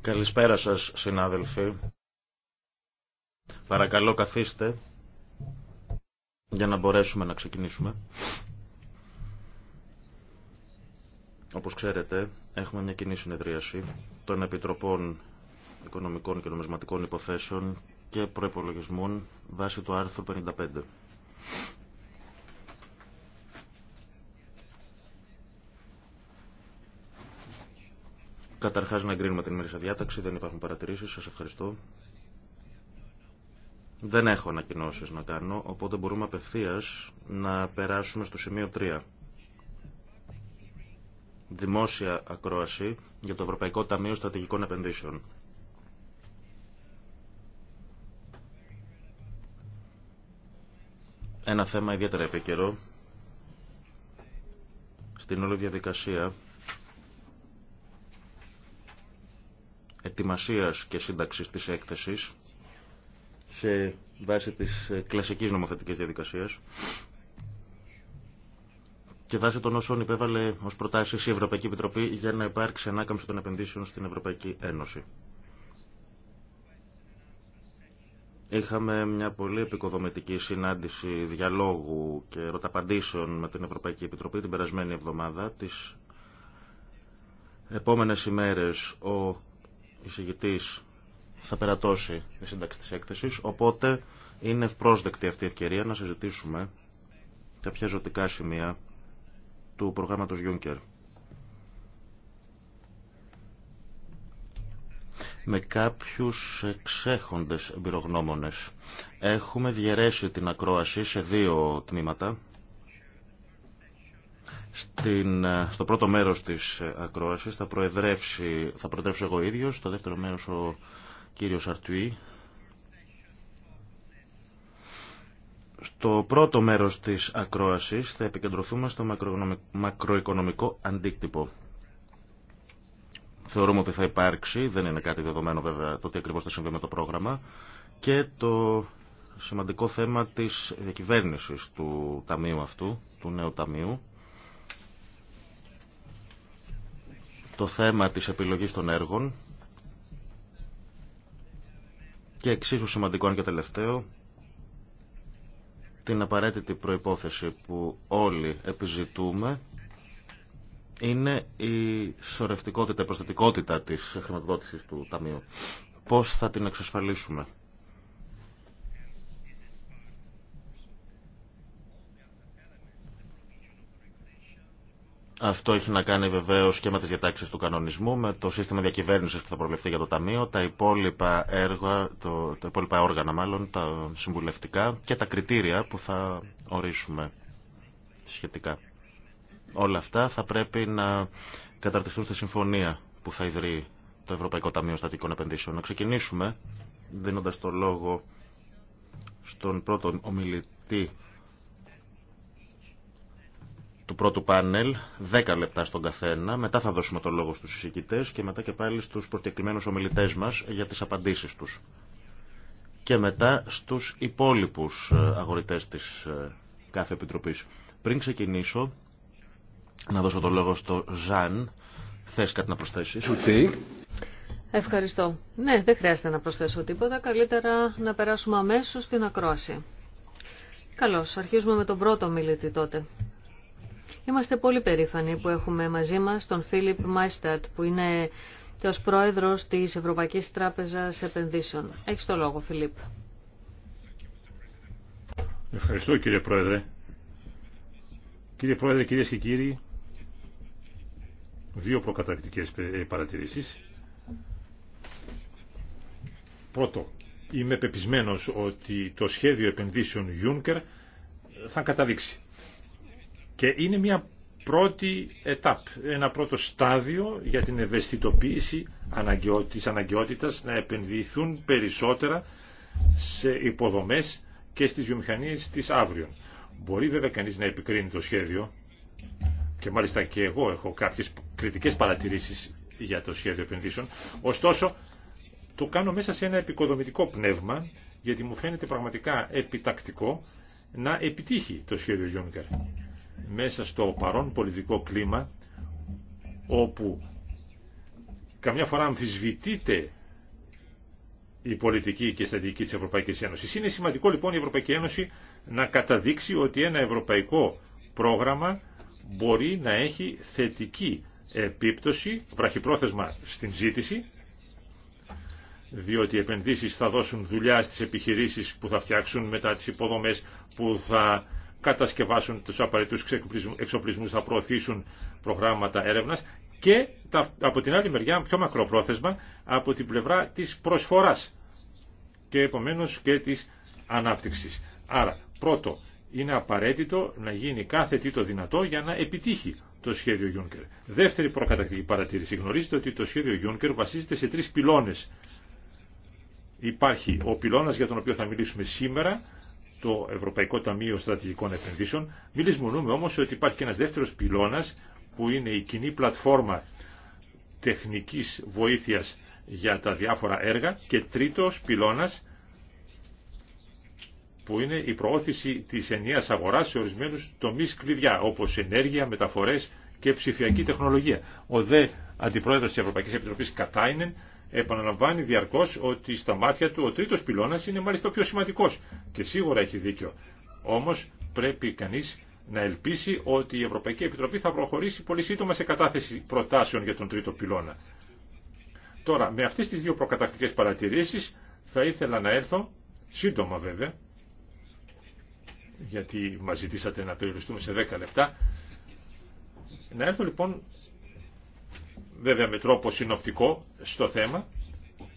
Καλησπέρα σας συνάδελφοι. Παρακαλώ καθίστε για να μπορέσουμε να ξεκινήσουμε. Όπως ξέρετε, έχουμε μια κοινή συνεδρίαση των Επιτροπών Οικονομικών και Νομισματικών Υποθέσεων και Προϋπολογισμών βάσει του άρθρου 55. Καταρχά να εγκρίνουμε την ημερήσια διάταξη, δεν υπάρχουν παρατηρήσεις, σα ευχαριστώ. Δεν έχω ανακοινώσει να κάνω, οπότε μπορούμε απευθεία να περάσουμε στο σημείο 3. Δημόσια ακρόαση για το Ευρωπαϊκό Ταμείο Στρατηγικών Επενδύσεων. Ένα θέμα ιδιαίτερα επίκαιρο στην όλη διαδικασία ετοιμασίας και σύνταξης της έκθεσης σε βάση της κλασικής νομοθετικής διαδικασίας και βάσει των όσων υπέβαλε ως προτάσεις η Ευρωπαϊκή Επιτροπή για να υπάρξει ανάκαμψη των επενδύσεων στην Ευρωπαϊκή Ένωση. Είχαμε μια πολύ επικοδομητική συνάντηση διαλόγου και ρωταπαντήσεων με την Ευρωπαϊκή Επιτροπή την περασμένη εβδομάδα. Τις επόμενες ημέρες ο εισηγητή θα περατώσει τη σύνταξη τη έκθεσης, οπότε είναι ευπρόσδεκτη αυτή η ευκαιρία να συζητήσουμε κάποια ζωτικά σημεία του προγράμματος Juncker. με κάποιους εξέχοντες εμπειρογνώμονες. Έχουμε διαιρέσει την ακρόαση σε δύο τμήματα στην, ε, στο πρώτο μέρος της ε, ακρόασης θα, προεδρεύσει, θα προεδρεύσω εγώ ίδιος, στο δεύτερο μέρος ο κύριος Αρτουή. Στο πρώτο μέρος της ακρόασης θα επικεντρωθούμε στο μακροοικονομικό αντίκτυπο. Θεωρούμε ότι θα υπάρξει, δεν είναι κάτι δεδομένο βέβαια το τι ακριβώς θα συμβεί με το πρόγραμμα, και το σημαντικό θέμα της διακυβέρνησης του ταμείου αυτού, του νέου ταμείου, το θέμα της επιλογής των έργων και εξίσου σημαντικό και τελευταίο την απαραίτητη προϋπόθεση που όλοι επιζητούμε είναι η σωρευτικότητα, η προστατικότητα της χρηματοδότησης του Ταμείου. Πώς θα την εξασφαλίσουμε. Αυτό έχει να κάνει βεβαίως και με τι διατάξει του κανονισμού, με το σύστημα διακυβέρνησης που θα προβλεφθεί για το Ταμείο, τα υπόλοιπα, έργα, το, τα υπόλοιπα όργανα μάλλον, τα συμβουλευτικά και τα κριτήρια που θα ορίσουμε σχετικά. Όλα αυτά θα πρέπει να καταρτιστούν στη συμφωνία που θα ιδρύει το Ευρωπαϊκό Ταμείο Στατικών Επενδύσεων. Να ξεκινήσουμε δίνοντας το λόγο στον πρώτο ομιλητή του πρώτου πάνελ, 10 λεπτά στον καθένα. Μετά θα δώσουμε το λόγο στους συζητητές και μετά και πάλι στους προσκεκλημένους ομιλητές μας για τις απαντήσεις τους. Και μετά στους υπόλοιπους ε, αγορητές της ε, κάθε επιτροπής. Πριν ξεκινήσω, να δώσω το λόγο στο Ζαν. Θες κάτι να προσθέσεις. Ευχαριστώ. Ναι, δεν χρειάζεται να προσθέσω τίποτα. Καλύτερα να περάσουμε αμέσως στην ακρόαση. Καλώς, αρχίζουμε με τον πρώτο μιλητή τότε. Είμαστε πολύ περήφανοι που έχουμε μαζί μας τον Φίλιπ Μάιστατ, που είναι ως πρόεδρος της Ευρωπαϊκής Τράπεζας Επενδύσεων. Έχεις το λόγο, Φιλίπ. Ευχαριστώ, κύριε Πρόεδρε. Κύριε Πρόεδρε, κυρίες και κύριοι, δύο προκαταρκτικές ε, παρατηρήσεις. Πρώτο, είμαι πεπισμένος ότι το σχέδιο επενδύσεων Juncker θα καταδείξει και είναι μια πρώτη ετάπ, ένα πρώτο στάδιο για την ευαισθητοποίηση της αναγκαιότητας να επενδυθούν περισσότερα σε υποδομές και στις βιομηχανίες της αύριο. Μπορεί βέβαια κανείς να επικρίνει το σχέδιο και μάλιστα και εγώ έχω κάποιες κριτικές παρατηρήσεις για το σχέδιο επενδύσεων. Ωστόσο, το κάνω μέσα σε ένα επικοδομητικό πνεύμα, γιατί μου φαίνεται πραγματικά επιτακτικό να επιτύχει το σχέδιο μέσα στο παρόν πολιτικό κλίμα όπου καμιά φορά αμφισβητείται η πολιτική και η στρατηγική της Ευρωπαϊκής Ένωσης. Είναι σημαντικό λοιπόν η Ευρωπαϊκή Ένωση να καταδείξει ότι ένα ευρωπαϊκό πρόγραμμα μπορεί να έχει θετική επίπτωση, βραχυπρόθεσμα στην ζήτηση, διότι οι επενδύσεις θα δώσουν δουλειά στις επιχειρήσεις που θα φτιάξουν μετά τις υποδομές που θα κατασκευάσουν τους απαραίτητους εξοπλισμούς, θα προωθήσουν προγράμματα έρευνας και από την άλλη μεριά πιο μακροπρόθεσμα από την πλευρά της προσφοράς και επομένως και της ανάπτυξης. Άρα πρώτο είναι απαραίτητο να γίνει κάθε τι το δυνατό για να επιτύχει το σχέδιο Juncker. Δεύτερη προκατακτική παρατήρηση. Γνωρίζετε ότι το σχέδιο Juncker βασίζεται σε τρεις πυλώνες. Υπάρχει ο πυλώνας για τον οποίο θα μιλήσουμε σήμερα, το Ευρωπαϊκό Ταμείο Στρατηγικών Επενδύσεων. Μην λησμονούμε όμως ότι υπάρχει και ένας δεύτερος πυλώνας που είναι η κοινή πλατφόρμα τεχνικής βοήθειας για τα διάφορα έργα και τρίτος πυλώνας που είναι η προώθηση της ενιαίας αγοράς σε ορισμένους τομείς κλειδιά όπως ενέργεια, μεταφορές και ψηφιακή τεχνολογία. Ο δε Αντιπρόεδρος της Ευρωπαϊκής Επιτροπής Κατάινεν επαναλαμβάνει διαρκώς ότι στα μάτια του ο τρίτο πυλώνας είναι μάλιστα πιο σημαντικός και σίγουρα έχει δίκιο. Όμως πρέπει κανείς να ελπίσει ότι η Ευρωπαϊκή Επιτροπή θα προχωρήσει πολύ σύντομα σε κατάθεση προτάσεων για τον τρίτο πυλώνα. Τώρα, με αυτές τις δύο προκατακτικέ παρατηρήσεις θα ήθελα να έρθω, σύντομα βέβαια, γιατί μα ζητήσατε να περιοριστούμε σε 10 λεπτά, να έρθω λοιπόν βέβαια με τρόπο συνοπτικό στο θέμα.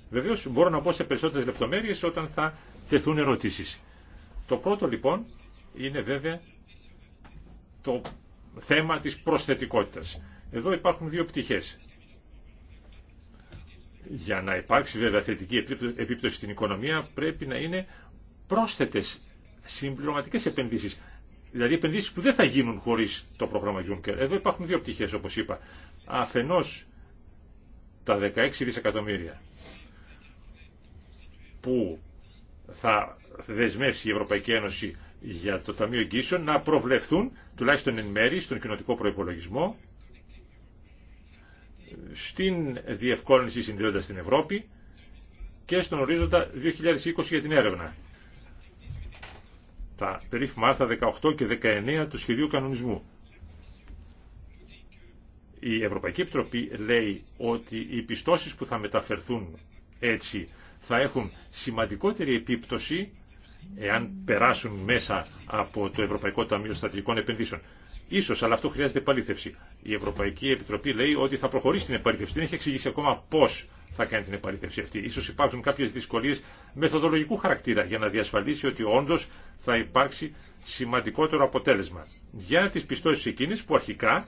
Βεβαίως μπορώ να πω σε περισσότερες λεπτομέρειες όταν θα τεθούν ερωτήσεις. Το πρώτο λοιπόν είναι βέβαια το θέμα της προσθετικότητας. Εδώ υπάρχουν δύο πτυχές. Για να υπάρξει βέβαια θετική επίπτωση στην οικονομία πρέπει να είναι πρόσθετες συμπληρωματικές επενδύσεις. Δηλαδή επενδύσεις που δεν θα γίνουν χωρίς το πρόγραμμα Juncker. Εδώ υπάρχουν δύο πτυχές όπως είπα. Αφενός τα 16 δισεκατομμύρια που θα δεσμεύσει η Ευρωπαϊκή Ένωση για το Ταμείο Εγγύσεων να προβλεφθούν τουλάχιστον εν μέρη στον κοινοτικό προϋπολογισμό στην διευκόλυνση συνδέοντα στην Ευρώπη και στον ορίζοντα 2020 για την έρευνα. Τα περίφημα άρθρα 18 και 19 του σχεδίου κανονισμού. Η Ευρωπαϊκή Επιτροπή λέει ότι οι πιστώσεις που θα μεταφερθούν έτσι θα έχουν σημαντικότερη επίπτωση εάν περάσουν μέσα από το Ευρωπαϊκό Ταμείο Στατικών Επενδύσεων. Ίσως, αλλά αυτό χρειάζεται επαλήθευση. Η Ευρωπαϊκή Επιτροπή λέει ότι θα προχωρήσει την επαλήθευση. Δεν έχει εξηγήσει ακόμα πώς θα κάνει την επαλήθευση αυτή. Ίσως υπάρχουν κάποιες δυσκολίες μεθοδολογικού χαρακτήρα για να διασφαλίσει ότι όντως θα υπάρξει σημαντικότερο αποτέλεσμα. Για τις πιστώσεις εκείνες που αρχικά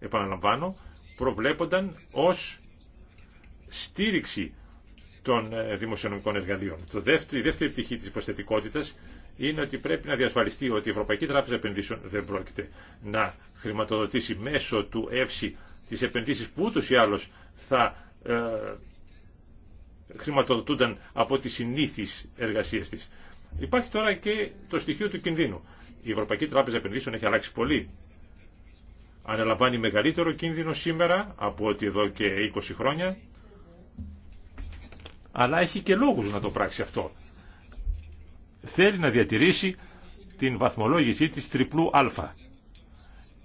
επαναλαμβάνω, προβλέπονταν ως στήριξη των ε, δημοσιονομικών εργαλείων. Το δεύτερο, η δεύτερη πτυχή της υποστατικότητας είναι ότι πρέπει να διασφαλιστεί ότι η Ευρωπαϊκή Τράπεζα Επενδύσεων δεν πρόκειται να χρηματοδοτήσει μέσω του ΕΦΣΥ τις επενδύσεις που ούτως ή άλλως θα ε, χρηματοδοτούνταν από τις συνήθεις εργασίες της. Υπάρχει τώρα και το στοιχείο του κινδύνου. Η Ευρωπαϊκή Τράπεζα Επενδύσεων έχει αλλάξει πολύ αναλαμβάνει μεγαλύτερο κίνδυνο σήμερα από ότι εδώ και 20 χρόνια αλλά έχει και λόγους να το πράξει αυτό. Θέλει να διατηρήσει την βαθμολόγησή της τριπλού α.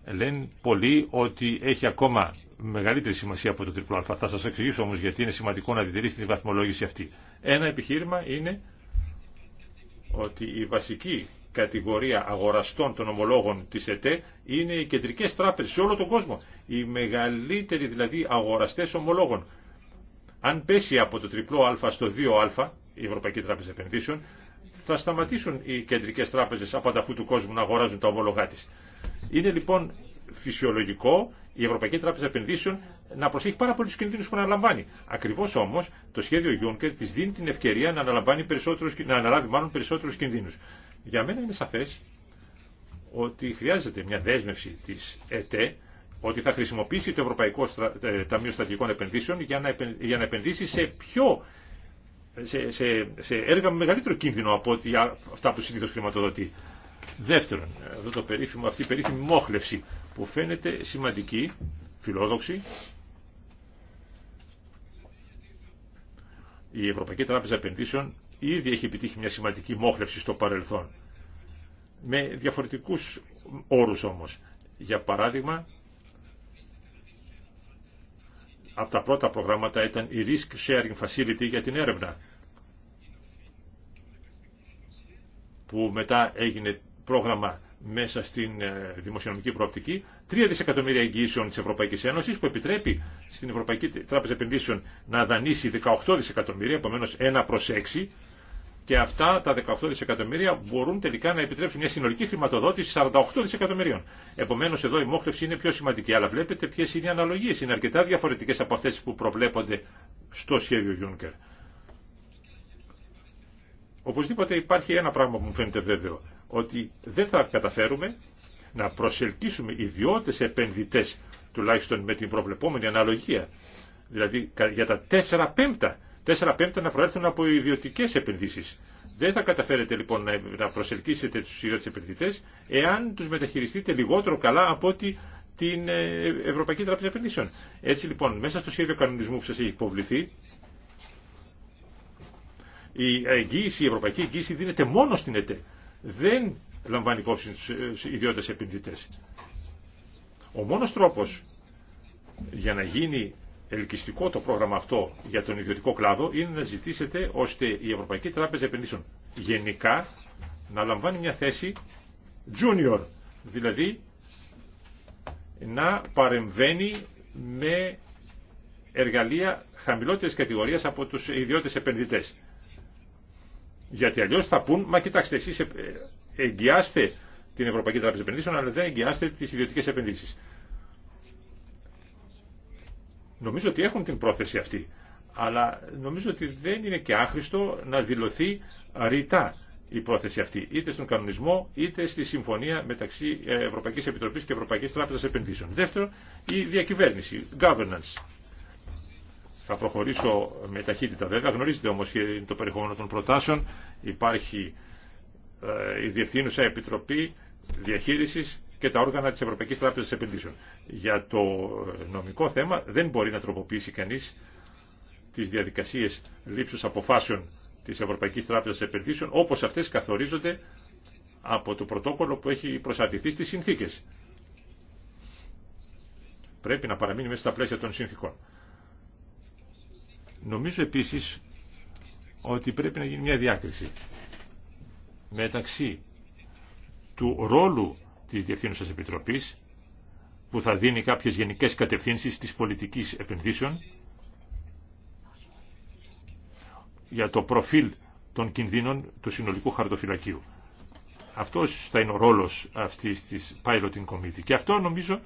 Λένε πολλοί ότι έχει ακόμα μεγαλύτερη σημασία από το τριπλό α. Θα σας εξηγήσω όμως γιατί είναι σημαντικό να διατηρήσει την βαθμολόγηση αυτή. Ένα επιχείρημα είναι ότι η βασική κατηγορία αγοραστών των ομολόγων της ΕΤΕ είναι οι κεντρικέ τράπεζε σε όλο τον κόσμο. Οι μεγαλύτεροι δηλαδή αγοραστέ ομολόγων. Αν πέσει από το τριπλό α στο 2α η Ευρωπαϊκή Τράπεζα Επενδύσεων θα σταματήσουν οι κεντρικές τράπεζες από ανταχού του κόσμου να αγοράζουν τα ομολογά τη. Είναι λοιπόν φυσιολογικό η Ευρωπαϊκή Τράπεζα Επενδύσεων να προσέχει πάρα του κινδύνου που αναλαμβάνει. Ακριβώ όμω το σχέδιο Juncker τη δίνει την ευκαιρία να, να αναλάβει μάλλον περισσότερου κινδύνου. Για μένα είναι σαφές ότι χρειάζεται μια δέσμευση της ΕΤΕ ότι θα χρησιμοποιήσει το Ευρωπαϊκό ε, Ταμείο Στατικών Επενδύσεων για να, για επενδύσει σε πιο σε, σε, σε έργα με μεγαλύτερο κίνδυνο από ότι αυτά που συνήθως χρηματοδοτεί. Δεύτερον, αυτό το περίφημο, αυτή η περίφημη μόχλευση που φαίνεται σημαντική, φιλόδοξη. Η Ευρωπαϊκή Τράπεζα Επενδύσεων ήδη έχει επιτύχει μια σημαντική μόχλευση στο παρελθόν. Με διαφορετικούς όρους όμως. Για παράδειγμα, από τα πρώτα προγράμματα ήταν η Risk Sharing Facility για την έρευνα, που μετά έγινε πρόγραμμα μέσα στην ε, δημοσιονομική προοπτική, 3 δισεκατομμύρια εγγυήσεων της Ευρωπαϊκής Ένωσης που επιτρέπει στην Ευρωπαϊκή Τράπεζα Επενδύσεων να δανείσει 18 δισεκατομμύρια, επομένως 1 προς 6 και αυτά τα 18 δισεκατομμύρια μπορούν τελικά να επιτρέψουν μια συνολική χρηματοδότηση 48 δισεκατομμυρίων. Επομένω εδώ η μόχλευση είναι πιο σημαντική. Αλλά βλέπετε ποιε είναι οι αναλογίε. Είναι αρκετά διαφορετικέ από αυτέ που προβλέπονται στο σχέδιο Juncker. Οπωσδήποτε υπάρχει ένα πράγμα που μου φαίνεται βέβαιο. Ότι δεν θα καταφέρουμε να προσελκύσουμε ιδιώτε επενδυτέ τουλάχιστον με την προβλεπόμενη αναλογία. Δηλαδή για τα 4 πέμπτα τέσσερα πέμπτα να προέρθουν από ιδιωτικέ επενδύσει. Δεν θα καταφέρετε λοιπόν να προσελκύσετε του ιδιώτε επενδυτέ εάν του μεταχειριστείτε λιγότερο καλά από ότι την ε, Ευρωπαϊκή Τράπεζα Επενδύσεων. Έτσι λοιπόν, μέσα στο σχέδιο κανονισμού που σα έχει υποβληθεί, η, εγγύηση, η ευρωπαϊκή εγγύηση δίνεται μόνο στην ΕΤΕ. Δεν λαμβάνει υπόψη του ε, ιδιώτε επενδυτέ. Ο μόνο τρόπο για να γίνει ελκυστικό το πρόγραμμα αυτό για τον ιδιωτικό κλάδο είναι να ζητήσετε ώστε η Ευρωπαϊκή Τράπεζα Επενδύσεων γενικά να λαμβάνει μια θέση junior, δηλαδή να παρεμβαίνει με εργαλεία χαμηλότερης κατηγορίας από τους ιδιώτες επενδυτές. Γιατί αλλιώς θα πούν, μα κοιτάξτε εσείς ε, εγγυάστε την Ευρωπαϊκή Τράπεζα Επενδύσεων, αλλά δεν εγγυάστε τις ιδιωτικές επενδύσεις. Νομίζω ότι έχουν την πρόθεση αυτή, αλλά νομίζω ότι δεν είναι και άχρηστο να δηλωθεί ρητά η πρόθεση αυτή, είτε στον κανονισμό, είτε στη συμφωνία μεταξύ ε, Ευρωπαϊκής Επιτροπής και Ευρωπαϊκής Τράπεζας Επενδύσεων. Δεύτερο, η διακυβέρνηση, governance. Θα προχωρήσω με ταχύτητα βέβαια, γνωρίζετε όμως και το περιεχόμενο των προτάσεων. Υπάρχει ε, η Διευθύνουσα Επιτροπή Διαχείρισης και τα όργανα της Ευρωπαϊκής Τράπεζας Επενδύσεων. Για το νομικό θέμα δεν μπορεί να τροποποιήσει κανείς τις διαδικασίες λήψους αποφάσεων της Ευρωπαϊκής Τράπεζας Επενδύσεων όπως αυτές καθορίζονται από το πρωτόκολλο που έχει προσαρτηθεί στις συνθήκες. Πρέπει να παραμείνει μέσα στα πλαίσια των συνθήκων. Νομίζω επίσης ότι πρέπει να γίνει μια διάκριση μεταξύ του ρόλου της Διευθύνουσας Επιτροπής που θα δίνει κάποιες γενικές κατευθύνσεις της πολιτικής επενδύσεων για το προφίλ των κινδύνων του συνολικού χαρτοφυλακίου. Αυτός θα είναι ο ρόλος αυτής της Piloting Committee και αυτό νομίζω,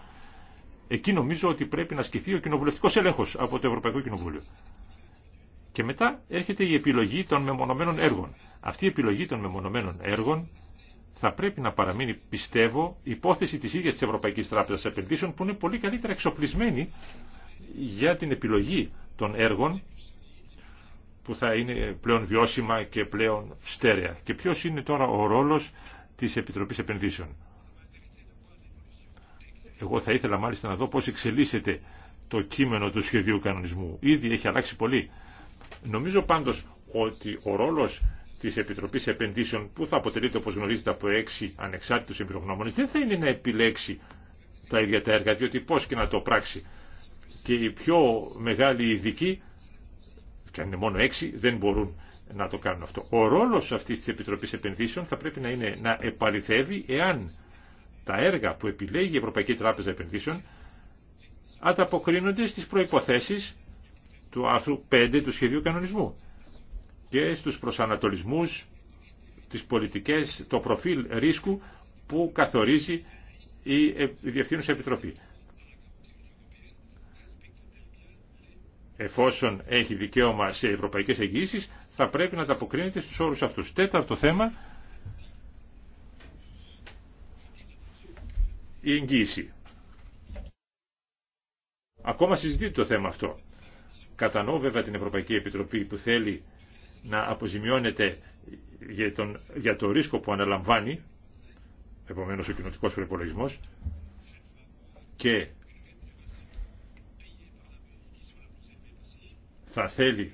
εκεί νομίζω ότι πρέπει να ασκηθεί ο κοινοβουλευτικός έλεγχος από το Ευρωπαϊκό Κοινοβούλιο. Και μετά έρχεται η επιλογή των μεμονωμένων έργων. Αυτή η επιλογή των μεμονωμένων έργων θα πρέπει να παραμείνει, πιστεύω, υπόθεση της ίδιας της Ευρωπαϊκής Τράπεζας Επενδύσεων που είναι πολύ καλύτερα εξοπλισμένη για την επιλογή των έργων που θα είναι πλέον βιώσιμα και πλέον στέρεα. Και ποιος είναι τώρα ο ρόλος της Επιτροπής Επενδύσεων. Εγώ θα ήθελα μάλιστα να δω πώς εξελίσσεται το κείμενο του σχεδίου κανονισμού. Ήδη έχει αλλάξει πολύ. Νομίζω πάντως ότι ο ρόλος της Επιτροπής Επενδύσεων που θα αποτελείται όπως γνωρίζετε από έξι ανεξάρτητους εμπειρογνώμονες δεν θα είναι να επιλέξει τα ίδια τα έργα διότι πώς και να το πράξει και οι πιο μεγάλοι ειδικοί και αν είναι μόνο έξι δεν μπορούν να το κάνουν αυτό. Ο ρόλος αυτής της Επιτροπής Επενδύσεων θα πρέπει να είναι να επαληθεύει εάν τα έργα που επιλέγει η Ευρωπαϊκή Τράπεζα Επενδύσεων ανταποκρίνονται στις προϋποθέσεις του άρθρου 5 του σχεδίου κανονισμού και στους προσανατολισμούς, τις πολιτικές, το προφίλ ρίσκου που καθορίζει η ε, Διευθύνουσα Επιτροπή. Εφόσον έχει δικαίωμα σε ευρωπαϊκές εγγύησεις, θα πρέπει να τα αποκρίνεται στους όρους αυτούς. Τέταρτο θέμα, η εγγύηση. Ακόμα συζητείται το θέμα αυτό. Κατανοώ βέβαια την Ευρωπαϊκή Επιτροπή που θέλει να αποζημιώνεται για, τον, για το ρίσκο που αναλαμβάνει, επομένως ο κοινοτικός προπολογισμό και θα θέλει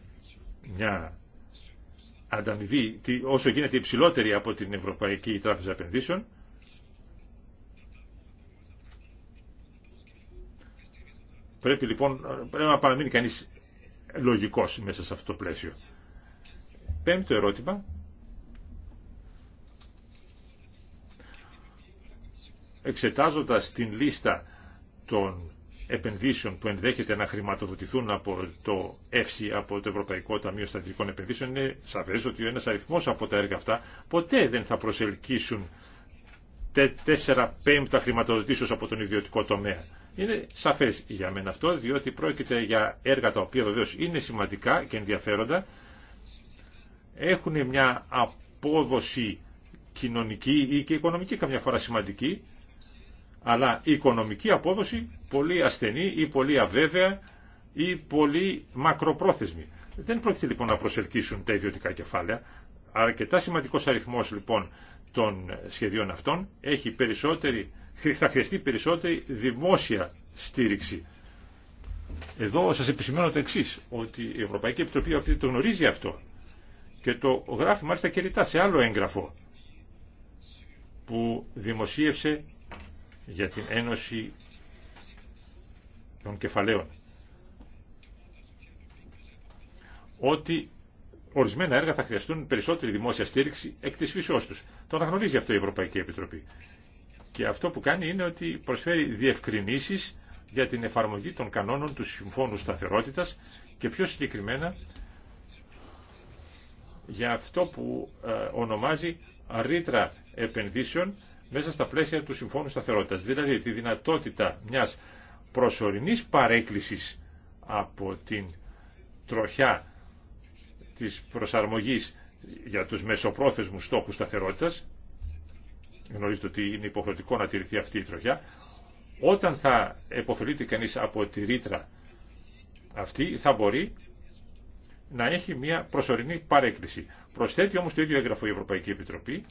μια ανταμοιβή όσο γίνεται υψηλότερη από την Ευρωπαϊκή Τράπεζα Επενδύσεων πρέπει λοιπόν πρέπει να παραμείνει κανείς λογικός μέσα σε αυτό το πλαίσιο. Πέμπτο ερώτημα. Εξετάζοντας την λίστα των επενδύσεων που ενδέχεται να χρηματοδοτηθούν από το ΕΦΣΙ, από το Ευρωπαϊκό Ταμείο Στατικών Επενδύσεων, είναι σαφές ότι ο ένας αριθμός από τα έργα αυτά ποτέ δεν θα προσελκύσουν τέσσερα πέμπτα χρηματοδοτήσεως από τον ιδιωτικό τομέα. Είναι σαφές για μένα αυτό, διότι πρόκειται για έργα τα οποία βεβαίως είναι σημαντικά και ενδιαφέροντα, έχουν μια απόδοση κοινωνική ή και οικονομική καμιά φορά σημαντική, αλλά η οικονομική απόδοση πολύ ασθενή ή πολύ αβέβαια ή πολύ μακροπρόθεσμη. Δεν πρόκειται λοιπόν να προσελκύσουν τα ιδιωτικά κεφάλαια. Αρκετά σημαντικό αριθμό λοιπόν των σχεδίων αυτών έχει περισσότερη, θα χρειαστεί περισσότερη δημόσια στήριξη. Εδώ σας επισημαίνω το εξή, ότι η Ευρωπαϊκή Επιτροπή το γνωρίζει αυτό και το γράφει μάλιστα και ρητά σε άλλο έγγραφο που δημοσίευσε για την Ένωση των Κεφαλαίων. Ότι ορισμένα έργα θα χρειαστούν περισσότερη δημόσια στήριξη εκ της φύσεώς τους. Το αναγνωρίζει αυτό η Ευρωπαϊκή Επιτροπή. Και αυτό που κάνει είναι ότι προσφέρει διευκρινήσεις για την εφαρμογή των κανόνων του Συμφώνου Σταθερότητας και πιο συγκεκριμένα για αυτό που ε, ονομάζει ρήτρα επενδύσεων μέσα στα πλαίσια του Συμφώνου Σταθερότητας. Δηλαδή τη δυνατότητα μιας προσωρινής παρέκκλησης από την τροχιά της προσαρμογής για τους μεσοπρόθεσμους στόχους σταθερότητας, γνωρίζετε ότι είναι υποχρεωτικό να τηρηθεί αυτή η τροχιά, όταν θα εποφελείται κανείς από τη ρήτρα αυτή θα μπορεί να έχει μια προσωρινή παρέκκληση. Προσθέτει όμως το ίδιο έγγραφο η Ευρωπαϊκή Επιτροπή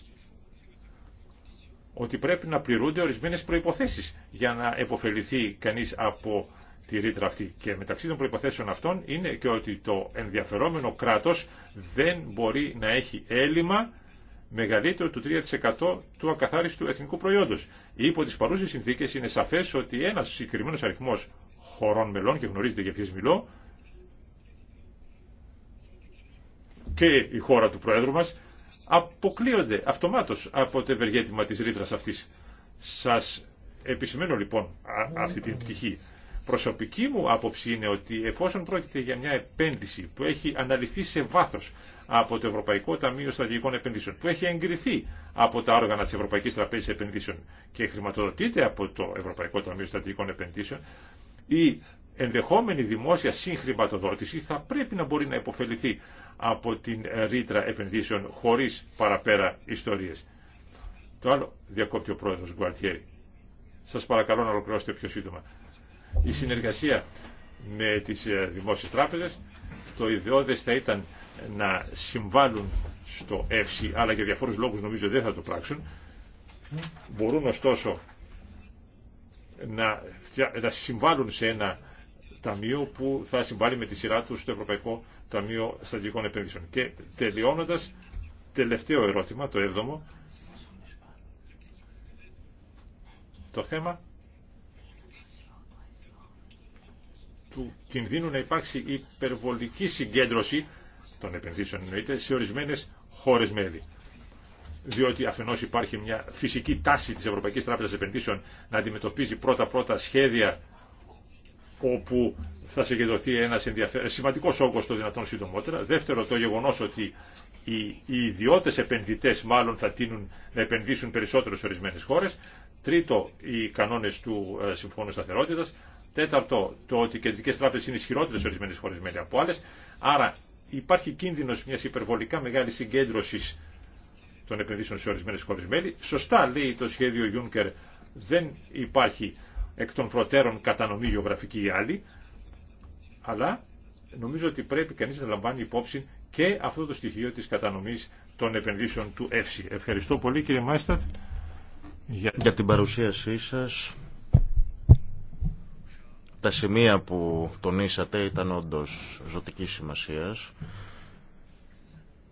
ότι πρέπει να πληρούνται ορισμένες προϋποθέσεις για να επωφεληθεί κανείς από τη ρήτρα αυτή. Και μεταξύ των προϋποθέσεων αυτών είναι και ότι το ενδιαφερόμενο κράτος δεν μπορεί να έχει έλλειμμα μεγαλύτερο του 3% του ακαθάριστου εθνικού προϊόντος. Υπό τις παρούσες συνθήκες είναι σαφές ότι ένας συγκεκριμένος αριθμός χωρών μελών, και γνωρίζετε για ποιες μιλώ, και η χώρα του Προέδρου μας αποκλείονται αυτομάτως από το ευεργέτημα της ρήτρας αυτής. Σας επισημαίνω λοιπόν αυτή την πτυχή. Προσωπική μου άποψη είναι ότι εφόσον πρόκειται για μια επένδυση που έχει αναλυθεί σε βάθος από το Ευρωπαϊκό Ταμείο Στρατηγικών Επενδύσεων, που έχει εγκριθεί από τα όργανα της Ευρωπαϊκής Τραπέζης Επενδύσεων και χρηματοδοτείται από το Ευρωπαϊκό Ταμείο Στρατηγικών Επενδύσεων, η ενδεχόμενη δημόσια συγχρηματοδότηση θα πρέπει να μπορεί να υποφεληθεί από την ρήτρα επενδύσεων χωρίς παραπέρα ιστορίες. Το άλλο διακόπτει ο πρόεδρος Γκουαρτιέρη. Σας παρακαλώ να ολοκληρώσετε πιο σύντομα. Η συνεργασία με τις ε, δημόσιες τράπεζες, το ιδεώδες θα ήταν να συμβάλλουν στο ΕΦΣΥ, αλλά για διαφόρους λόγους νομίζω δεν θα το πράξουν. Μπορούν ωστόσο να, να συμβάλλουν σε ένα ταμείο που θα συμβάλλει με τη σειρά του στο Ευρωπαϊκό Ταμείο Στατικών Επενδύσεων. Και τελειώνοντας, τελευταίο ερώτημα, το έβδομο, το θέμα του κινδύνου να υπάρξει υπερβολική συγκέντρωση των επενδύσεων εννοείται σε ορισμένες χώρες μέλη. Διότι αφενός υπάρχει μια φυσική τάση της Ευρωπαϊκής Τράπεζας Επενδύσεων να αντιμετωπίζει πρώτα-πρώτα σχέδια όπου θα συγκεντρωθεί ένα σημαντικό όγκο των δυνατών συντομότερα. Δεύτερο, το γεγονό ότι οι, οι ιδιώτες επενδυτές μάλλον θα τείνουν να επενδύσουν περισσότερο σε ορισμένε χώρε. Τρίτο, οι κανόνε του ε, Συμφώνου σταθερότητα. Τέταρτο, το ότι οι κεντρικέ τράπεζε είναι ισχυρότερε σε ορισμένες χώρες μέλη από άλλε. Άρα υπάρχει κίνδυνο μια υπερβολικά μεγάλη συγκέντρωση των επενδύσεων σε ορισμένε χώρε μέλη. Σωστά λέει το σχέδιο Juncker, δεν υπάρχει εκ των προτέρων κατανομή γεωγραφική ή άλλη, αλλά νομίζω ότι πρέπει κανείς να λαμβάνει υπόψη και αυτό το στοιχείο της κατανομής των επενδύσεων του ΕΦΣΥ. Ευχαριστώ πολύ κύριε Μάιστατ για... για την παρουσίασή σας. Τα σημεία που τονίσατε ήταν όντως ζωτικής σημασίας.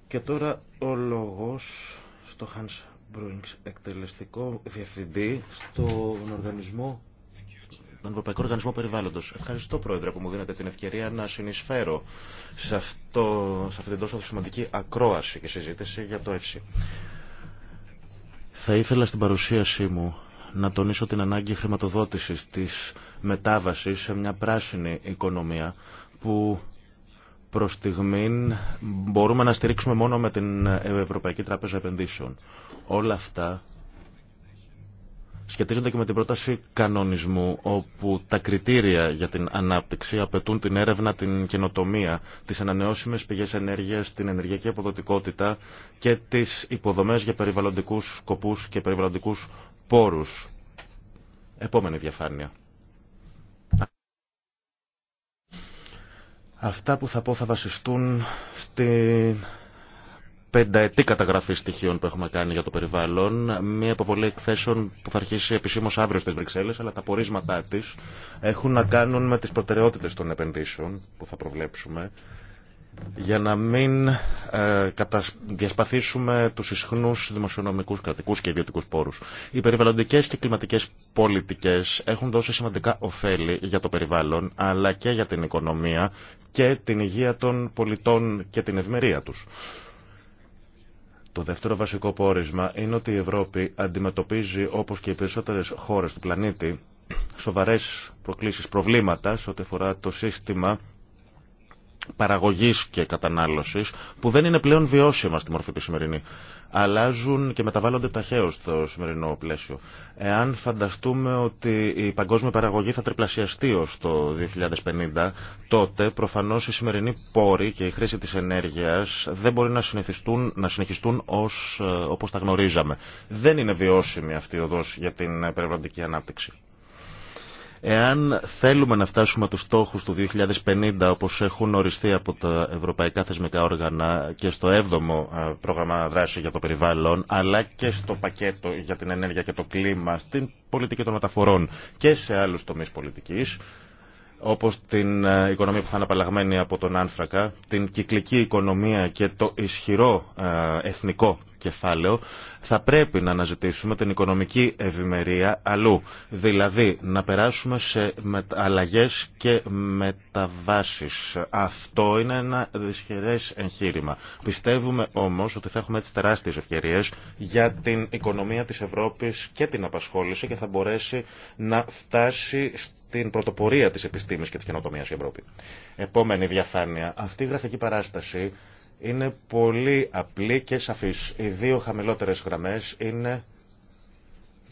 Και τώρα ο λόγος στο Hans Bruins, εκτελεστικό διευθυντή στον οργανισμό τον Ευρωπαϊκό Οργανισμό Περιβάλλοντος. Ευχαριστώ, Πρόεδρε, που μου δίνετε την ευκαιρία να συνεισφέρω σε, αυτό, σε αυτή την τόσο σημαντική ακρόαση και συζήτηση για το ΕΦΣΥ. Θα ήθελα στην παρουσίασή μου να τονίσω την ανάγκη χρηματοδότησης της μετάβασης σε μια πράσινη οικονομία που προ στιγμήν μπορούμε να στηρίξουμε μόνο με την Ευρωπαϊκή Τράπεζα Επενδύσεων. Όλα αυτά σχετίζονται και με την πρόταση κανονισμού, όπου τα κριτήρια για την ανάπτυξη απαιτούν την έρευνα, την καινοτομία, τις ανανεώσιμες πηγές ενέργειας, την ενεργειακή αποδοτικότητα και τις υποδομές για περιβαλλοντικούς σκοπού και περιβαλλοντικούς πόρους. Επόμενη διαφάνεια. Αυτά που θα πω θα βασιστούν στην πενταετή καταγραφή στοιχείων που έχουμε κάνει για το περιβάλλον, μια αποβολή εκθέσεων που θα αρχίσει επισήμω αύριο στι Βρυξέλλε, αλλά τα πορίσματά τη έχουν να κάνουν με τι προτεραιότητε των επενδύσεων που θα προβλέψουμε για να μην ε, διασπαθήσουμε τους ισχνούς δημοσιονομικούς, κρατικούς και ιδιωτικού πόρους. Οι περιβαλλοντικές και κλιματικές πολιτικές έχουν δώσει σημαντικά ωφέλη για το περιβάλλον, αλλά και για την οικονομία και την υγεία των πολιτών και την ευμερία τους. Το δεύτερο βασικό πόρισμα είναι ότι η Ευρώπη αντιμετωπίζει, όπως και οι περισσότερες χώρες του πλανήτη, σοβαρές προκλήσεις προβλήματα σε ό,τι αφορά το σύστημα παραγωγής και κατανάλωσης που δεν είναι πλέον βιώσιμα στη μορφή τη σημερινή. Αλλάζουν και μεταβάλλονται ταχαίως στο σημερινό πλαίσιο. Εάν φανταστούμε ότι η παγκόσμια παραγωγή θα τριπλασιαστεί ως το 2050, τότε προφανώς οι σημερινοί πόροι και η χρήση της ενέργειας δεν μπορεί να, συνεχιστούν, να συνεχιστούν ως, ε, όπως τα γνωρίζαμε. Δεν είναι βιώσιμη αυτή η οδός για την περιβαλλοντική ανάπτυξη. Εάν θέλουμε να φτάσουμε τους στόχους του 2050 όπως έχουν οριστεί από τα ευρωπαϊκά θεσμικά όργανα και στο 7ο ε, πρόγραμμα δράση για το περιβάλλον αλλά και στο πακέτο για την ενέργεια και το κλίμα, στην πολιτική των μεταφορών και σε άλλους τομείς πολιτικής όπως την ε, οικονομία που θα είναι απαλλαγμένη από τον άνθρακα, την κυκλική οικονομία και το ισχυρό ε, εθνικό κεφάλαιο, θα πρέπει να αναζητήσουμε την οικονομική ευημερία αλλού. Δηλαδή, να περάσουμε σε αλλαγέ και μεταβάσει. Αυτό είναι ένα δυσχερέ εγχείρημα. Πιστεύουμε όμω ότι θα έχουμε έτσι τεράστιε ευκαιρίε για την οικονομία τη Ευρώπη και την απασχόληση και θα μπορέσει να φτάσει στην πρωτοπορία τη επιστήμη και τη καινοτομία η Ευρώπη. Επόμενη διαφάνεια. Αυτή η γραφική παράσταση είναι πολύ απλή και σαφής. Οι δύο χαμηλότερες γραμμές είναι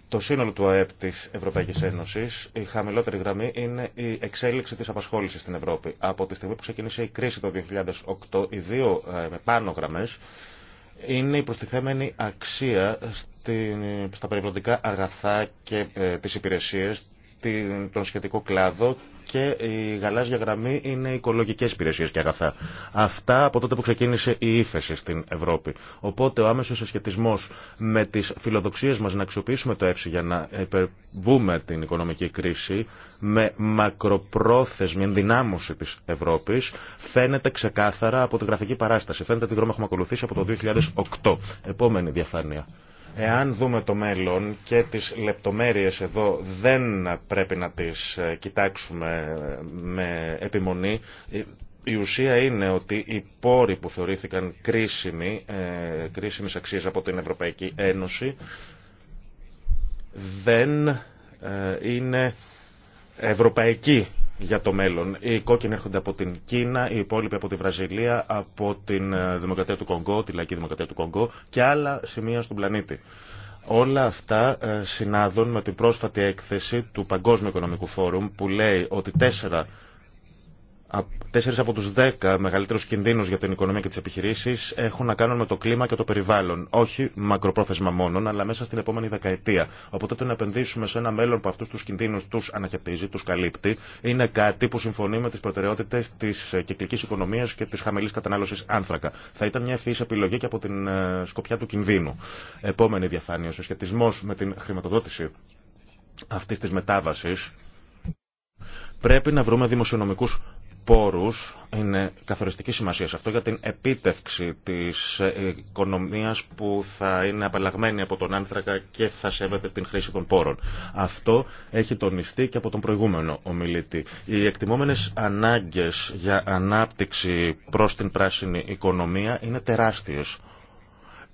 το σύνολο του ΑΕΠ τη Ευρωπαϊκή Ένωση, η χαμηλότερη γραμμή είναι η εξέλιξη της απασχόλησης στην Ευρώπη. Από τη στιγμή που ξεκίνησε η κρίση το 2008, οι δύο ε, με πάνω γραμμές είναι η προστιθέμενη αξία στα περιβαλλοντικά αγαθά και ε, τις υπηρεσίες, τον σχετικό κλάδο και η γαλάζια γραμμή είναι οικολογικέ υπηρεσίε και αγαθά. Αυτά από τότε που ξεκίνησε η ύφεση στην Ευρώπη. Οπότε ο άμεσο συσχετισμό με τι φιλοδοξίε μα να αξιοποιήσουμε το ΕΦΣΙ για να υπερβούμε την οικονομική κρίση με μακροπρόθεσμη ενδυνάμωση τη Ευρώπη φαίνεται ξεκάθαρα από τη γραφική παράσταση. Φαίνεται την δρόμο έχουμε ακολουθήσει από το 2008. Επόμενη διαφάνεια. Εάν δούμε το μέλλον και τις λεπτομέρειες εδώ δεν πρέπει να τις ε, κοιτάξουμε ε, με επιμονή, η ουσία είναι ότι οι πόροι που θεωρήθηκαν κρίσιμοι, ε, κρίσιμες αξίες από την Ευρωπαϊκή Ένωση δεν είναι ευρωπαϊκοί για το μέλλον. Οι κόκκινοι έρχονται από την Κίνα, οι υπόλοιποι από τη Βραζιλία, από την ε, Δημοκρατία του Κονγκό, τη Λαϊκή Δημοκρατία του Κονγκό και άλλα σημεία στον πλανήτη. Όλα αυτά ε, συνάδουν με την πρόσφατη έκθεση του Παγκόσμιου Οικονομικού Φόρουμ που λέει ότι τέσσερα Τέσσερι από του δέκα μεγαλύτερου κινδύνου για την οικονομία και τι επιχειρήσει έχουν να κάνουν με το κλίμα και το περιβάλλον. Όχι μακροπρόθεσμα μόνον, αλλά μέσα στην επόμενη δεκαετία. Οπότε το να επενδύσουμε σε ένα μέλλον που αυτού του κινδύνου του αναχαιτίζει, του καλύπτει, είναι κάτι που συμφωνεί με τι προτεραιότητε τη κυκλικής οικονομία και τη χαμηλή κατανάλωση άνθρακα. Θα ήταν μια ευθύ επιλογή και από την ε, σκοπιά του κινδύνου. Επόμενη διαφάνεια, ο σχετισμό με την χρηματοδότηση αυτή τη μετάβαση. Πρέπει να βρούμε δημοσιονομικούς πόρους είναι καθοριστική σημασία σε αυτό για την επίτευξη της οικονομίας που θα είναι απαλλαγμένη από τον άνθρακα και θα σέβεται την χρήση των πόρων. Αυτό έχει τονιστεί και από τον προηγούμενο ομιλητή. Οι εκτιμόμενες ανάγκες για ανάπτυξη προς την πράσινη οικονομία είναι τεράστιες.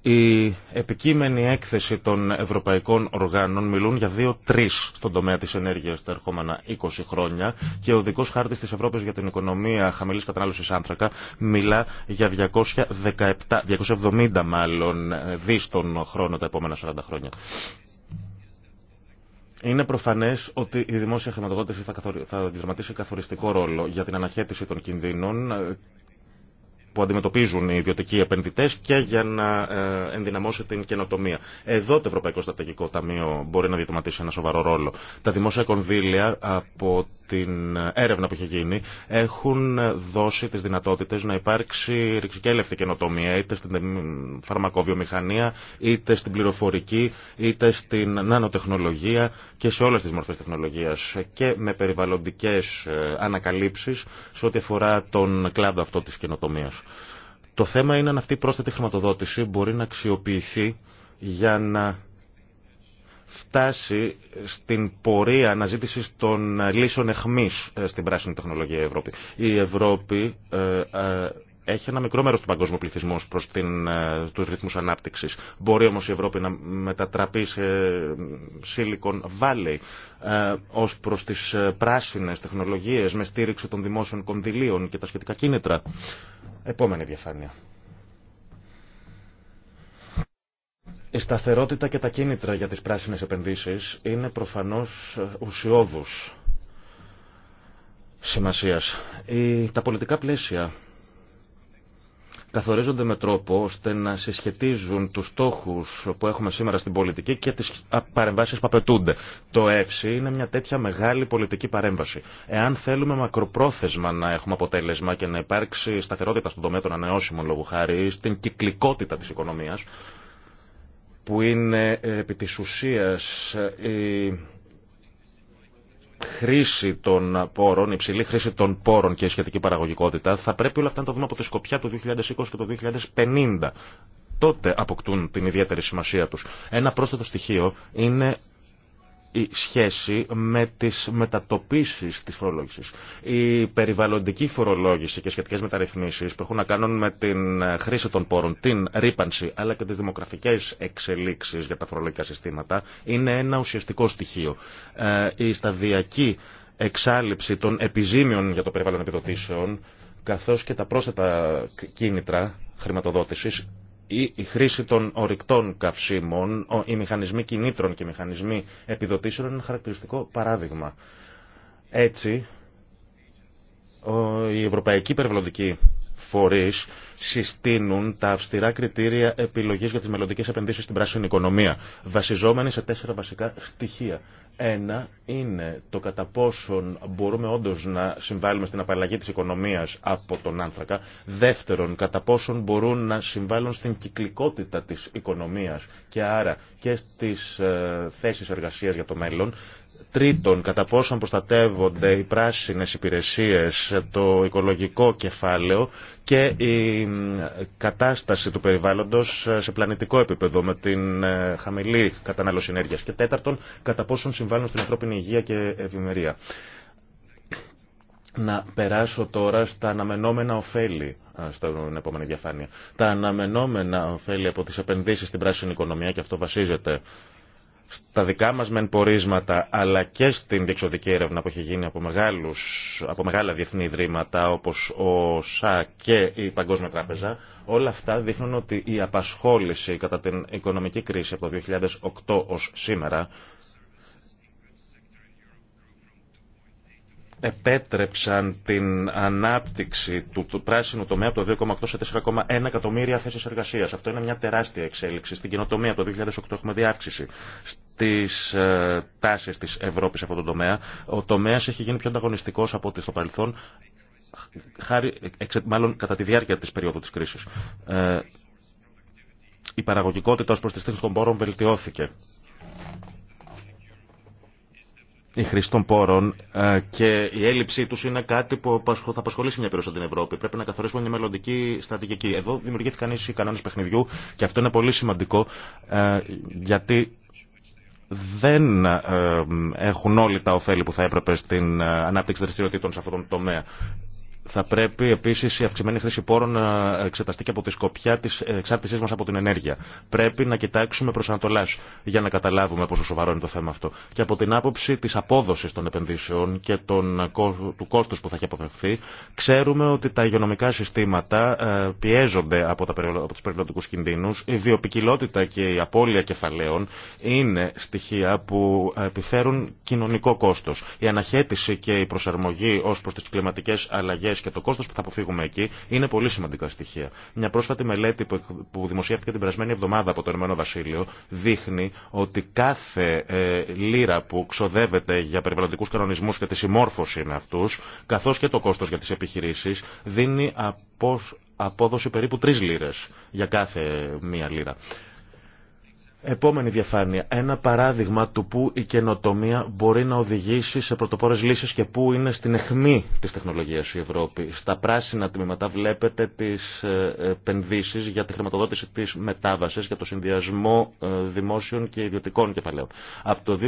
Η επικείμενη έκθεση των ευρωπαϊκών οργάνων μιλούν για δύο-τρει στον τομέα τη ενέργεια τα ερχόμενα 20 χρόνια και ο δικό χάρτη τη Ευρώπη για την οικονομία χαμηλή κατανάλωση άνθρακα μιλά για 217, 270 μάλλον δι τον χρόνο τα επόμενα 40 χρόνια. Είναι προφανέ ότι η δημόσια χρηματοδότηση θα, θα καθοριστικό ρόλο για την αναχέτηση των κινδύνων που αντιμετωπίζουν οι ιδιωτικοί επενδυτέ και για να ε, ενδυναμώσει την καινοτομία. Εδώ το Ευρωπαϊκό Στρατηγικό Ταμείο μπορεί να διαδραματίσει ένα σοβαρό ρόλο. Τα δημόσια κονδύλια από την έρευνα που έχει γίνει έχουν δώσει τι δυνατότητε να υπάρξει ρηξικέλευτη καινοτομία είτε στην φαρμακοβιομηχανία, είτε στην πληροφορική, είτε στην νανοτεχνολογία και σε όλε τι μορφέ τεχνολογία και με περιβαλλοντικέ ε, ανακαλύψει σε ό,τι αφορά τον κλάδο αυτό τη καινοτομία. Το θέμα είναι αν αυτή η πρόσθετη χρηματοδότηση μπορεί να αξιοποιηθεί για να φτάσει στην πορεία αναζήτηση των λύσεων εχμής ε, στην πράσινη τεχνολογία Ευρώπη. Η Ευρώπη ε, ε, έχει ένα μικρό μέρο του παγκόσμιου πληθυσμού προ ε, του ρυθμού ανάπτυξη. Μπορεί όμω η Ευρώπη να μετατραπεί σε Silicon Valley ε, ω προ τι ε, πράσινε τεχνολογίε με στήριξη των δημόσιων κονδυλίων και τα σχετικά κίνητρα. Επόμενη διαφάνεια. Η σταθερότητα και τα κίνητρα για τις πράσινες επενδύσεις είναι προφανώς ε, ουσιώδους σημασίας. τα πολιτικά πλαίσια καθορίζονται με τρόπο ώστε να συσχετίζουν τους στόχους που έχουμε σήμερα στην πολιτική και τις παρεμβάσεις που απαιτούνται. Το ΕΦΣΥ είναι μια τέτοια μεγάλη πολιτική παρέμβαση. Εάν θέλουμε μακροπρόθεσμα να έχουμε αποτέλεσμα και να υπάρξει σταθερότητα στον τομέα των ανεώσιμων λόγου χάρη, στην κυκλικότητα της οικονομίας, που είναι ε, επί της ουσίας ε, η χρήση των πόρων, υψηλή χρήση των πόρων και σχετική παραγωγικότητα, θα πρέπει όλα αυτά να τα δούμε από τη σκοπιά του 2020 και του 2050. Τότε αποκτούν την ιδιαίτερη σημασία τους. Ένα πρόσθετο στοιχείο είναι η σχέση με τις μετατοπίσεις της φορολόγησης. Η περιβαλλοντική φορολόγηση και σχετικές μεταρρυθμίσεις που έχουν να κάνουν με την χρήση των πόρων, την ρήπανση, αλλά και τις δημογραφικές εξελίξεις για τα φορολογικά συστήματα, είναι ένα ουσιαστικό στοιχείο. Ε, η σταδιακή εξάλληψη των επιζήμιων για το περιβάλλον επιδοτήσεων, καθώς και τα πρόσθετα κίνητρα χρηματοδότησης, ή η χρηση των ορυκτών καυσίμων, οι μηχανισμοί κινήτρων και οι μηχανισμοί επιδοτήσεων είναι ένα χαρακτηριστικό παράδειγμα. Έτσι, οι ευρωπαϊκοί περιβαλλοντικοί φορείς συστήνουν τα αυστηρά κριτήρια επιλογής για τις μελλοντικές επενδύσεις στην πράσινη οικονομία, βασιζόμενοι σε τέσσερα βασικά στοιχεία. Ένα είναι το κατά πόσον μπορούμε όντω να συμβάλλουμε στην απαλλαγή τη οικονομία από τον άνθρακα. Δεύτερον, κατά πόσον μπορούν να συμβάλλουν στην κυκλικότητα της οικονομία και άρα και στι ε, θέσει εργασίας για το μέλλον. Τρίτον, κατά πόσον προστατεύονται οι πράσινες υπηρεσίες, το οικολογικό κεφάλαιο και η κατάσταση του περιβάλλοντος σε πλανητικό επίπεδο με την ε, χαμηλή κατανάλωση ενέργειας. Και τέταρτον, κατά πόσον συμβάλλουν στην ανθρώπινη υγεία και ευημερία. Να περάσω τώρα στα αναμενόμενα ωφέλη στην επόμενη διαφάνεια. Τα αναμενόμενα ωφέλη από τις επενδύσεις στην πράσινη οικονομία και αυτό βασίζεται στα δικά μας μεν πορίσματα αλλά και στην διεξοδική έρευνα που έχει γίνει από, μεγάλους, από μεγάλα διεθνή ιδρύματα όπως ο ΣΑ και η Παγκόσμια Τράπεζα όλα αυτά δείχνουν ότι η απασχόληση κατά την οικονομική κρίση από το 2008 ως σήμερα επέτρεψαν την ανάπτυξη του, πράσινου τομέα από το 2,8 σε 4,1 εκατομμύρια θέσει εργασία. Αυτό είναι μια τεράστια εξέλιξη. Στην κοινοτομία από το 2008 έχουμε διάυξηση στι ε, τάσει τη Ευρώπη σε αυτόν τον τομέα. Ο τομέα έχει γίνει πιο ανταγωνιστικό από ό,τι στο παρελθόν, χάρη, μάλλον κατά τη διάρκεια τη περίοδου τη κρίση. Ε, η παραγωγικότητα ω προ τις των πόρων βελτιώθηκε η χρήση των πόρων ε, και η έλλειψή του είναι κάτι που θα απασχολήσει μια περισσότερη στην Ευρώπη. Πρέπει να καθορίσουμε μια μελλοντική στρατηγική. Εδώ δημιουργήθηκαν οι κανόνε παιχνιδιού και αυτό είναι πολύ σημαντικό ε, γιατί δεν ε, έχουν όλοι τα ωφέλη που θα έπρεπε στην ανάπτυξη δραστηριοτήτων σε αυτόν τον τομέα. Θα πρέπει επίση η αυξημένη χρήση πόρων να εξεταστεί και από τη σκοπιά τη εξάρτησή μα από την ενέργεια. Πρέπει να κοιτάξουμε προ Ανατολά για να καταλάβουμε πόσο σοβαρό είναι το θέμα αυτό. Και από την άποψη τη απόδοση των επενδύσεων και των, του κόστου που θα έχει αποφευθεί, ξέρουμε ότι τα υγειονομικά συστήματα ε, πιέζονται από, από του περιβαλλοντικού κινδύνου. Η βιοπικιλότητα και η απώλεια κεφαλαίων είναι στοιχεία που ε, επιφέρουν κοινωνικό κόστο. Η αναχέτηση και η προσαρμογή ω προ τι κλιματικέ αλλαγέ και το κόστος που θα αποφύγουμε εκεί είναι πολύ σημαντικά στοιχεία. Μια πρόσφατη μελέτη που δημοσιεύτηκε την περασμένη εβδομάδα από το Ερμένο Βασίλειο δείχνει ότι κάθε ε, λίρα που ξοδεύεται για περιβαλλοντικούς κανονισμούς και τη συμμόρφωση με αυτούς καθώς και το κόστος για τις επιχειρήσεις δίνει απόδοση περίπου τρει λίρες για κάθε μία λίρα. Επόμενη διαφάνεια. Ένα παράδειγμα του που η καινοτομία μπορεί να οδηγήσει σε πρωτοπόρες λύσεις και που είναι στην αιχμή της τεχνολογίας η Ευρώπη. Στα πράσινα τμήματα βλέπετε τις ε, επενδύσει για τη χρηματοδότηση της μετάβασης για το συνδυασμό ε, δημόσιων και ιδιωτικών κεφαλαίων. Από το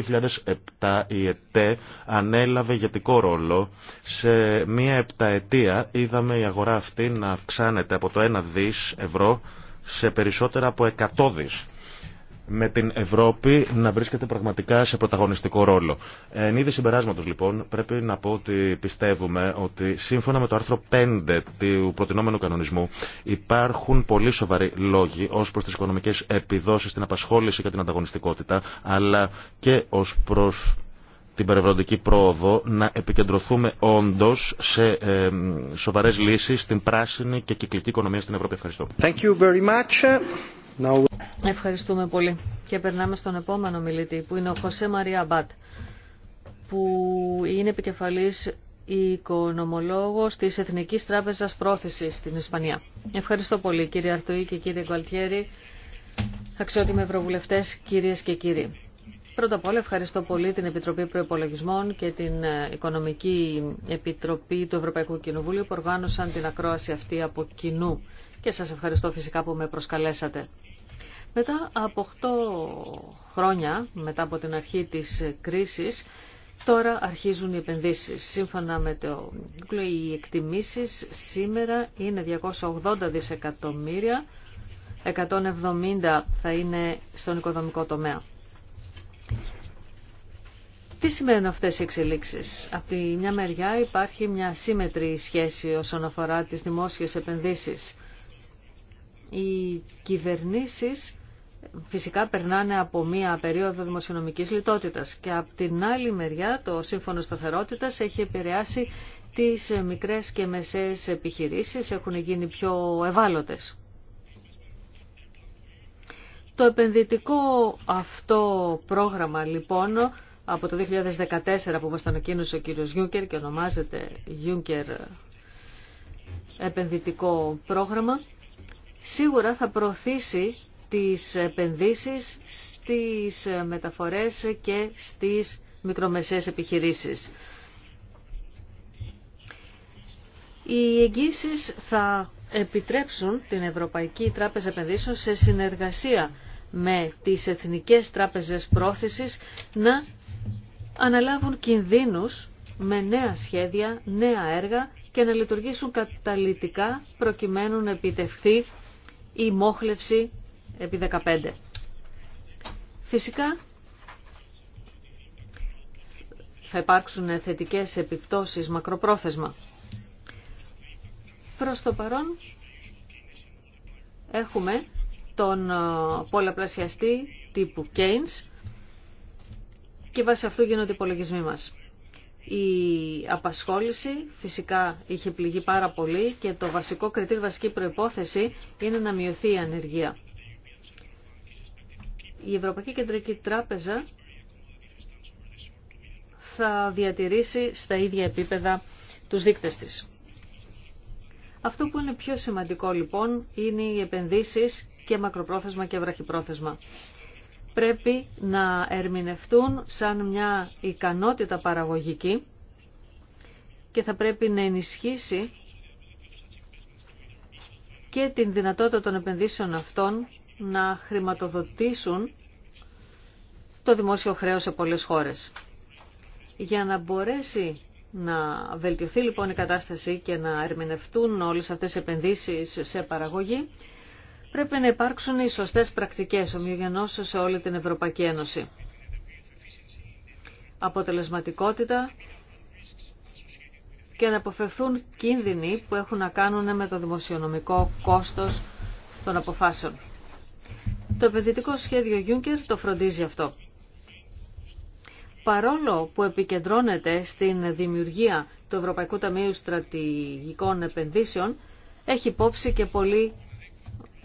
2007 η ΕΤΕ ανέλαβε ηγετικό ρόλο. Σε μία επταετία είδαμε η αγορά αυτή να αυξάνεται από το 1 δις ευρώ σε περισσότερα από 100 δις με την Ευρώπη να βρίσκεται πραγματικά σε πρωταγωνιστικό ρόλο. Ε, εν είδη συμπεράσματο, λοιπόν, πρέπει να πω ότι πιστεύουμε ότι σύμφωνα με το άρθρο 5 του προτινόμενου κανονισμού υπάρχουν πολύ σοβαροί λόγοι ω προ τι οικονομικέ επιδόσει, την απασχόληση και την ανταγωνιστικότητα, αλλά και ω προ την περιβαλλοντική πρόοδο να επικεντρωθούμε όντω σε ε, σοβαρέ λύσει στην πράσινη και κυκλική οικονομία στην Ευρώπη. Ευχαριστώ. Thank you very much. Ευχαριστούμε πολύ. Και περνάμε στον επόμενο μιλητή, που είναι ο Χωσέ Μαρία Μπάτ, που είναι επικεφαλής οικονομολόγος της Εθνικής Τράπεζας Πρόθεσης στην Ισπανία. Ευχαριστώ πολύ κύριε Αρτουή και κύριε Γκουαλτιέρη, αξιότιμοι ευρωβουλευτές, κυρίες και κύριοι. Πρώτα απ' όλα ευχαριστώ πολύ την Επιτροπή Προπολογισμών και την ε, Οικονομική Επιτροπή του Ευρωπαϊκού Κοινοβουλίου που οργάνωσαν την ακρόαση αυτή από κοινού. Και σας ευχαριστώ φυσικά που με προσκαλέσατε. Μετά από 8 χρόνια, μετά από την αρχή της κρίσης, τώρα αρχίζουν οι επενδύσεις. Σύμφωνα με το οι εκτιμήσεις σήμερα είναι 280 δισεκατομμύρια, 170 θα είναι στον οικοδομικό τομέα. Τι σημαίνουν αυτές οι εξελίξεις. Από τη μια μεριά υπάρχει μια σύμμετρη σχέση όσον αφορά τις δημόσιες επενδύσεις. Οι κυβερνήσεις φυσικά περνάνε από μία περίοδο δημοσιονομικής λιτότητας και από την άλλη μεριά το Σύμφωνο Σταθερότητας έχει επηρεάσει τις μικρές και μεσαίες επιχειρήσεις, έχουν γίνει πιο ευάλωτες. Το επενδυτικό αυτό πρόγραμμα λοιπόν από το 2014 που μας ανακοίνωσε ο κύριος Γιούγκερ και ονομάζεται Γιούγκερ επενδυτικό πρόγραμμα σίγουρα θα προωθήσει τις επενδύσεις στις μεταφορές και στις μικρομεσαίες επιχειρήσεις. Οι εγγύσεις θα επιτρέψουν την Ευρωπαϊκή Τράπεζα Επενδύσεων σε συνεργασία με τις Εθνικές Τράπεζες Πρόθεσης να αναλάβουν κινδύνους με νέα σχέδια, νέα έργα και να λειτουργήσουν καταλυτικά προκειμένου να επιτευχθεί η μόχλευση επί 15. Φυσικά θα υπάρξουν θετικές επιπτώσεις μακροπρόθεσμα. Προς το παρόν έχουμε τον ε, πολλαπλασιαστή τύπου Keynes και βάσει αυτού γίνονται οι υπολογισμοί Η απασχόληση φυσικά είχε πληγεί πάρα πολύ και το βασικό κριτήριο, βασική προϋπόθεση είναι να μειωθεί η ανεργία η Ευρωπαϊκή Κεντρική Τράπεζα θα διατηρήσει στα ίδια επίπεδα τους δείκτες της. Αυτό που είναι πιο σημαντικό λοιπόν είναι οι επενδύσεις και μακροπρόθεσμα και βραχυπρόθεσμα. Πρέπει να ερμηνευτούν σαν μια ικανότητα παραγωγική και θα πρέπει να ενισχύσει και την δυνατότητα των επενδύσεων αυτών να χρηματοδοτήσουν το δημόσιο χρέος σε πολλές χώρες. Για να μπορέσει να βελτιωθεί λοιπόν η κατάσταση και να ερμηνευτούν όλες αυτές οι επενδύσεις σε παραγωγή, πρέπει να υπάρξουν οι σωστές πρακτικές ομοιογενώς σε όλη την Ευρωπαϊκή Ένωση. Αποτελεσματικότητα και να αποφευθούν κίνδυνοι που έχουν να κάνουν με το δημοσιονομικό κόστος των αποφάσεων. Το επενδυτικό σχέδιο Juncker το φροντίζει αυτό. Παρόλο που επικεντρώνεται στην δημιουργία του Ευρωπαϊκού Ταμείου Στρατηγικών Επενδύσεων, έχει υπόψη και πολύ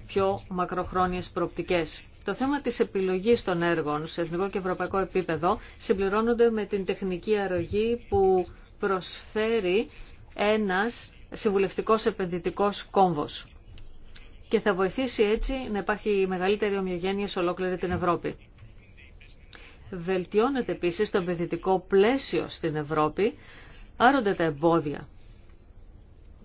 πιο μακροχρόνιες προοπτικές. Το θέμα της επιλογής των έργων σε εθνικό και ευρωπαϊκό επίπεδο συμπληρώνονται με την τεχνική αρρωγή που προσφέρει ένας συμβουλευτικός επενδυτικός κόμβος και θα βοηθήσει έτσι να υπάρχει μεγαλύτερη ομοιογένεια σε ολόκληρη την Ευρώπη. Βελτιώνεται επίσης το επενδυτικό πλαίσιο στην Ευρώπη, άρονται τα εμπόδια.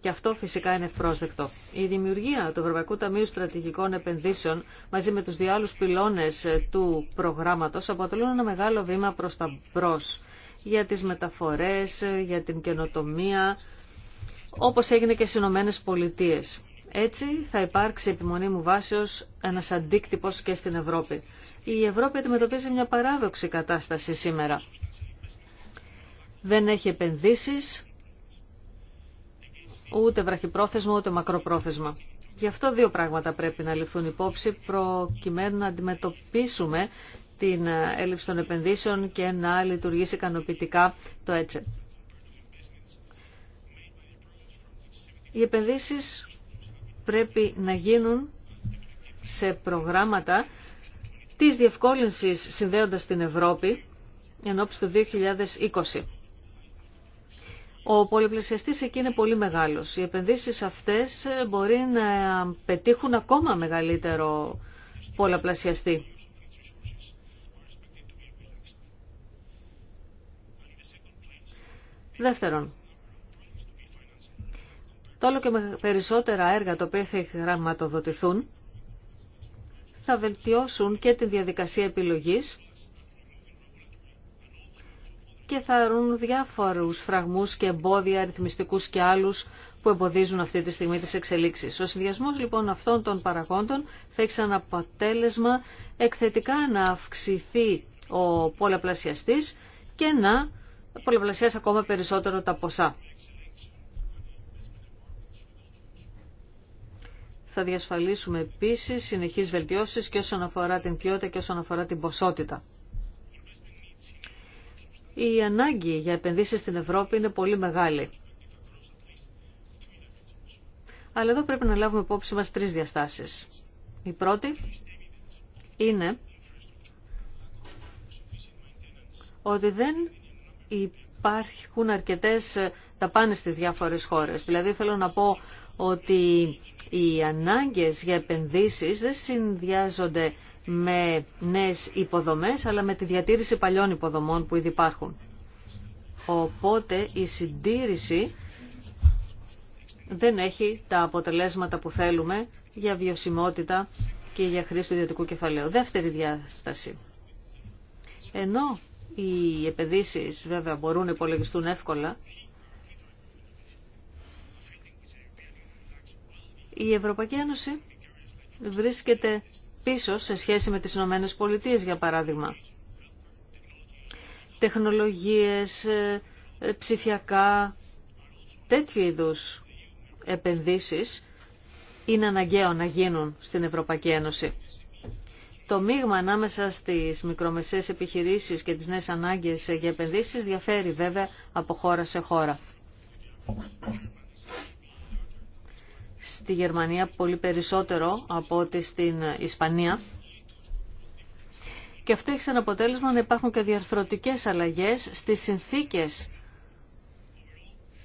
Και αυτό φυσικά είναι ευπρόσδεκτο. Η δημιουργία του Ευρωπαϊκού Ταμείου Στρατηγικών Επενδύσεων μαζί με τους διάλους πυλώνες του προγράμματος αποτελούν ένα μεγάλο βήμα προς τα μπρος για τις μεταφορές, για την καινοτομία, όπως έγινε και στι Ηνωμένε Πολιτείες. Έτσι θα υπάρξει επιμονή μου βάσεως ένας αντίκτυπος και στην Ευρώπη. Η Ευρώπη αντιμετωπίζει μια παράδοξη κατάσταση σήμερα. Δεν έχει επενδύσεις, ούτε βραχυπρόθεσμα, ούτε μακροπρόθεσμα. Γι' αυτό δύο πράγματα πρέπει να ληφθούν υπόψη προκειμένου να αντιμετωπίσουμε την ε, έλλειψη των επενδύσεων και να λειτουργήσει ικανοποιητικά το έτσι. Οι επενδύσεις πρέπει να γίνουν σε προγράμματα της διευκόλυνσης συνδέοντας την Ευρώπη εν ώψη του 2020. Ο πολυπλησιαστής εκεί είναι πολύ μεγάλος. Οι επενδύσεις αυτές ε, μπορεί να πετύχουν ακόμα μεγαλύτερο πολλαπλασιαστή. Δεύτερον, Τόλο όλο και με περισσότερα έργα τα οποία θα γραμματοδοτηθούν θα βελτιώσουν και τη διαδικασία επιλογής και θα αρούν διάφορους φραγμούς και εμπόδια αριθμιστικούς και άλλους που εμποδίζουν αυτή τη στιγμή τις εξελίξεις. Ο συνδυασμό λοιπόν αυτών των παραγόντων θα έχει σαν αποτέλεσμα εκθετικά να αυξηθεί ο πολλαπλασιαστής και να πολλαπλασιάσει ακόμα περισσότερο τα ποσά. Θα διασφαλίσουμε επίση συνεχείς βελτιώσεις και όσον αφορά την ποιότητα και όσον αφορά την ποσότητα. Η ανάγκη για επενδύσεις στην Ευρώπη είναι πολύ μεγάλη. Αλλά εδώ πρέπει να λάβουμε υπόψη μας τρεις διαστάσεις. Η πρώτη είναι ότι δεν υπάρχουν αρκετές ταπάνες στις διάφορες χώρες. Δηλαδή θέλω να πω ότι οι ανάγκες για επενδύσεις δεν συνδυάζονται με νέες υποδομές, αλλά με τη διατήρηση παλιών υποδομών που ήδη υπάρχουν. Οπότε η συντήρηση δεν έχει τα αποτελέσματα που θέλουμε για βιωσιμότητα και για χρήση του ιδιωτικού κεφαλαίου. Δεύτερη διάσταση. Ενώ οι επενδύσεις βέβαια μπορούν να υπολογιστούν εύκολα, Η Ευρωπαϊκή Ένωση βρίσκεται πίσω σε σχέση με τις Ηνωμένες Πολιτείες, για παράδειγμα. Τεχνολογίες, ε, ε, ψηφιακά, τέτοιου είδους επενδύσεις είναι αναγκαίο να γίνουν στην Ευρωπαϊκή Ένωση. Το μείγμα ανάμεσα στις μικρομεσαίες επιχειρήσεις και τις νέες ανάγκες για επενδύσεις διαφέρει βέβαια από χώρα σε χώρα στη Γερμανία πολύ περισσότερο από ό,τι στην Ισπανία. Και αυτό έχει σαν αποτέλεσμα να υπάρχουν και διαρθρωτικές αλλαγές στις συνθήκες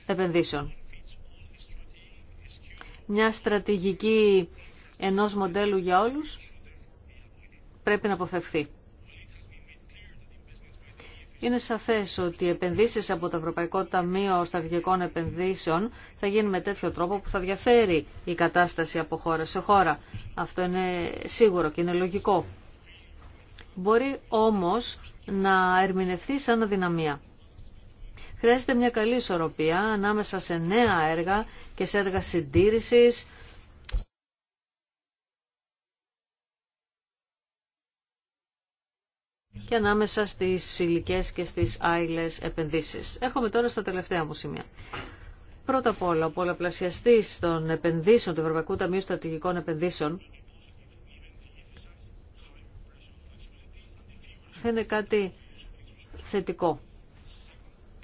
επενδύσεων. Μια στρατηγική ενός μοντέλου για όλους πρέπει να αποφευθεί. Είναι σαφές ότι οι επενδύσεις από το Ευρωπαϊκό Ταμείο Σταυγικών Επενδύσεων θα γίνουν με τέτοιο τρόπο που θα διαφέρει η κατάσταση από χώρα σε χώρα. Αυτό είναι σίγουρο και είναι λογικό. Μπορεί όμως να ερμηνευθεί σαν αδυναμία. Χρειάζεται μια καλή ισορροπία ανάμεσα σε νέα έργα και σε έργα συντήρησης, και ανάμεσα στις υλικέ και στις άειλες επενδύσεις. Έρχομαι τώρα στα τελευταία μου σημεία. Πρώτα απ' όλα, ο πολλαπλασιαστής των επενδύσεων του Ευρωπαϊκού Ταμείου Στρατηγικών Επενδύσεων θα είναι κάτι θετικό.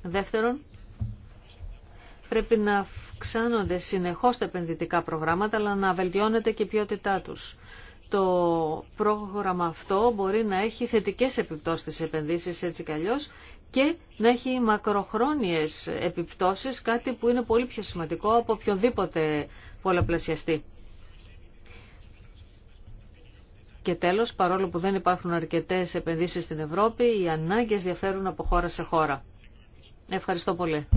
Δεύτερον, πρέπει να αυξάνονται συνεχώς τα επενδυτικά προγράμματα, αλλά να βελτιώνεται και η ποιότητά τους το πρόγραμμα αυτό μπορεί να έχει θετικές επιπτώσεις στις επενδύσεις έτσι κι αλλιώς και να έχει μακροχρόνιες επιπτώσεις, κάτι που είναι πολύ πιο σημαντικό από οποιοδήποτε πολλαπλασιαστή. Και τέλος, παρόλο που δεν υπάρχουν αρκετές επενδύσεις στην Ευρώπη, οι ανάγκες διαφέρουν από χώρα σε χώρα. Ευχαριστώ πολύ.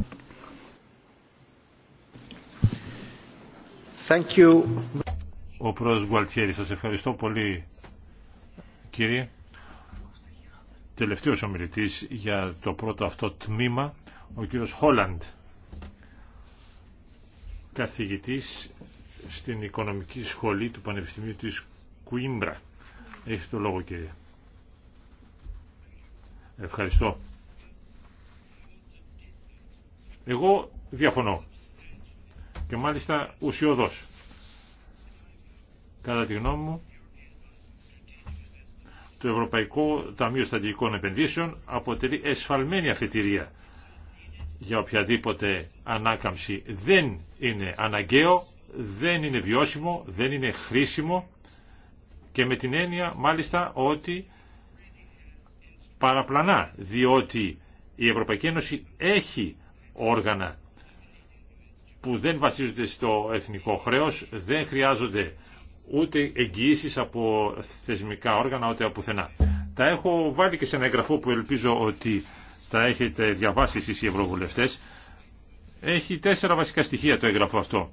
Ο πρόεδρος Γκουαλτιέρη, σας ευχαριστώ πολύ κύριε. Τελευταίος ομιλητής για το πρώτο αυτό τμήμα, ο κύριος Χόλαντ, καθηγητής στην Οικονομική Σχολή του Πανεπιστημίου της Κουίμπρα. Έχει το λόγο κύριε. Ευχαριστώ. Εγώ διαφωνώ. Και μάλιστα ουσιοδός κατά τη γνώμη μου, το Ευρωπαϊκό Ταμείο Στρατηγικών Επενδύσεων αποτελεί εσφαλμένη αφετηρία για οποιαδήποτε ανάκαμψη. Δεν είναι αναγκαίο, δεν είναι βιώσιμο, δεν είναι χρήσιμο και με την έννοια μάλιστα ότι παραπλανά, διότι η Ευρωπαϊκή Ένωση έχει όργανα που δεν βασίζονται στο εθνικό χρέος, δεν χρειάζονται ούτε εγγυήσεις από θεσμικά όργανα, ούτε από πουθενά. Τα έχω βάλει και σε ένα εγγραφό που ελπίζω ότι τα έχετε διαβάσει εσείς οι ευρωβουλευτές. Έχει τέσσερα βασικά στοιχεία το εγγραφό αυτό.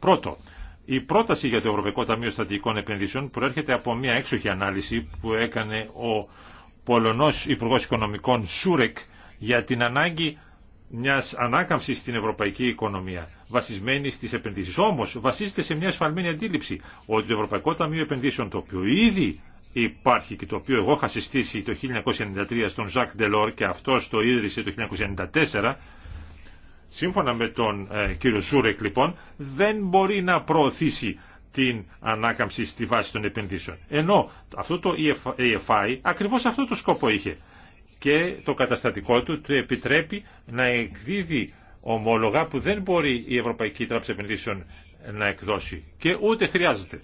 Πρώτο, η πρόταση για το Ευρωπαϊκό Ταμείο Στατικών Επενδύσεων προέρχεται από μια έξοχη ανάλυση που έκανε ο Πολωνός Υπουργός Οικονομικών Σούρεκ για την ανάγκη μια ανάκαμψης στην ευρωπαϊκή οικονομία βασισμένη στι επενδύσεις. Όμως βασίζεται σε μια ασφαλμένη αντίληψη ότι το Ευρωπαϊκό Ταμείο Επενδύσεων το οποίο ήδη υπάρχει και το οποίο εγώ είχα συστήσει το 1993 στον Ζακ Ντελόρ και αυτός το ίδρυσε το 1994 σύμφωνα με τον ε, κύριο Σούρεκ λοιπόν δεν μπορεί να προωθήσει την ανάκαμψη στη βάση των επενδύσεων. Ενώ αυτό το EFI ακριβώς αυτό το σκόπο είχε και το καταστατικό του του επιτρέπει να εκδίδει ομόλογα που δεν μπορεί η Ευρωπαϊκή Τράπεζα Επενδύσεων να εκδώσει και ούτε χρειάζεται.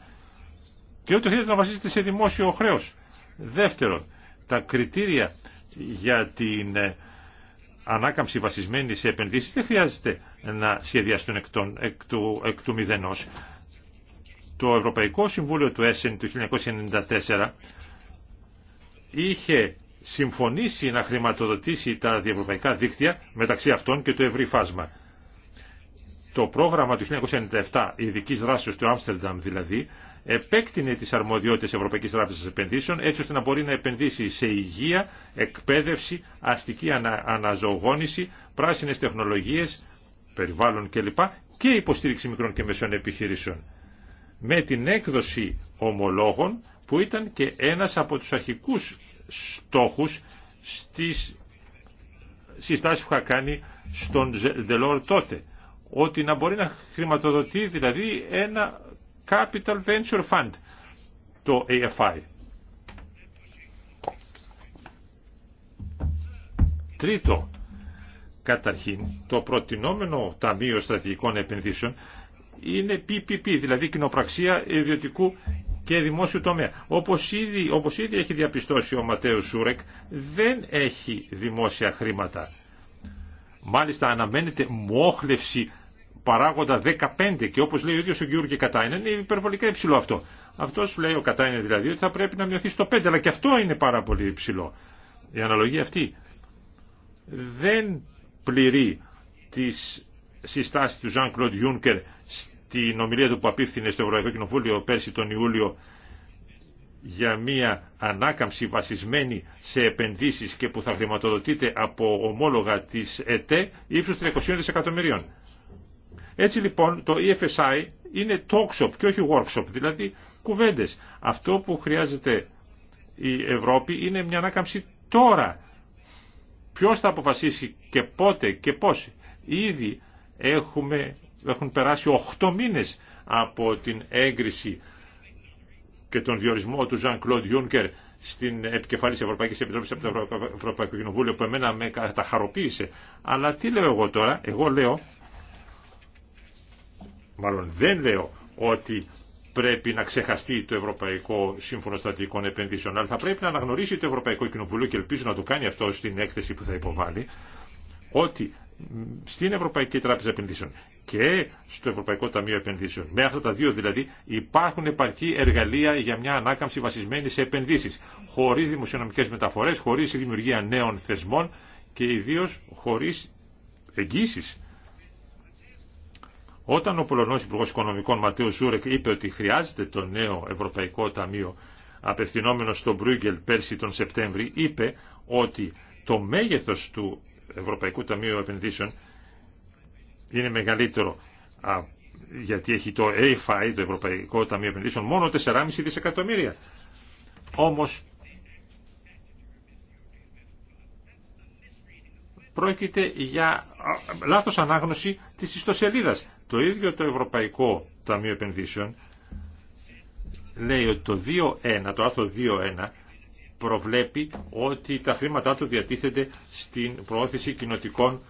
Και ούτε χρειάζεται να βασίζεται σε δημόσιο χρέο. Δεύτερον, τα κριτήρια για την ε, ανάκαμψη βασισμένη σε επενδύσει δεν χρειάζεται να σχεδιαστούν εκ, του, εκ μηδενός. Το Ευρωπαϊκό Συμβούλιο του ΕΣΕΝ του 1994 είχε συμφωνήσει να χρηματοδοτήσει τα διευρωπαϊκά δίκτυα μεταξύ αυτών και το ευρύ φάσμα. Το πρόγραμμα του 1997 ειδική δράσης του Άμστερνταμ δηλαδή επέκτηνε τις αρμοδιότητες Ευρωπαϊκής Τράπεζα Επενδύσεων έτσι ώστε να μπορεί να επενδύσει σε υγεία, εκπαίδευση, αστική ανα, αναζωογόνηση, πράσινες τεχνολογίες, περιβάλλον κλπ. και υποστήριξη μικρών και μεσών επιχειρήσεων. Με την έκδοση ομολόγων που ήταν και ένας από τους αρχικούς στόχους στις συστάσεις που είχα κάνει στον Δελόρ τότε. Ότι να μπορεί να χρηματοδοτεί δηλαδή ένα Capital Venture Fund, το AFI. Τρίτο, καταρχήν, το προτινόμενο Ταμείο Στρατηγικών Επενδύσεων είναι PPP, δηλαδή κοινοπραξία ιδιωτικού και δημόσιο τομέα. Όπως ήδη, έχει διαπιστώσει ο Ματέο Σούρεκ, δεν έχει δημόσια χρήματα. Μάλιστα αναμένεται μόχλευση παράγοντα 15 και όπως λέει ο ίδιος ο Γιούργη Κατάινεν είναι υπερβολικά υψηλό αυτό. Αυτός λέει ο Κατάινεν δηλαδή ότι θα πρέπει να μειωθεί στο 5 αλλά και αυτό είναι πάρα πολύ υψηλό. Η αναλογία αυτή δεν πληρεί τις συστάσεις του Jean-Claude Juncker την ομιλία του που απίφθινε στο Ευρωπαϊκό Κοινοβούλιο πέρσι τον Ιούλιο για μια ανάκαμψη βασισμένη σε επενδύσεις και που θα χρηματοδοτείται από ομόλογα της ΕΤΕ ύψους 300 δισεκατομμυρίων. Έτσι λοιπόν το EFSI είναι talk shop και όχι workshop, δηλαδή κουβέντες. Αυτό που χρειάζεται η Ευρώπη είναι μια ανάκαμψη τώρα. Ποιος θα αποφασίσει και πότε και πώς. Ήδη έχουμε έχουν περάσει 8 μήνες από την έγκριση και τον διορισμό του Ζαν Κλοντ γιουνκερ στην επικεφαλής Ευρωπαϊκής Επιτροπής από το Ευρωπαϊκό Κοινοβούλιο που εμένα με καταχαροποίησε. Αλλά τι λέω εγώ τώρα, εγώ λέω, μάλλον δεν λέω ότι πρέπει να ξεχαστεί το Ευρωπαϊκό Σύμφωνο Στατικών Επενδύσεων, αλλά θα πρέπει να αναγνωρίσει το Ευρωπαϊκό Κοινοβούλιο και ελπίζω να το κάνει αυτό στην έκθεση που θα υποβάλει, ότι στην Ευρωπαϊκή Τράπεζα Επενδύσεων και στο Ευρωπαϊκό Ταμείο Επενδύσεων. Με αυτά τα δύο δηλαδή υπάρχουν επαρκή εργαλεία για μια ανάκαμψη βασισμένη σε επενδύσεις, χωρί δημοσιονομικέ μεταφορές, χωρί δημιουργία νέων θεσμών και ιδίω χωρί εγγύσει. Όταν ο Πολωνός Υπουργός Οικονομικών Ματέο Ζούρεκ είπε ότι χρειάζεται το νέο Ευρωπαϊκό Ταμείο απευθυνόμενο στον Μπρούγκελ πέρσι τον Σεπτέμβρη, είπε ότι το μέγεθος του Ευρωπαϊκού Ταμείου Επενδύσεων είναι μεγαλύτερο γιατί έχει το AFI, το Ευρωπαϊκό Ταμείο Επενδύσεων, μόνο 4,5 δισεκατομμύρια. Όμως πρόκειται για λάθος ανάγνωση της ιστοσελίδας. Το ίδιο το Ευρωπαϊκό Ταμείο Επενδύσεων λέει ότι το 2.1, το άρθρο 2.1 προβλέπει ότι τα χρήματά του διατίθεται στην προώθηση κοινοτικών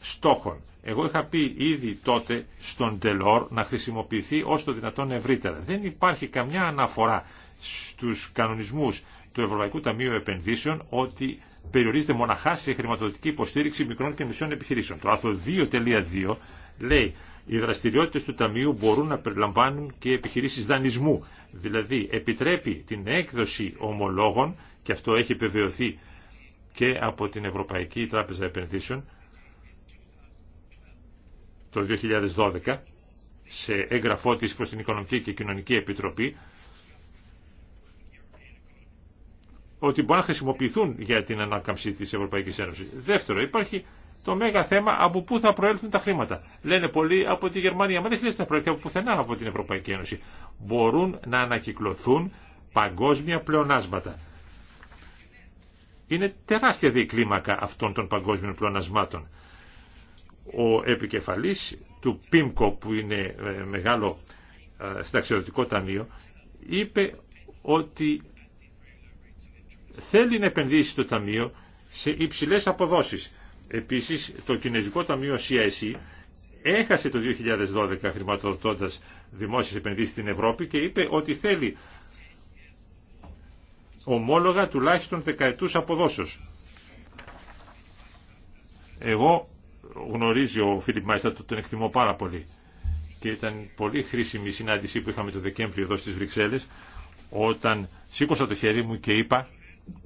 στόχων. Εγώ είχα πει ήδη τότε στον Τελόρ να χρησιμοποιηθεί ως το δυνατόν ευρύτερα. Δεν υπάρχει καμιά αναφορά στους κανονισμούς του Ευρωπαϊκού Ταμείου Επενδύσεων ότι περιορίζεται μοναχά σε χρηματοδοτική υποστήριξη μικρών και μισών επιχειρήσεων. Το άρθρο 2.2 λέει οι δραστηριότητες του Ταμείου μπορούν να περιλαμβάνουν και επιχειρήσεις δανεισμού, δηλαδή επιτρέπει την έκδοση ομολόγων, και αυτό έχει επιβεβαιωθεί και από την Ευρωπαϊκή Τράπεζα Επενδύσεων το 2012, σε έγγραφό της προς την Οικονομική και Κοινωνική Επιτροπή, ότι μπορούν να χρησιμοποιηθούν για την ανάκαμψη της Ευρωπαϊκής Ένωσης. Δεύτερο, υπάρχει το μέγα θέμα από πού θα προέλθουν τα χρήματα. Λένε πολλοί από τη Γερμανία, μα δεν χρειάζεται να προέλθει από πουθενά από την Ευρωπαϊκή Ένωση. Μπορούν να ανακυκλωθούν παγκόσμια πλεονάσματα. Είναι τεράστια δικλίμακα αυτών των παγκόσμιων πλεονασμάτων. Ο επικεφαλής του ΠΙΜΚΟ που είναι ε, μεγάλο ε, σταξιωτικό ταμείο είπε ότι θέλει να επενδύσει το ταμείο σε υψηλές αποδόσεις Επίσης, το Κινέζικο Ταμείο CIC έχασε το 2012 χρηματοδοτώντας δημόσιες επενδύσεις στην Ευρώπη και είπε ότι θέλει ομόλογα τουλάχιστον δεκαετούς αποδόσεως. Εγώ γνωρίζει ο Φίλιπ Μάιστα, τον εκτιμώ πάρα πολύ και ήταν πολύ χρήσιμη η συνάντηση που είχαμε το Δεκέμβριο εδώ στις Βρυξέλλες όταν σήκωσα το χέρι μου και είπα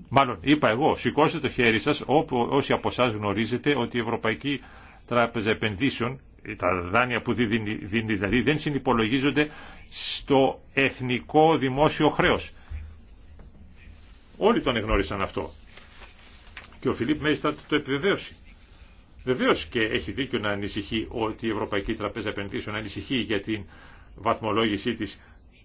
Μάλλον είπα εγώ, σηκώστε το χέρι σας όπου, όσοι από εσά γνωρίζετε ότι η Ευρωπαϊκή Τράπεζα Επενδύσεων, τα δάνεια που δίνει, δίνει δηλαδή, δεν συνυπολογίζονται στο εθνικό δημόσιο χρέος. Όλοι τον εγνώρισαν αυτό. Και ο Φιλίπ Μέιστα το επιβεβαίωσε. Βεβαίω και έχει δίκιο να ανησυχεί ότι η Ευρωπαϊκή Τραπέζα Επενδύσεων ανησυχεί για την βαθμολόγησή τη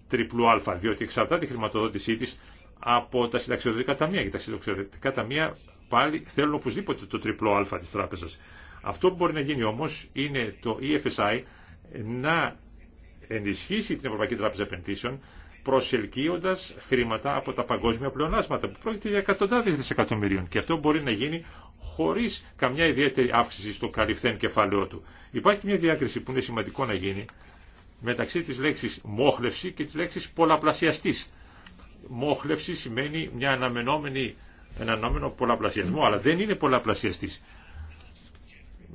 τριπλού Α, διότι εξαρτάται η χρηματοδότησή τη από τα συνταξιοδοτικά ταμεία. Γιατί τα συνταξιοδοτικά ταμεία πάλι θέλουν οπωσδήποτε το τριπλό α της τράπεζας. Αυτό που μπορεί να γίνει όμως είναι το EFSI να ενισχύσει την Ευρωπαϊκή Τράπεζα Επενδύσεων προσελκύοντας χρήματα από τα παγκόσμια πλεονάσματα που πρόκειται για εκατοντάδες δισεκατομμυρίων και αυτό μπορεί να γίνει χωρίς καμιά ιδιαίτερη αύξηση στο καλυφθέν κεφαλαίο του. Υπάρχει μια διάκριση που είναι σημαντικό να γίνει μεταξύ της λέξης μόχλευση και της λέξης πολλαπλασιαστή μόχλευση σημαίνει μια αναμενόμενη, ένα αναμενόμενο πολλαπλασιασμό, αλλά δεν είναι πολλαπλασιαστή.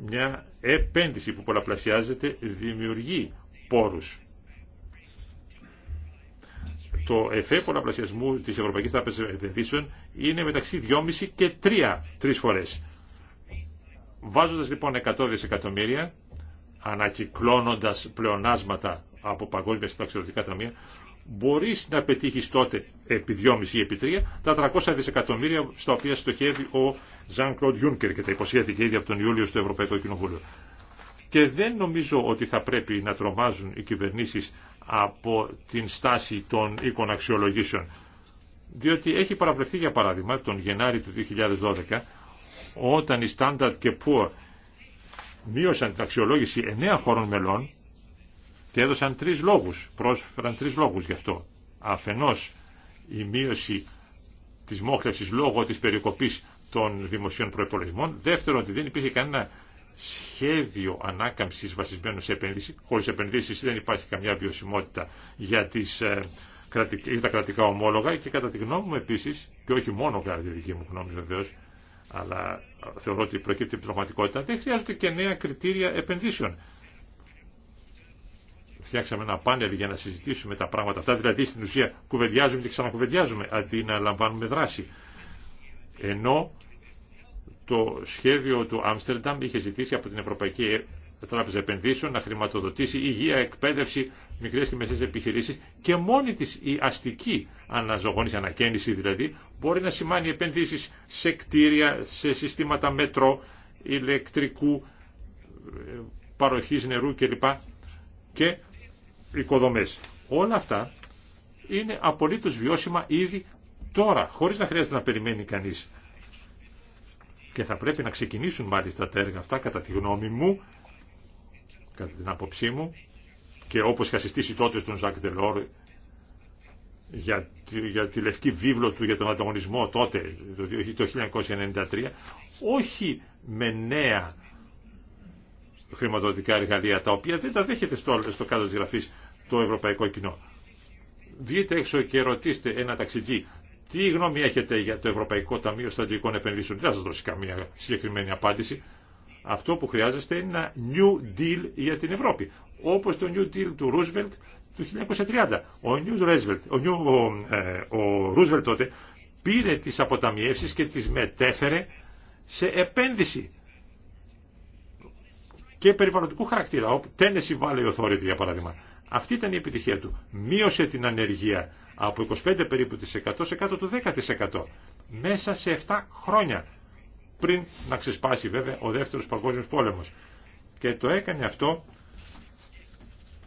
Μια επένδυση που πολλαπλασιάζεται δημιουργεί πόρους. Το εφέ πολλαπλασιασμού της Ευρωπαϊκής Τράπεζας Επενδύσεων είναι μεταξύ 2,5 και 3, 3 φορές. Βάζοντας λοιπόν 100 δισεκατομμύρια, ανακυκλώνοντας πλεονάσματα από παγκόσμια συνταξιδοτικά ταμεία, μπορείς να πετύχεις τότε επί 2,5 ή επί 3 τα 300 δισεκατομμύρια στα οποία στοχεύει ο Ζαν Κλοντ Γιούνκερ και τα υποσχέθηκε ήδη από τον Ιούλιο στο Ευρωπαϊκό Κοινοβούλιο. Και δεν νομίζω ότι θα πρέπει να τρομάζουν οι κυβερνήσεις από την στάση των οίκων αξιολογήσεων. Διότι έχει παραβλεφθεί για παράδειγμα τον Γενάρη του 2012 όταν η Standard και Poor μείωσαν την αξιολόγηση 9 χωρών μελών και έδωσαν τρεις λόγους, πρόσφεραν τρεις λόγους γι' αυτό. Αφενός η μείωση της μόχλευσης λόγω της περικοπής των δημοσίων προπολογισμών. δεύτερο, ότι δεν υπήρχε κανένα σχέδιο ανάκαμψης βασισμένο σε επένδυση. Χωρίς επενδύσεις δεν υπάρχει καμιά βιωσιμότητα για, τις, ε, για τα κρατικά ομόλογα και κατά τη γνώμη μου επίσης, και όχι μόνο κατά τη δική μου γνώμη βεβαίω, αλλά ε, θεωρώ ότι προκύπτει η πραγματικότητα, δεν χρειάζονται και νέα κριτήρια επενδύσεων φτιάξαμε ένα πάνελ για να συζητήσουμε τα πράγματα αυτά, δηλαδή στην ουσία κουβεντιάζουμε και ξανακουβεντιάζουμε αντί να λαμβάνουμε δράση. Ενώ το σχέδιο του Άμστερνταμ είχε ζητήσει από την Ευρωπαϊκή Τράπεζα Επενδύσεων να χρηματοδοτήσει υγεία, εκπαίδευση, μικρές και μεσαίες επιχειρήσεις και μόνη της η αστική αναζωογόνηση, ανακαίνιση δηλαδή, μπορεί να σημάνει επενδύσεις σε κτίρια, σε συστήματα μετρό, ηλεκτρικού, ε, παροχή νερού κλπ. Και οικοδομές. Όλα αυτά είναι απολύτως βιώσιμα ήδη τώρα, χωρίς να χρειάζεται να περιμένει κανείς. Και θα πρέπει να ξεκινήσουν μάλιστα τα έργα αυτά, κατά τη γνώμη μου, κατά την άποψή μου, και όπως είχα συστήσει τότε στον Ζακ Τελόρ για, τη, για τη λευκή βίβλο του για τον ανταγωνισμό τότε, το 1993, όχι με νέα χρηματοδοτικά εργαλεία, τα οποία δεν τα δέχεται στο, στο κάτω της γραφής το ευρωπαϊκό κοινό. Βγείτε έξω και ρωτήστε ένα ταξιτζή τι γνώμη έχετε για το Ευρωπαϊκό Ταμείο Στρατηγικών Επενδύσεων. Δεν θα σας δώσει καμία συγκεκριμένη απάντηση. Αυτό που χρειάζεστε είναι ένα New Deal για την Ευρώπη. Όπως το New Deal του Roosevelt του 1930. Ο, New Roosevelt, ο, New, ο, Roosevelt ε, τότε πήρε τις αποταμιεύσεις και τις μετέφερε σε επένδυση και περιβαλλοντικού χαρακτήρα. βάλε η Authority για παράδειγμα. Αυτή ήταν η επιτυχία του. Μείωσε την ανεργία από 25 περίπου 100% σε κάτω του 10% μέσα σε 7 χρόνια πριν να ξεσπάσει βέβαια ο δεύτερος παγκόσμιος πόλεμος. Και το έκανε αυτό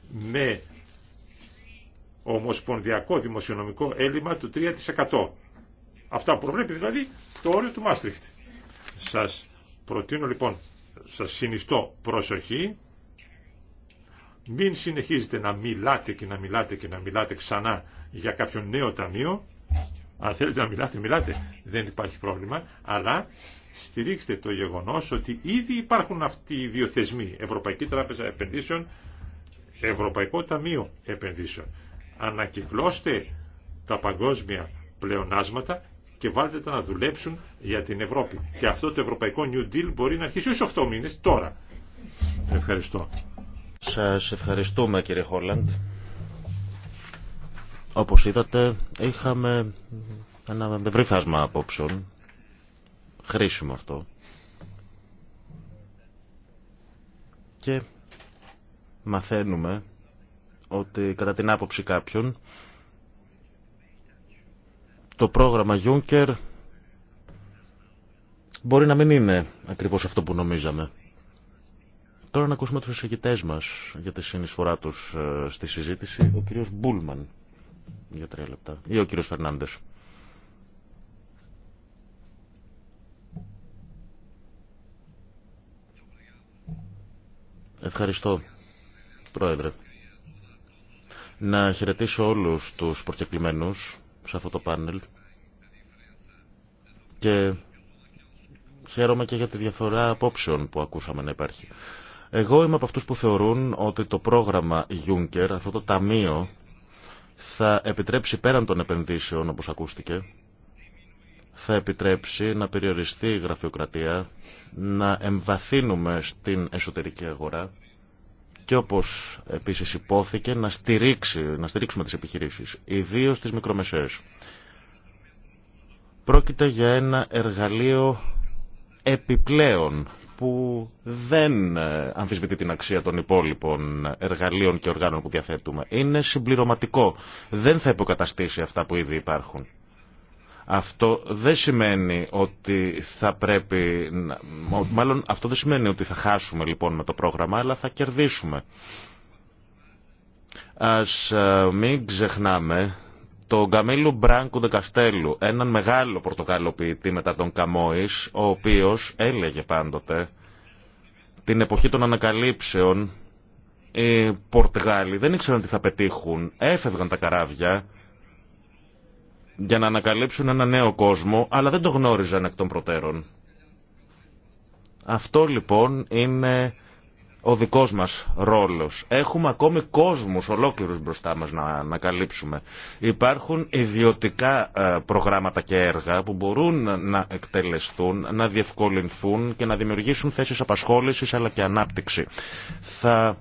με ομοσπονδιακό δημοσιονομικό έλλειμμα του 3%. Αυτά προβλέπει δηλαδή το όριο του Μάστριχτ. Σας προτείνω λοιπόν, σας συνιστώ προσοχή μην συνεχίζετε να μιλάτε και να μιλάτε και να μιλάτε ξανά για κάποιο νέο ταμείο. Αν θέλετε να μιλάτε, μιλάτε. Δεν υπάρχει πρόβλημα. Αλλά στηρίξτε το γεγονός ότι ήδη υπάρχουν αυτοί οι δύο θεσμοί. Ευρωπαϊκή Τράπεζα Επενδύσεων, Ευρωπαϊκό Ταμείο Επενδύσεων. Ανακυκλώστε τα παγκόσμια πλεονάσματα και βάλτε τα να δουλέψουν για την Ευρώπη. Και αυτό το Ευρωπαϊκό New Deal μπορεί να αρχίσει στους 8 μήνες τώρα. Ευχαριστώ. Σας ευχαριστούμε κύριε Χόλαντ. Όπως είδατε είχαμε ένα βρήφασμα απόψεων. Χρήσιμο αυτό. Και μαθαίνουμε ότι κατά την άποψη κάποιων το πρόγραμμα Juncker μπορεί να μην είναι ακριβώς αυτό που νομίζαμε. Τώρα να ακούσουμε τους εισηγητές μας για τη συνεισφορά τους ε, στη συζήτηση. Ο κύριος Μπούλμαν για τρία λεπτά ή ο κύριος Φερνάντες. Ευχαριστώ, Πρόεδρε. Να χαιρετήσω όλους τους προσκεκλημένους σε αυτό το πάνελ και χαίρομαι και για τη διαφορά απόψεων που ακούσαμε να υπάρχει. Εγώ είμαι από αυτούς που θεωρούν ότι το πρόγραμμα Juncker, αυτό το ταμείο, θα επιτρέψει πέραν των επενδύσεων, όπως ακούστηκε, θα επιτρέψει να περιοριστεί η γραφειοκρατία, να εμβαθύνουμε στην εσωτερική αγορά και όπως επίσης υπόθηκε να, στηρίξει, να στηρίξουμε τις επιχειρήσεις, ιδίως τις μικρομεσαίες. Πρόκειται για ένα εργαλείο επιπλέον που δεν ε, αμφισβητεί την αξία των υπόλοιπων εργαλείων και οργάνων που διαθέτουμε. Είναι συμπληρωματικό. Δεν θα υποκαταστήσει αυτά που ήδη υπάρχουν. Αυτό δεν σημαίνει ότι θα πρέπει, μάλλον αυτό δεν σημαίνει ότι θα χάσουμε λοιπόν με το πρόγραμμα, αλλά θα κερδίσουμε. Ας ε, μην ξεχνάμε τον Καμίλου Μπράνκου Δεκαστέλου, έναν μεγάλο πορτοκαλοποιητή μετά τον Καμόη, ο οποίος έλεγε πάντοτε την εποχή των ανακαλύψεων οι Πορτογάλοι δεν ήξεραν τι θα πετύχουν, έφευγαν τα καράβια για να ανακαλύψουν ένα νέο κόσμο, αλλά δεν το γνώριζαν εκ των προτέρων. Αυτό λοιπόν είναι ο δικός μας ρόλος. Έχουμε ακόμη κόσμους ολόκληρους μπροστά μας να, καλύψουμε. Υπάρχουν ιδιωτικά ε, προγράμματα και έργα που μπορούν να εκτελεστούν, να διευκολυνθούν και να δημιουργήσουν θέσεις απασχόλησης αλλά και ανάπτυξη. Θα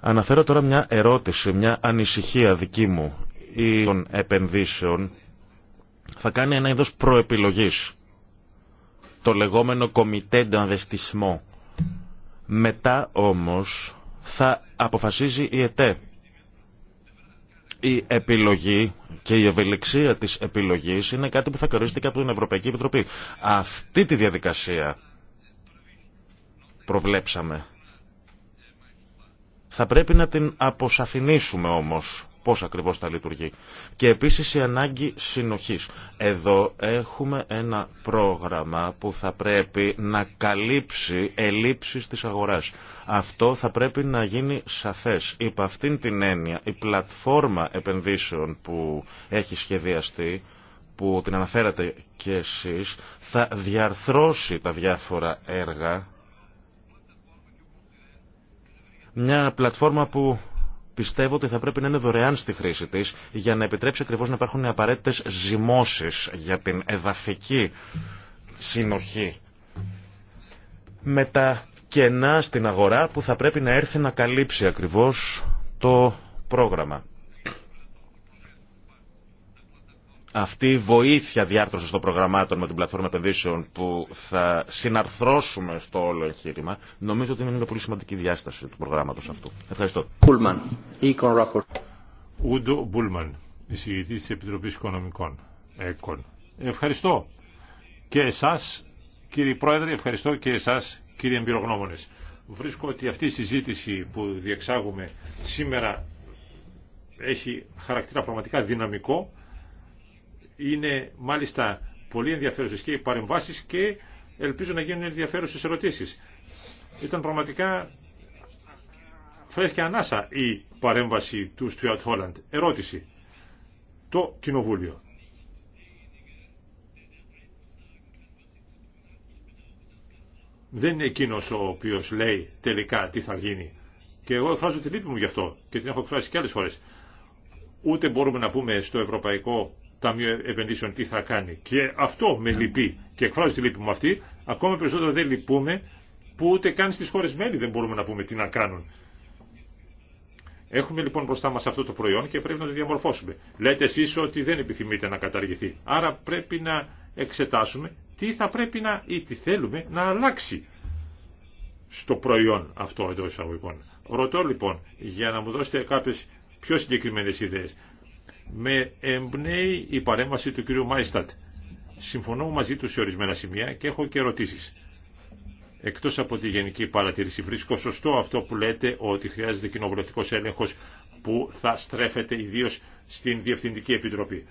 αναφέρω τώρα μια ερώτηση, μια ανησυχία δική μου ή των επενδύσεων θα κάνει ένα είδος προεπιλογής το λεγόμενο κομιτέ ντανδεστισμό. Μετά όμως θα αποφασίζει η ΕΤΕ. Η επιλογή και η ευελιξία της επιλογής είναι κάτι που θα κορίστηκε από την Ευρωπαϊκή Επιτροπή. Αυτή τη διαδικασία προβλέψαμε. Θα πρέπει να την αποσαφηνίσουμε όμως πώς ακριβώς θα λειτουργεί. Και επίσης η ανάγκη συνοχής. Εδώ έχουμε ένα πρόγραμμα που θα πρέπει να καλύψει ελλείψεις της αγοράς. Αυτό θα πρέπει να γίνει σαφές. Υπ' αυτήν την έννοια η πλατφόρμα επενδύσεων που έχει σχεδιαστεί που την αναφέρατε και εσείς, θα διαρθρώσει τα διάφορα έργα μια πλατφόρμα που πιστεύω ότι θα πρέπει να είναι δωρεάν στη χρήση της για να επιτρέψει ακριβώς να υπάρχουν οι απαραίτητες ζυμώσεις για την εδαφική συνοχή με τα κενά στην αγορά που θα πρέπει να έρθει να καλύψει ακριβώς το πρόγραμμα. αυτή η βοήθεια διάρθρωση των προγραμμάτων με την πλατφόρμα επενδύσεων που θα συναρθρώσουμε στο όλο εγχείρημα, νομίζω ότι είναι μια πολύ σημαντική διάσταση του προγράμματο αυτού. Ευχαριστώ. Econ Ούντο Μπούλμαν, εισηγητής της Επιτροπής Οικονομικών, ΕΚΟΝ. Ευχαριστώ και εσά, κύριε Πρόεδρε, ευχαριστώ και εσά, κύριε Εμπειρογνώμονε. Βρίσκω ότι αυτή η συζήτηση που διεξάγουμε σήμερα έχει χαρακτήρα πραγματικά δυναμικό είναι μάλιστα πολύ ενδιαφέρουσε και οι παρεμβάσει και ελπίζω να γίνουν ενδιαφέρουσε ερωτήσει. Ήταν πραγματικά φρέσκια ανάσα η παρέμβαση του Στουαρτ Χόλαντ. Ερώτηση. Το Κοινοβούλιο. Δεν είναι εκείνο ο οποίο λέει τελικά τι θα γίνει. Και εγώ εκφράζω τη λύπη μου γι' αυτό και την έχω εκφράσει και άλλε φορέ. Ούτε μπορούμε να πούμε στο Ευρωπαϊκό Ταμείο Επενδύσεων τι θα κάνει. Και αυτό με ναι. λυπεί και εκφράζω τη λύπη μου αυτή. Ακόμα περισσότερο δεν λυπούμε που ούτε καν στις χώρες μέλη δεν μπορούμε να πούμε τι να κάνουν. Έχουμε λοιπόν μπροστά μα αυτό το προϊόν και πρέπει να το διαμορφώσουμε. Λέτε εσεί ότι δεν επιθυμείτε να καταργηθεί. Άρα πρέπει να εξετάσουμε τι θα πρέπει να ή τι θέλουμε να αλλάξει στο προϊόν αυτό εντό εισαγωγικών. Ρωτώ λοιπόν για να μου δώσετε κάποιε πιο συγκεκριμένε. ιδέε με εμπνέει η παρέμβαση του κύριου Μάιστατ. Συμφωνώ μαζί του σε ορισμένα σημεία και έχω και ερωτήσεις. Εκτός από τη γενική παρατήρηση βρίσκω σωστό αυτό που λέτε ότι χρειάζεται κοινοβουλευτικός έλεγχος που θα στρέφεται ιδίως στην Διευθυντική Επιτροπή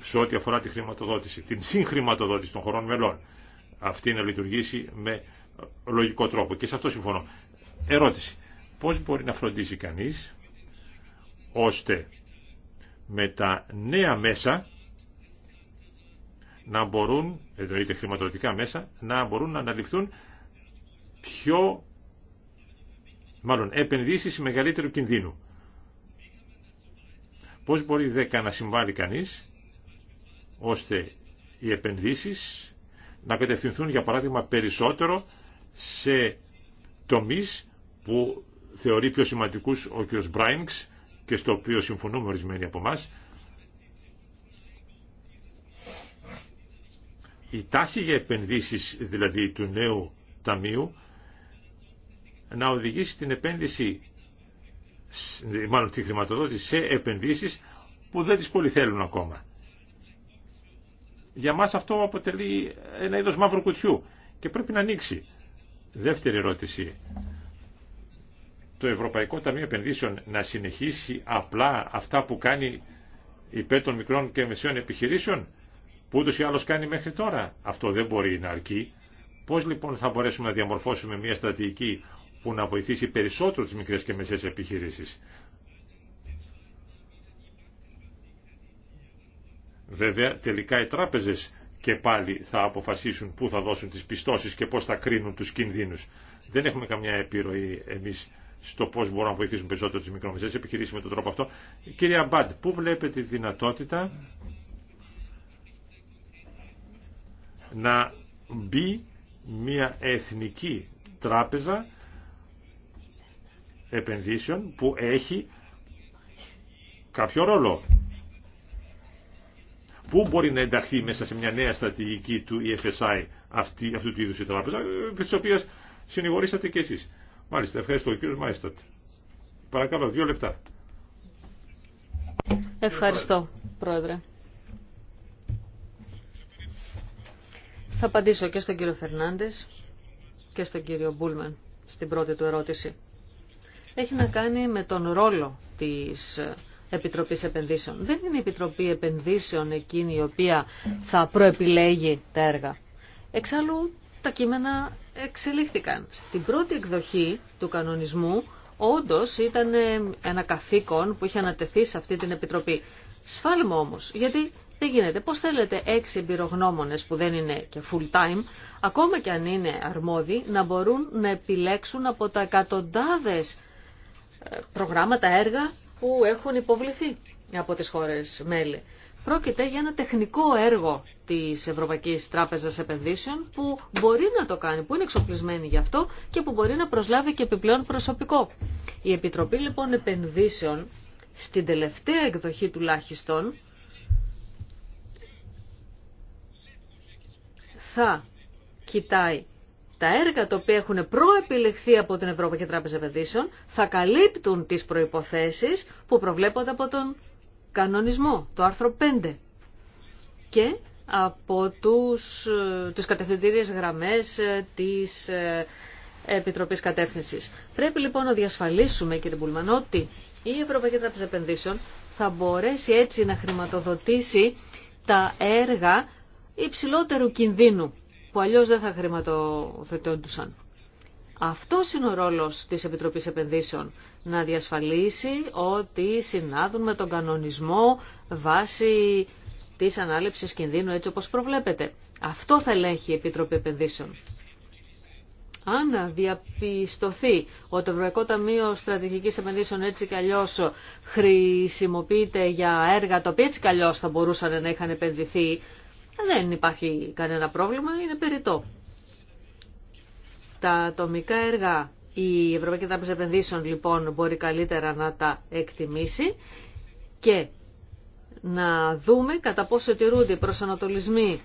σε ό,τι αφορά τη χρηματοδότηση, την συγχρηματοδότηση των χωρών μελών. Αυτή να λειτουργήσει με λογικό τρόπο και σε αυτό συμφωνώ. Ερώτηση. Πώς μπορεί να φροντίσει κανείς ώστε με τα νέα μέσα να μπορούν, εννοείται χρηματοδοτικά μέσα, να μπορούν να αναλυφθούν πιο, μάλλον επενδύσεις μεγαλύτερου κινδύνου. Πώς μπορεί δέκα να συμβάλλει κανείς, ώστε οι επενδύσεις να κατευθυνθούν, για παράδειγμα, περισσότερο σε τομείς που θεωρεί πιο σημαντικούς ο κ. Μπράινγκς, και στο οποίο συμφωνούμε ορισμένοι από εμά. Η τάση για επενδύσεις δηλαδή του νέου ταμείου να οδηγήσει την επένδυση, μάλλον τη χρηματοδότηση σε επενδύσεις που δεν τις πολύ θέλουν ακόμα. Για μας αυτό αποτελεί ένα είδος μαύρου κουτιού και πρέπει να ανοίξει. Δεύτερη ερώτηση το Ευρωπαϊκό Ταμείο Επενδύσεων να συνεχίσει απλά αυτά που κάνει υπέρ των μικρών και μεσαίων επιχειρήσεων που ούτως ή άλλως κάνει μέχρι τώρα. Αυτό δεν μπορεί να αρκεί. Πώς λοιπόν θα μπορέσουμε να διαμορφώσουμε μια στρατηγική που να βοηθήσει περισσότερο τις μικρές και μεσαίες επιχειρήσεις. Βέβαια τελικά οι τράπεζες και πάλι θα αποφασίσουν πού θα δώσουν τις πιστώσεις και πώς θα κρίνουν τους κινδύνους. Δεν έχουμε καμιά επιρροή εμείς στο πώς μπορούμε να βοηθήσουμε περισσότερο τις μικρομεσαίε επιχειρήσει με τον τρόπο αυτό. Κυρία Αμπάντ, πού βλέπετε τη δυνατότητα να μπει μια εθνική τράπεζα επενδύσεων που έχει κάποιο ρόλο. Πού μπορεί να ενταχθεί μέσα σε μια νέα στρατηγική του EFSI αυτή, αυτού του είδους η τράπεζα, ε, της οποίας συνηγορήσατε και εσείς. Μάλιστα, ευχαριστώ. Κύριος Μάιστατ. Παρακαλώ, δύο λεπτά. Ευχαριστώ, Πρόεδρε. Θα απαντήσω και στον κύριο Φερνάντες και στον κύριο Μπούλμαν στην πρώτη του ερώτηση. Έχει να κάνει με τον ρόλο της Επιτροπής Επενδύσεων. Δεν είναι η Επιτροπή Επενδύσεων εκείνη η οποία θα προεπιλέγει τα έργα. Εξάλλου τα κείμενα εξελίχθηκαν. Στην πρώτη εκδοχή του κανονισμού όντως ήταν ε, ένα καθήκον που είχε ανατεθεί σε αυτή την Επιτροπή. Σφάλμα όμως, γιατί δεν γίνεται. Πώς θέλετε έξι εμπειρογνώμονε που δεν είναι και full time, ακόμα και αν είναι αρμόδιοι, να μπορούν να επιλέξουν από τα εκατοντάδε ε, προγράμματα, έργα που έχουν υποβληθεί από τις χώρες μέλη. Πρόκειται για ένα τεχνικό έργο της Ευρωπαϊκής Τράπεζας Επενδύσεων που μπορεί να το κάνει, που είναι εξοπλισμένη γι' αυτό και που μπορεί να προσλάβει και επιπλέον προσωπικό. Η Επιτροπή λοιπόν Επενδύσεων στην τελευταία εκδοχή τουλάχιστον θα κοιτάει τα έργα τα οποία έχουν προεπιλεχθεί από την Ευρωπαϊκή Τράπεζα Επενδύσεων θα καλύπτουν τις προϋποθέσεις που προβλέπονται από τον κανονισμό, το άρθρο 5. Και από τους, τις κατευθυντήριες γραμμές ε, της ε, Επιτροπής Κατεύθυνσης. Πρέπει λοιπόν να διασφαλίσουμε, κύριε Μπουλμαν, ότι η Ευρωπαϊκή Τράπεζα Επενδύσεων θα μπορέσει έτσι να χρηματοδοτήσει τα έργα υψηλότερου κινδύνου, που αλλιώς δεν θα χρηματοδοτούντουσαν. Αυτό είναι ο ρόλος της Επιτροπής Επενδύσεων, να διασφαλίσει ότι συνάδουν με τον κανονισμό βάσει της ανάληψης κινδύνου έτσι όπως προβλέπετε. Αυτό θα ελέγχει η Επιτροπή Επενδύσεων. Αν διαπιστωθεί ότι το Ευρωπαϊκό Ταμείο Στρατηγικής Επενδύσεων έτσι κι αλλιώς χρησιμοποιείται για έργα τα οποία έτσι κι θα μπορούσαν να είχαν επενδυθεί, δεν υπάρχει κανένα πρόβλημα, είναι περιττό. Τα ατομικά έργα η Ευρωπαϊκή Τράπεζα Επενδύσεων λοιπόν μπορεί καλύτερα να τα εκτιμήσει και να δούμε κατά πόσο τηρούνται οι προσανατολισμοί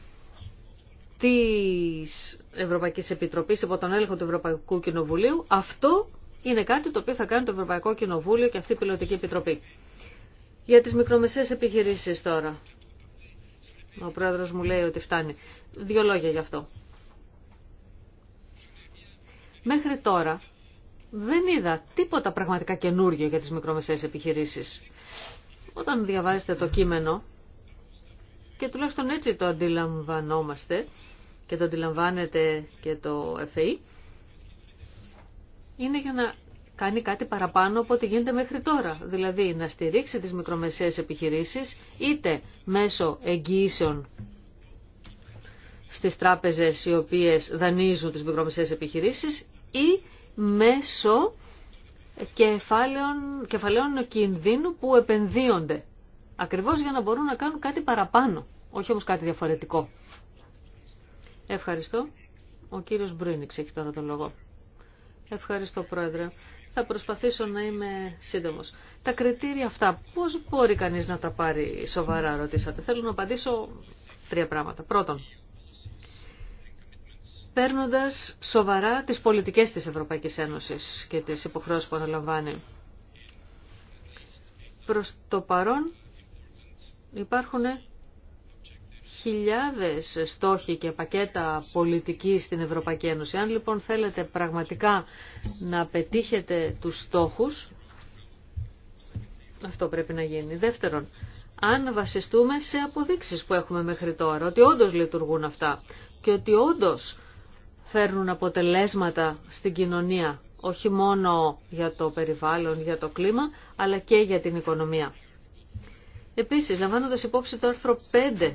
της Ευρωπαϊκής Επιτροπής υπό τον έλεγχο του Ευρωπαϊκού Κοινοβουλίου. Αυτό είναι κάτι το οποίο θα κάνει το Ευρωπαϊκό Κοινοβούλιο και αυτή η Πιλωτική Επιτροπή. Για τις μικρομεσαίες επιχειρήσεις τώρα. Ο πρόεδρος μου λέει ότι φτάνει. Δύο λόγια γι' αυτό. Μέχρι τώρα δεν είδα τίποτα πραγματικά καινούργιο για τις μικρομεσαίες επιχειρήσεις. Όταν διαβάζετε το κείμενο, και τουλάχιστον έτσι το αντιλαμβανόμαστε και το αντιλαμβάνετε και το ΕΦΕΗ, είναι για να κάνει κάτι παραπάνω από ό,τι γίνεται μέχρι τώρα. Δηλαδή να στηρίξει τις μικρομεσαίες επιχειρήσεις είτε μέσω εγγυήσεων στις τράπεζες οι οποίες δανείζουν τις μικρομεσαίες επιχειρήσεις ή μέσω κεφάλαιων, κεφαλαίων κινδύνου που επενδύονται. Ακριβώς για να μπορούν να κάνουν κάτι παραπάνω, όχι όμως κάτι διαφορετικό. Ευχαριστώ. Ο κύριος Μπρίνιξ έχει τώρα τον λόγο. Ευχαριστώ, Πρόεδρε. Θα προσπαθήσω να είμαι σύντομος. Τα κριτήρια αυτά, πώς μπορεί κανείς να τα πάρει σοβαρά, ρωτήσατε. Θέλω να απαντήσω τρία πράγματα. Πρώτον, παίρνοντας σοβαρά τις πολιτικές της Ευρωπαϊκής Ένωσης και τις υποχρεώσεις που αναλαμβάνει. Προς το παρόν υπάρχουν χιλιάδες στόχοι και πακέτα πολιτικής στην Ευρωπαϊκή Ένωση. Αν λοιπόν θέλετε πραγματικά να πετύχετε τους στόχους, αυτό πρέπει να γίνει. Δεύτερον, αν βασιστούμε σε αποδείξεις που έχουμε μέχρι τώρα, ότι όντως λειτουργούν αυτά και ότι όντως φέρνουν αποτελέσματα στην κοινωνία, όχι μόνο για το περιβάλλον, για το κλίμα, αλλά και για την οικονομία. Επίσης, λαμβάνοντας υπόψη το άρθρο 5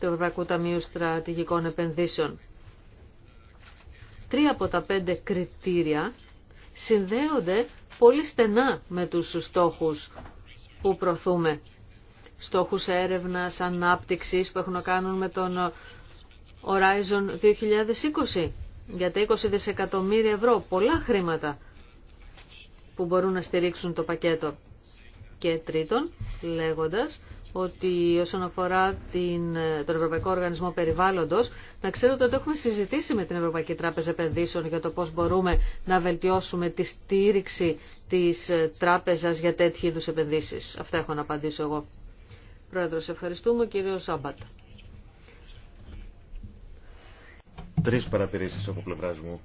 του Ευρωπαϊκού Ταμείου Στρατηγικών Επενδύσεων, τρία από τα πέντε κριτήρια συνδέονται πολύ στενά με τους στόχους που προωθούμε. Στόχους έρευνας, ανάπτυξης που έχουν να κάνουν με τον Horizon 2020 για τα 20 δισεκατομμύρια ευρώ. Πολλά χρήματα που μπορούν να στηρίξουν το πακέτο. Και τρίτον, λέγοντας ότι όσον αφορά την, τον Ευρωπαϊκό Οργανισμό Περιβάλλοντος, να ξέρω ότι έχουμε συζητήσει με την Ευρωπαϊκή Τράπεζα Επενδύσεων για το πώς μπορούμε να βελτιώσουμε τη στήριξη της τράπεζας για τέτοιου είδους επενδύσεις. Αυτά έχω να απαντήσω εγώ. Πρόεδρος, ευχαριστούμε. Κύριο Σάμπατα. Τρεις παρατηρήσεις από πλευράς μου.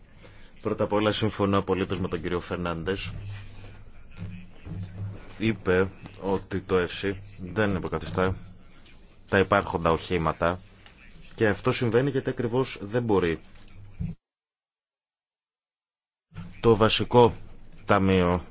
Πρώτα απ' όλα συμφωνώ απολύτως με τον κύριο Φερνάντες. Είπε ότι το ΕΦΣΥ δεν υποκαθιστά τα υπάρχοντα οχήματα και αυτό συμβαίνει γιατί ακριβώς δεν μπορεί. Το βασικό ταμείο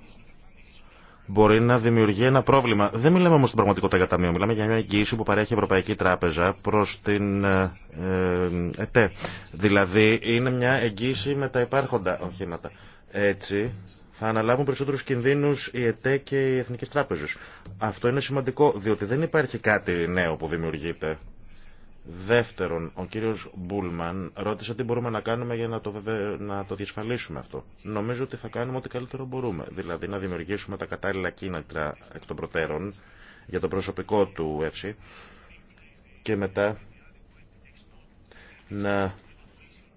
μπορεί να δημιουργεί ένα πρόβλημα. Δεν μιλάμε όμω στην πραγματικότητα για ταμείο. Μιλάμε για μια εγγύηση που παρέχει η Ευρωπαϊκή Τράπεζα προ την ε, ε, ΕΤΕ. Δηλαδή είναι μια εγγύηση με τα υπάρχοντα οχήματα. Έτσι θα αναλάβουν περισσότερου κινδύνου η ΕΤΕ και οι Εθνικέ Τράπεζε. Αυτό είναι σημαντικό, διότι δεν υπάρχει κάτι νέο που δημιουργείται. Δεύτερον, ο κύριος Μπούλμαν ρώτησε τι μπορούμε να κάνουμε για να το, να το διασφαλίσουμε αυτό. Νομίζω ότι θα κάνουμε ό,τι καλύτερο μπορούμε. Δηλαδή να δημιουργήσουμε τα κατάλληλα κίνητρα εκ των προτέρων για το προσωπικό του ΕΦΣΥ και μετά να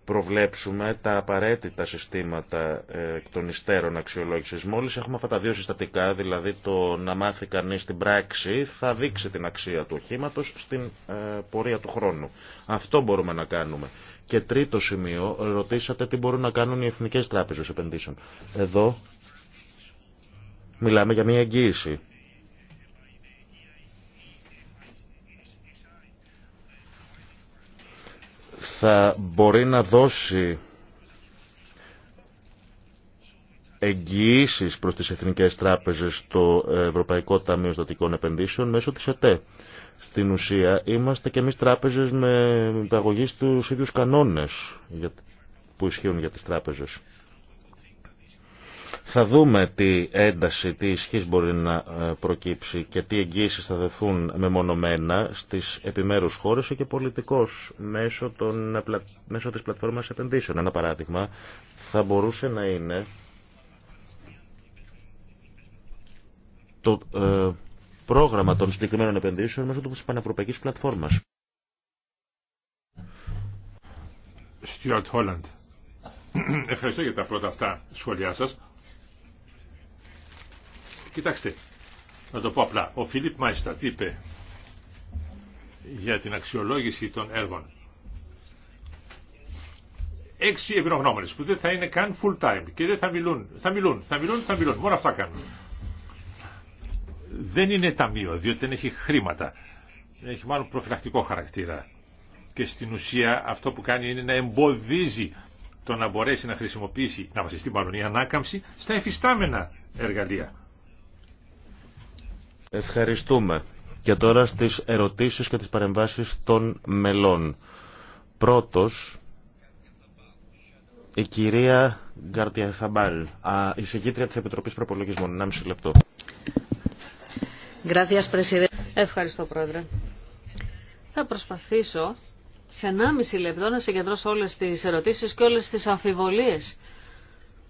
προβλέψουμε τα απαραίτητα συστήματα ε, εκ των υστέρων αξιολόγησης. Μόλις έχουμε αυτά τα δύο συστατικά, δηλαδή το να μάθει κανείς την πράξη, θα δείξει την αξία του οχήματο στην ε, πορεία του χρόνου. Αυτό μπορούμε να κάνουμε. Και τρίτο σημείο, ρωτήσατε τι μπορούν να κάνουν οι Εθνικές Τράπεζες Επενδύσεων. Εδώ μιλάμε για μια εγγύηση θα μπορεί να δώσει εγγυήσει προ τι εθνικέ τράπεζε στο Ευρωπαϊκό Ταμείο Στατικών Επενδύσεων μέσω της ΕΤΕ. Στην ουσία είμαστε και εμεί τράπεζε με υπαγωγή στου ίδιου κανόνε που ισχύουν για τι τράπεζε. Θα δούμε τι ένταση, τι ισχύ μπορεί να ε, προκύψει και τι εγγύησει θα δεθούν μεμονωμένα στι επιμέρου χώρε και πολιτικός μέσω, των, ε, μέσω τη πλατφόρμα επενδύσεων. Ένα παράδειγμα θα μπορούσε να είναι το ε, πρόγραμμα των συγκεκριμένων επενδύσεων μέσω τη πανευρωπαϊκή πλατφόρμα. Stuart Holland. Ευχαριστώ για τα πρώτα αυτά σχόλιά σας. Κοιτάξτε, να το πω απλά. Ο Φιλίπ Μάιστατ είπε για την αξιολόγηση των έργων. Έξι εμπειρογνώμονες που δεν θα είναι καν full time και δεν θα μιλούν, θα μιλούν, θα μιλούν, θα μιλούν, μόνο αυτά κάνουν. Δεν είναι ταμείο, διότι δεν έχει χρήματα. Έχει μάλλον προφυλακτικό χαρακτήρα. Και στην ουσία αυτό που κάνει είναι να εμποδίζει το να μπορέσει να χρησιμοποιήσει, να βασιστεί μάλλον η ανάκαμψη στα εφιστάμενα εργαλεία. Ευχαριστούμε. Και τώρα στις ερωτήσεις και τις παρεμβάσεις των μελών. Πρώτος, η κυρία Γκάρτια Θαμπάλ, η της Επιτροπής Προπολογισμών. μισή λεπτό. Ευχαριστώ, Πρόεδρε. Θα προσπαθήσω σε 1,5 λεπτό να συγκεντρώσω όλες τις ερωτήσεις και όλες τις αμφιβολίες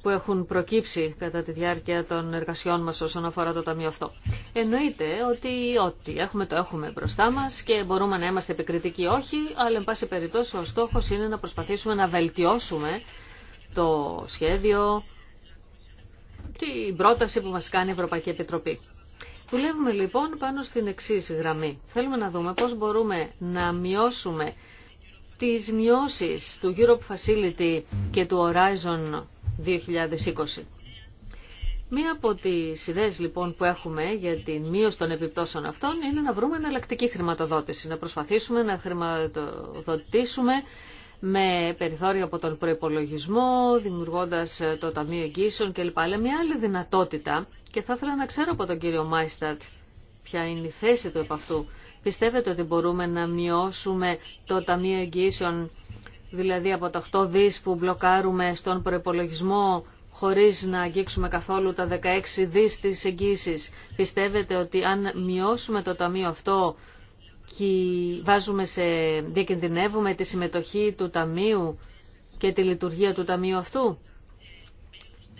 που έχουν προκύψει κατά τη διάρκεια των εργασιών μας όσον αφορά το ταμείο αυτό. Εννοείται ότι ό,τι έχουμε το έχουμε μπροστά μας και μπορούμε να είμαστε επικριτικοί όχι, αλλά εν πάση περιπτώσει ο στόχος είναι να προσπαθήσουμε να βελτιώσουμε το σχέδιο, την πρόταση που μας κάνει η Ευρωπαϊκή Επιτροπή. Δουλεύουμε λοιπόν πάνω στην εξή γραμμή. Θέλουμε να δούμε πώς μπορούμε να μειώσουμε τις μειώσεις του Europe Facility και του Horizon 2020. Μία από τις ιδέες λοιπόν που έχουμε για τη μείωση των επιπτώσεων αυτών είναι να βρούμε εναλλακτική χρηματοδότηση, να προσπαθήσουμε να χρηματοδοτήσουμε με περιθώριο από τον προϋπολογισμό, δημιουργώντας ε, το Ταμείο Εγγύσεων κλπ. Αλλά μια άλλη δυνατότητα και θα ήθελα να ξέρω από τον κύριο Μάιστατ ποια είναι η θέση του επ' αυτού. Πιστεύετε ότι μπορούμε να μειώσουμε το Ταμείο Εγγύσεων δηλαδή από τα 8 δις που μπλοκάρουμε στον προπολογισμό χωρίς να αγγίξουμε καθόλου τα 16 δις της εγγύησης. Πιστεύετε ότι αν μειώσουμε το ταμείο αυτό και βάζουμε σε, διακινδυνεύουμε τη συμμετοχή του ταμείου και τη λειτουργία του ταμείου αυτού.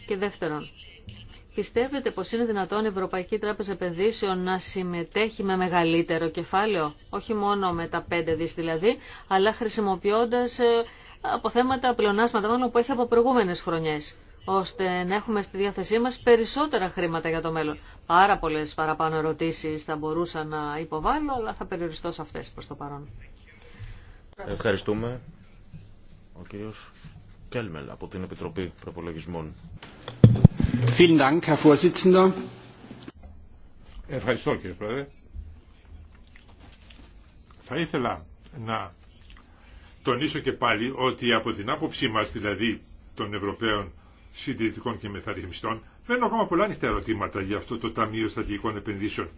Και δεύτερον, Πιστεύετε πως είναι δυνατόν η Ευρωπαϊκή Τράπεζα Επενδύσεων να συμμετέχει με μεγαλύτερο κεφάλαιο, όχι μόνο με τα 5 δις δηλαδή, αλλά χρησιμοποιώντας ε, από θέματα πλεονάσματα μόνο που έχει από προηγούμενες χρονιές, ώστε να έχουμε στη διάθεσή μας περισσότερα χρήματα για το μέλλον. Πάρα πολλές παραπάνω ερωτήσεις θα μπορούσα να υποβάλω, αλλά θα περιοριστώ σε αυτές προς το παρόν. Ευχαριστούμε. Ο κύριος από την Επιτροπή Προπολογισμών. Ευχαριστώ κύριε Πρόεδρε. Θα ήθελα να τονίσω και πάλι ότι από την άποψή μας δηλαδή των Ευρωπαίων συντηρητικών και μεθαρρυθμιστών έχω ακόμα πολλά ανοιχτά ερωτήματα για αυτό το Ταμείο Στατικών Επενδύσεων.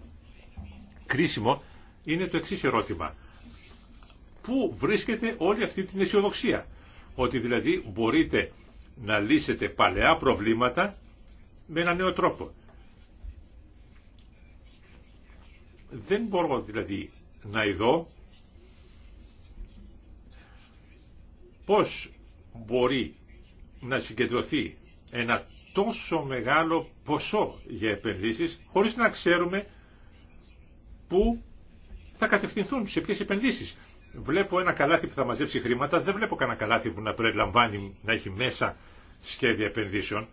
Κρίσιμο είναι το εξή ερώτημα. Πού βρίσκεται όλη αυτή την αισιοδοξία ότι δηλαδή μπορείτε να λύσετε παλαιά προβλήματα με ένα νέο τρόπο. Δεν μπορώ δηλαδή να ειδώ πώς μπορεί να συγκεντρωθεί ένα τόσο μεγάλο ποσό για επενδύσεις χωρίς να ξέρουμε πού θα κατευθυνθούν, σε ποιες επενδύσεις βλέπω ένα καλάθι που θα μαζέψει χρήματα, δεν βλέπω κανένα καλάθι που να περιλαμβάνει, να έχει μέσα σχέδια επενδύσεων.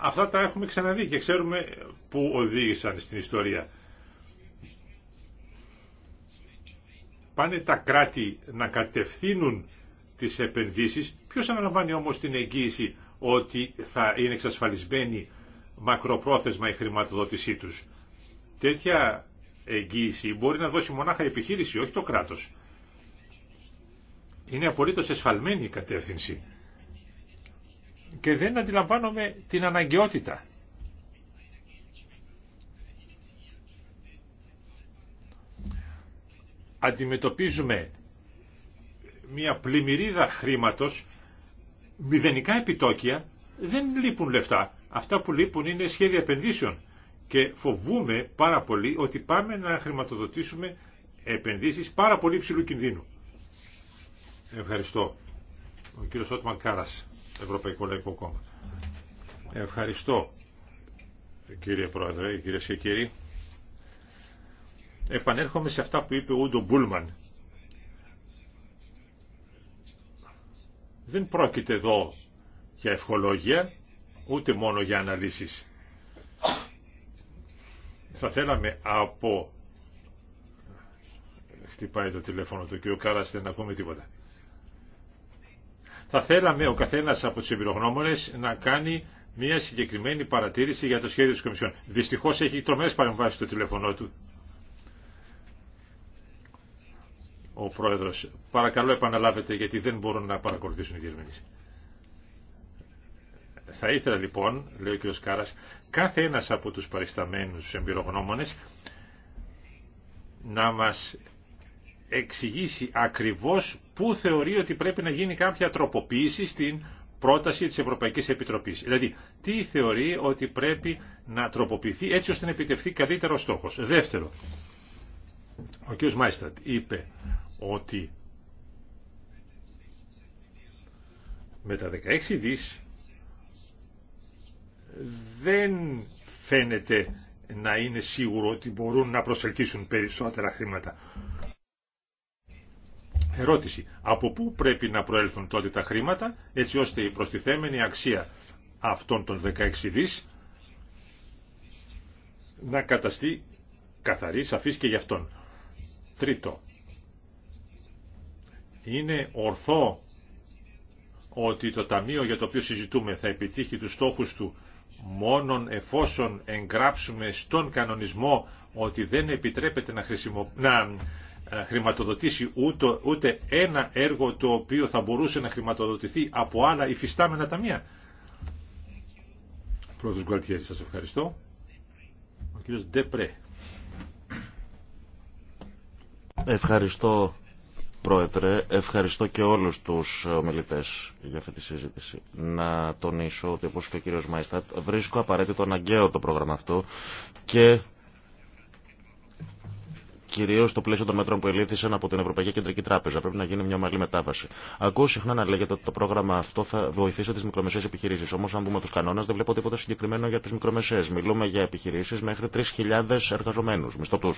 Αυτά τα έχουμε ξαναδεί και ξέρουμε που οδήγησαν στην ιστορία. Πάνε τα κράτη να κατευθύνουν τις επενδύσεις. Ποιος αναλαμβάνει όμως την εγγύηση ότι θα είναι εξασφαλισμένη μακροπρόθεσμα η χρηματοδότησή τους. Τέτοια εγγύηση μπορεί να δώσει μονάχα η επιχείρηση, όχι το κράτος. Είναι απολύτως εσφαλμένη η κατεύθυνση και δεν αντιλαμβάνομαι την αναγκαιότητα. Αντιμετωπίζουμε μια πλημμυρίδα χρήματος, μηδενικά επιτόκια, δεν λείπουν λεφτά. Αυτά που λείπουν είναι σχέδια επενδύσεων και φοβούμε πάρα πολύ ότι πάμε να χρηματοδοτήσουμε επενδύσεις πάρα πολύ ψηλού κινδύνου. Ευχαριστώ. Ο κύριος Ότμαν Κάρας, Ευρωπαϊκό Λαϊκό Κόμμα. Ευχαριστώ, κύριε Πρόεδρε, κύριε και κύριοι. Επανέρχομαι σε αυτά που είπε ο Ούντο Μπούλμαν. Δεν πρόκειται εδώ για ευχολόγια, ούτε μόνο για αναλύσεις. Θα θέλαμε από... Χτυπάει το τηλέφωνο του κύριο Κάρας, δεν ακούμε τίποτα. Θα θέλαμε ο καθένας από τους εμπειρογνώμονε να κάνει μια συγκεκριμένη παρατήρηση για το σχέδιο της Κομισιόν. Δυστυχώ έχει τρομερέ παρεμβάσεις στο τηλέφωνό του. Ο Πρόεδρος, παρακαλώ επαναλάβετε γιατί δεν μπορούν να παρακολουθήσουν οι διερμηνεί. Θα ήθελα λοιπόν, λέει ο κ. Κάρα, κάθε ένα από του παρισταμένου εμπειρογνώμονε να μα εξηγήσει ακριβώς που θεωρεί ότι πρέπει να γίνει κάποια τροποποίηση στην πρόταση της Ευρωπαϊκής Επιτροπής. Δηλαδή, τι θεωρεί ότι πρέπει να τροποποιηθεί έτσι ώστε να επιτευχθεί καλύτερο στόχος. Δεύτερο, ο κ. Μάιστατ είπε ότι με τα 16 δις δεν φαίνεται να είναι σίγουρο ότι μπορούν να προσελκύσουν περισσότερα χρήματα. Ερώτηση. Από πού πρέπει να προέλθουν τότε τα χρήματα έτσι ώστε η προστιθέμενη αξία αυτών των 16 δις να καταστεί καθαρή, σαφής και γι' αυτόν. Τρίτο. Είναι ορθό ότι το Ταμείο για το οποίο συζητούμε θα επιτύχει τους στόχους του μόνον εφόσον εγγράψουμε στον κανονισμό ότι δεν επιτρέπεται να, χρησιμο... να ε, χρηματοδοτήσει ούτε, ούτε ένα έργο το οποίο θα μπορούσε να χρηματοδοτηθεί από άλλα υφιστάμενα ταμεία. Πρόεδρος Γκουαλτιέρη, σας ευχαριστώ. Ο κύριος Ντεπρέ. Ευχαριστώ Πρόεδρε, ευχαριστώ και όλους τους ομιλητές για αυτή τη συζήτηση. Να τονίσω ότι όπως και ο κύριος Μάιστατ βρίσκω απαραίτητο αναγκαίο το πρόγραμμα αυτό και κυρίω στο πλαίσιο των μέτρων που ελήφθησαν από την Ευρωπαϊκή Κεντρική Τράπεζα. Πρέπει να γίνει μια ομαλή μετάβαση. Ακούω συχνά να λέγεται ότι το πρόγραμμα αυτό θα βοηθήσει τι μικρομεσαίε επιχειρήσει. Όμω, αν δούμε του κανόνε, δεν βλέπω τίποτα συγκεκριμένο για τι μικρομεσαίε. Μιλούμε για επιχειρήσει μέχρι 3.000 εργαζομένου, μισθωτού.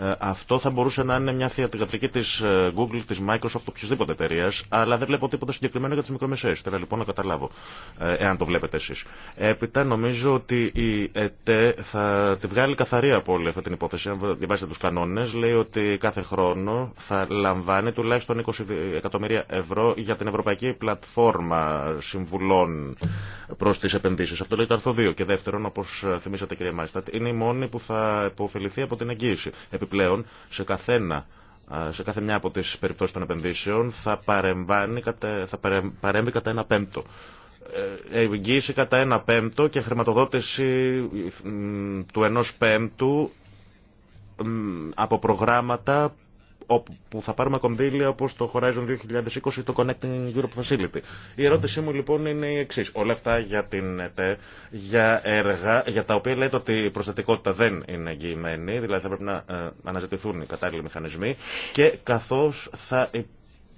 Ε, αυτό θα μπορούσε να είναι μια θεατρική τη ε, Google, τη Microsoft, οποιασδήποτε εταιρεία, αλλά δεν βλέπω τίποτα συγκεκριμένο για τι μικρομεσαίε. Θέλω λοιπόν να καταλάβω, ε, εάν το βλέπετε εσεί. Έπειτα, νομίζω ότι η ΕΤΕ θα τη βγάλει καθαρή από όλη αυτή την υπόθεση. Αν διαβάσετε του κανόνε, λέει ότι κάθε χρόνο θα λαμβάνει τουλάχιστον 20 εκατομμύρια ευρώ για την Ευρωπαϊκή Πλατφόρμα Συμβουλών προ τι Επενδύσει. Αυτό λέει το άρθρο 2. Και δεύτερον, όπω θυμήσατε κύριε Μάιστατ, είναι η μόνη που θα υποφεληθεί από την εγγύηση. Επιπλέον, σε καθένα σε κάθε μια από τις περιπτώσεις των επενδύσεων θα, κατά, θα παρέμβει κατά ένα πέμπτο. Ε, εγγύηση κατά ένα πέμπτο και χρηματοδότηση του ενός πέμπτου από προγράμματα που θα πάρουμε κονδύλια όπως το Horizon 2020 ή το Connecting Europe Facility. Η ερώτησή μου λοιπόν είναι η εξή. Όλα αυτά για την ΕΤΕ, για έργα για τα οποία λέτε ότι η προστατικότητα δεν είναι εγγυημένη, δηλαδή θα πρέπει να ε, αναζητηθούν οι κατάλληλοι μηχανισμοί και καθώς θα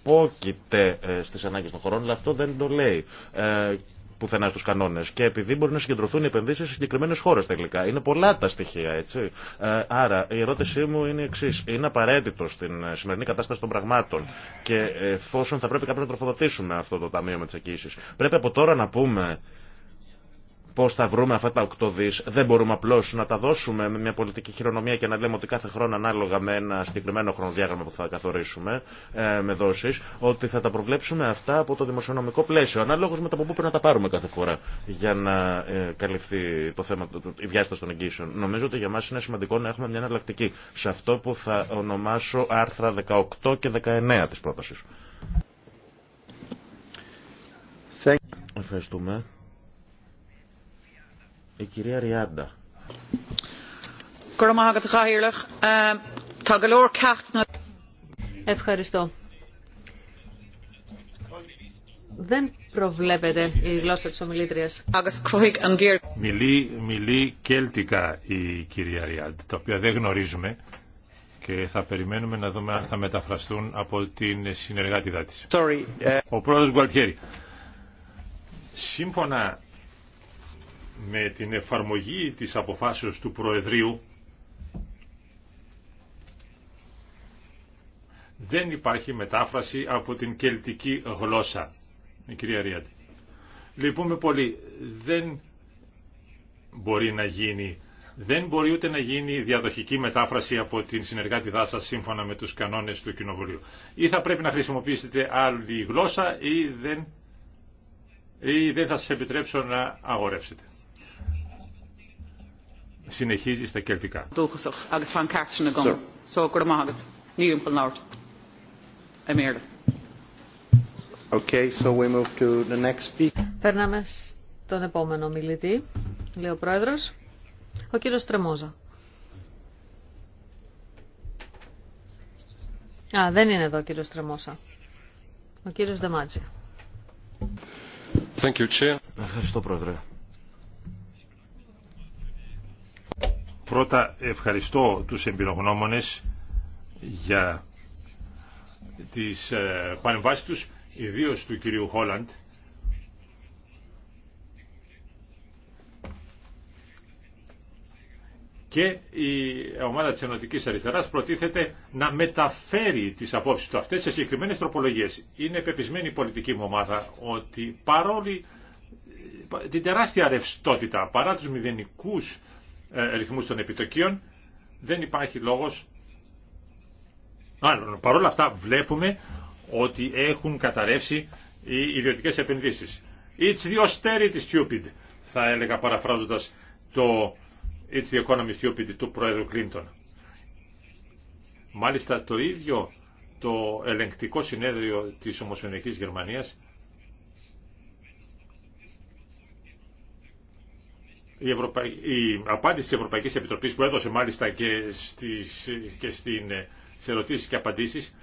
υπόκειται ε, στις ανάγκες των χωρών, αλλά αυτό δεν το λέει. Ε, πουθενά στου κανόνε. Και επειδή μπορεί να συγκεντρωθούν οι επενδύσει σε συγκεκριμένε χώρε τελικά. Είναι πολλά τα στοιχεία, έτσι. Ε, άρα η ερώτησή μου είναι η εξή. Είναι απαραίτητο στην ε, σημερινή κατάσταση των πραγμάτων και ε, εφόσον θα πρέπει κάποιο να τροφοδοτήσουμε αυτό το ταμείο με τι εγγύσει, πρέπει από τώρα να πούμε πώ θα βρούμε αυτά τα οκτώ δι. Δεν μπορούμε απλώ να τα δώσουμε με μια πολιτική χειρονομία και να λέμε ότι κάθε χρόνο ανάλογα με ένα συγκεκριμένο χρονοδιάγραμμα που θα καθορίσουμε ε, με δόσει, ότι θα τα προβλέψουμε αυτά από το δημοσιονομικό πλαίσιο. ανάλογος με το που πρέπει να τα πάρουμε κάθε φορά για να ε, καλυφθεί το θέμα, το, η διάσταση των εγγύσεων. Νομίζω ότι για μα είναι σημαντικό να έχουμε μια εναλλακτική σε αυτό που θα ονομάσω άρθρα 18 και 19 τη πρόταση. Ευχαριστούμε. Η κυρία Ριάντα. Ευχαριστώ. Δεν προβλέπεται η γλώσσα της ομιλήτριας. Μιλεί, μιλεί κέλτικα η κυρία Ριάντ, τα οποία δεν γνωρίζουμε και θα περιμένουμε να δούμε αν θα μεταφραστούν από την συνεργάτηδά της. Sorry. Ε. Ο πρόεδρος Γκουαλτιέρη. Σύμφωνα με την εφαρμογή της αποφάσεως του προεδρίου δεν υπάρχει μετάφραση από την κελτική γλώσσα. Η κυρία Λυπούμε πολύ. Δεν μπορεί να γίνει. Δεν μπορεί ούτε να γίνει διαδοχική μετάφραση από την συνεργάτη δάσα σύμφωνα με τους κανόνες του Κοινοβουλίου. Ή θα πρέπει να χρησιμοποιήσετε άλλη γλώσσα ή δεν, ή δεν θα σας επιτρέψω να αγορεύσετε συνεχίζει στα κερδικά. Ah, okay, so we move to the next speaker. Περνάμε στον επόμενο μιλητή, λέει ο Πρόεδρος, ο κύριος Τρεμόζα. Α, δεν είναι εδώ ο κύριος Τρεμόσα. Ο κύριος Δεμάτζη. Thank you, Chair. Ευχαριστώ, Πρόεδρε. Πρώτα ευχαριστώ τους εμπειρογνώμονες για τις ε, παρεμβάσεις τους, ιδίως του κυρίου Χόλαντ, και η ομάδα της Ενωτικής Αριστεράς προτίθεται να μεταφέρει τις απόψεις του αυτές σε συγκεκριμένες τροπολογίες. Είναι πεπισμένη η πολιτική μου ομάδα ότι παρόλη την τεράστια ρευστότητα, παρά τους μηδενικούς ε, ρυθμού των επιτοκίων, δεν υπάρχει λόγος. Παρ' παρόλα αυτά βλέπουμε ότι έχουν καταρρεύσει οι ιδιωτικές επενδύσεις. It's the austerity stupid, θα έλεγα παραφράζοντας το It's the economy stupid του Πρόεδρου Κλίντον. Μάλιστα το ίδιο το ελεγκτικό συνέδριο της Ομοσπονδιακής Γερμανίας η, Ευρωπα... απάντηση της Ευρωπαϊκής Επιτροπής που έδωσε μάλιστα και, στις... και στην... Ε, ερωτήσεις και απαντήσεις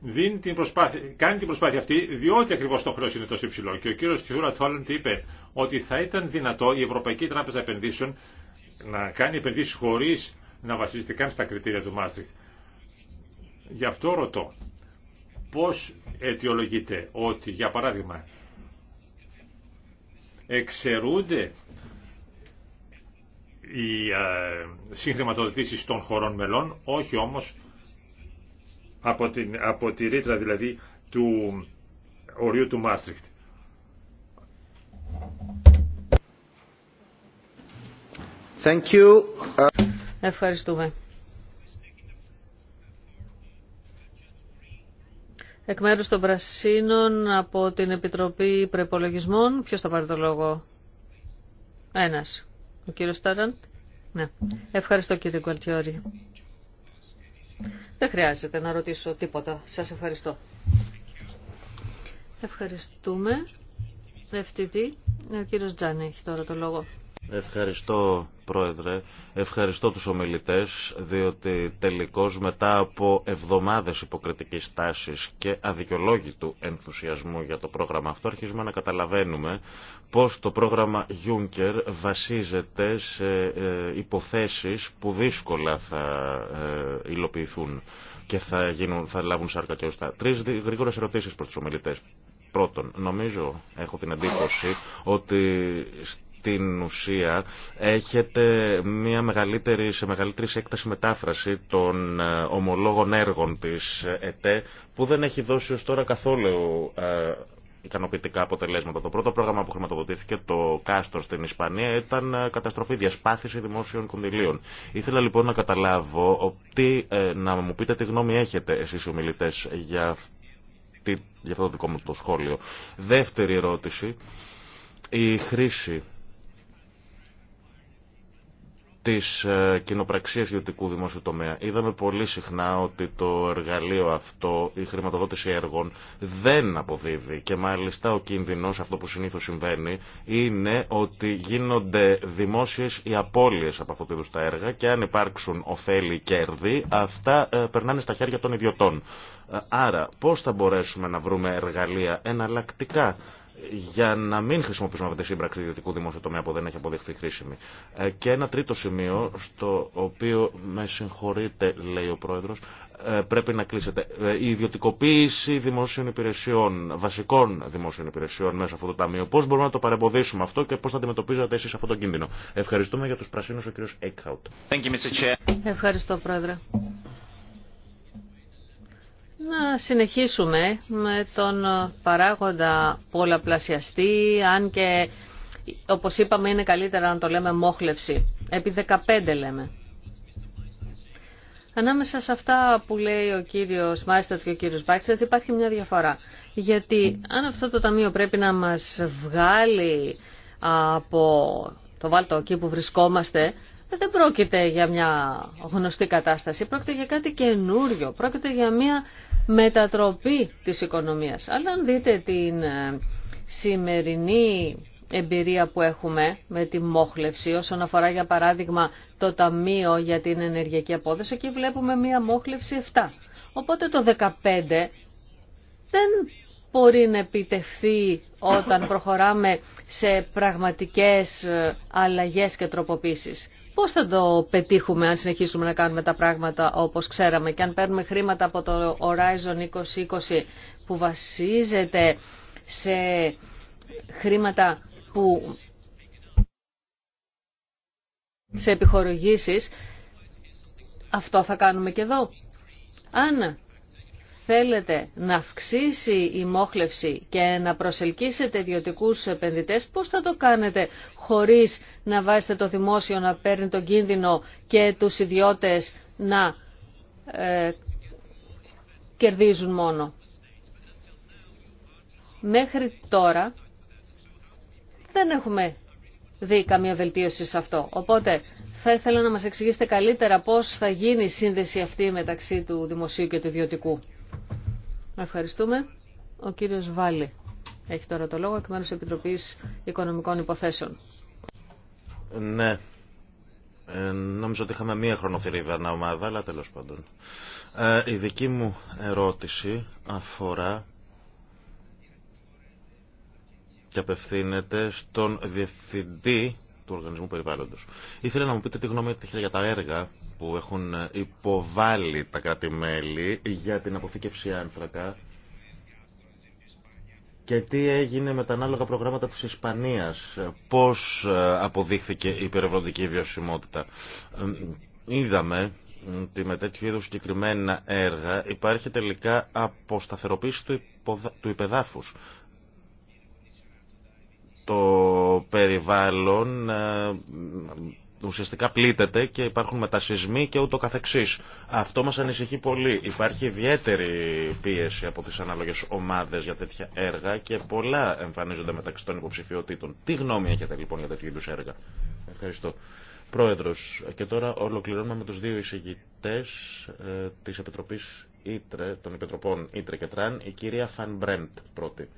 δίνει την προσπάθεια... κάνει την προσπάθεια αυτή διότι ακριβώς το χρέος είναι τόσο υψηλό και ο κύριος Τιούρα Τόλεντ είπε ότι θα ήταν δυνατό η Ευρωπαϊκή Τράπεζα Επενδύσεων να κάνει επενδύσεις χωρίς να βασίζεται καν στα κριτήρια του Μάστριχτ. Γι' αυτό ρωτώ πώς αιτιολογείται ότι για παράδειγμα εξαιρούνται οι ε, συγχρηματοδοτήσει των χωρών μελών, όχι όμως από, από τη ρήτρα δηλαδή του ορίου του Μάστριχτ. Thank you. Ευχαριστούμε. Εκ μέρους των Πρασίνων από την Επιτροπή Προπολογισμών, ποιος θα πάρει το λόγο. Ένας. Ο κύριος Τάραν. Ναι. Ευχαριστώ κύριε Γκουαλτιόρη. Δεν χρειάζεται να ρωτήσω τίποτα. Σας ευχαριστώ. Ευχαριστούμε. Ευτυχή. Ο κύριος Τζάνι έχει τώρα το λόγο. Ευχαριστώ Πρόεδρε, ευχαριστώ τους ομιλητές διότι τελικώς μετά από εβδομάδες υποκριτικής τάσης και αδικαιολόγητου ενθουσιασμού για το πρόγραμμα αυτό αρχίζουμε να καταλαβαίνουμε πως το πρόγραμμα Juncker βασίζεται σε ε, υποθέσεις που δύσκολα θα ε, υλοποιηθούν και θα, γίνουν, θα λάβουν σάρκα και ωστά. Τρεις γρήγορες ερωτήσεις προς τους ομιλητές. Πρώτον, νομίζω, έχω την εντύπωση ότι στην ουσία έχετε μια μεγαλύτερη, σε μεγαλύτερη έκταση μετάφραση των ε, ομολόγων έργων της ΕΤΕ που δεν έχει δώσει ως τώρα καθόλου ε, ικανοποιητικά αποτελέσματα. Το πρώτο πρόγραμμα που χρηματοδοτήθηκε, το Κάστορ στην Ισπανία, ήταν ε, καταστροφή, διασπάθηση δημόσιων κονδυλίων. Ήθελα λοιπόν να καταλάβω, να μου πείτε τι γνώμη έχετε εσείς οι ομιλητές για, για αυτό το δικό μου το σχόλιο. Δεύτερη ερώτηση, η χρήση τις ε, κοινοπραξία ιδιωτικού δημόσιου τομέα. Είδαμε πολύ συχνά ότι το εργαλείο αυτό, η χρηματοδότηση έργων, δεν αποδίδει και μάλιστα ο κίνδυνος, αυτό που συνήθως συμβαίνει, είναι ότι γίνονται δημόσιες οι απώλειες από αυτό του είδους τα έργα και αν υπάρξουν ωφέλη κέρδη, αυτά ε, περνάνε στα χέρια των ιδιωτών. Ε, άρα, πώς θα μπορέσουμε να βρούμε εργαλεία εναλλακτικά για να μην χρησιμοποιήσουμε αυτή τη σύμπραξη ιδιωτικού δημόσιου τομέα που δεν έχει αποδειχθεί χρήσιμη. Ε, και ένα τρίτο σημείο, στο οποίο με συγχωρείτε, λέει ο Πρόεδρος, ε, πρέπει να κλείσετε. Ε, η ιδιωτικοποίηση δημόσιων υπηρεσιών, βασικών δημόσιων υπηρεσιών μέσα αυτό το ταμείο, Πώ μπορούμε να το παρεμποδίσουμε αυτό και πώ θα αντιμετωπίζετε εσεί αυτό το κίνδυνο. Ευχαριστούμε για του πράσινου ο κ. Έκχαουτ. Ευχαριστώ, Πρόεδρε. Να συνεχίσουμε με τον παράγοντα πολλαπλασιαστή, αν και όπως είπαμε είναι καλύτερα να το λέμε μόχλευση. Επί 15 λέμε. Ανάμεσα σε αυτά που λέει ο κύριος Μάιστατ και ο κύριος Μπάξετ υπάρχει μια διαφορά. Γιατί αν αυτό το ταμείο πρέπει να μας βγάλει από το βάλτο εκεί που βρισκόμαστε, δεν πρόκειται για μια γνωστή κατάσταση, πρόκειται για κάτι καινούριο, πρόκειται για μια μετατροπή της οικονομίας. Αλλά αν δείτε την ε, σημερινή εμπειρία που έχουμε με τη μόχλευση όσον αφορά για παράδειγμα το Ταμείο για την Ενεργειακή Απόδοση, εκεί βλέπουμε μία μόχλευση 7. Οπότε το 15 δεν μπορεί να επιτευχθεί όταν προχωράμε σε πραγματικές ε, αλλαγές και τροποποίησεις. Πώς θα το πετύχουμε αν συνεχίσουμε να κάνουμε τα πράγματα όπως ξέραμε και αν παίρνουμε χρήματα από το Horizon 2020 που βασίζεται σε χρήματα που σε επιχορηγήσεις, αυτό θα κάνουμε και εδώ. Αν θέλετε να αυξήσει η μόχλευση και να προσελκύσετε ιδιωτικού επενδυτές, πώς θα το κάνετε χωρίς να βάζετε το δημόσιο να παίρνει τον κίνδυνο και τους ιδιώτες να ε, κερδίζουν μόνο. Μέχρι τώρα δεν έχουμε δει καμία βελτίωση σε αυτό. Οπότε θα ήθελα να μας εξηγήσετε καλύτερα πώς θα γίνει η σύνδεση αυτή μεταξύ του δημοσίου και του ιδιωτικού. Ευχαριστούμε. Ο κύριος Βάλλη έχει τώρα το λόγο εκ μέρους Επιτροπής Οικονομικών Υποθέσεων. Ναι. Ε, νόμιζα ότι είχαμε μία χρονοθυρίδα να ομάδα, αλλά τέλος πάντων. Ε, η δική μου ερώτηση αφορά και απευθύνεται στον Διευθυντή του Οργανισμού Περιβάλλοντος. Ήθελα να μου πείτε τη γνώμη έχετε για τα έργα που έχουν υποβάλει τα κράτη-μέλη για την αποθήκευση άνθρακα και τι έγινε με τα ανάλογα προγράμματα της Ισπανίας, πώς ε, αποδείχθηκε η περιβαλλοντική βιωσιμότητα. Ε, είδαμε ότι με τέτοιου είδους συγκεκριμένα έργα υπάρχει τελικά αποσταθεροποίηση του, υποδα... του υπεδάφους. Το περιβάλλον ε, ουσιαστικά πλήττεται και υπάρχουν μετασυσμοί και ούτω καθεξής. Αυτό μας ανησυχεί πολύ. Υπάρχει ιδιαίτερη πίεση από τις ανάλογες ομάδες για τέτοια έργα και πολλά εμφανίζονται μεταξύ των υποψηφιότητων. Τι γνώμη έχετε λοιπόν για τέτοιου είδους έργα. Ευχαριστώ. Πρόεδρος, και τώρα ολοκληρώνουμε με τους δύο εισηγητές ε, της Επιτροπής Ήτρε, των Επιτροπών Ήτρε και Τραν, η κυρία Φαν Μπρέντ πρώτη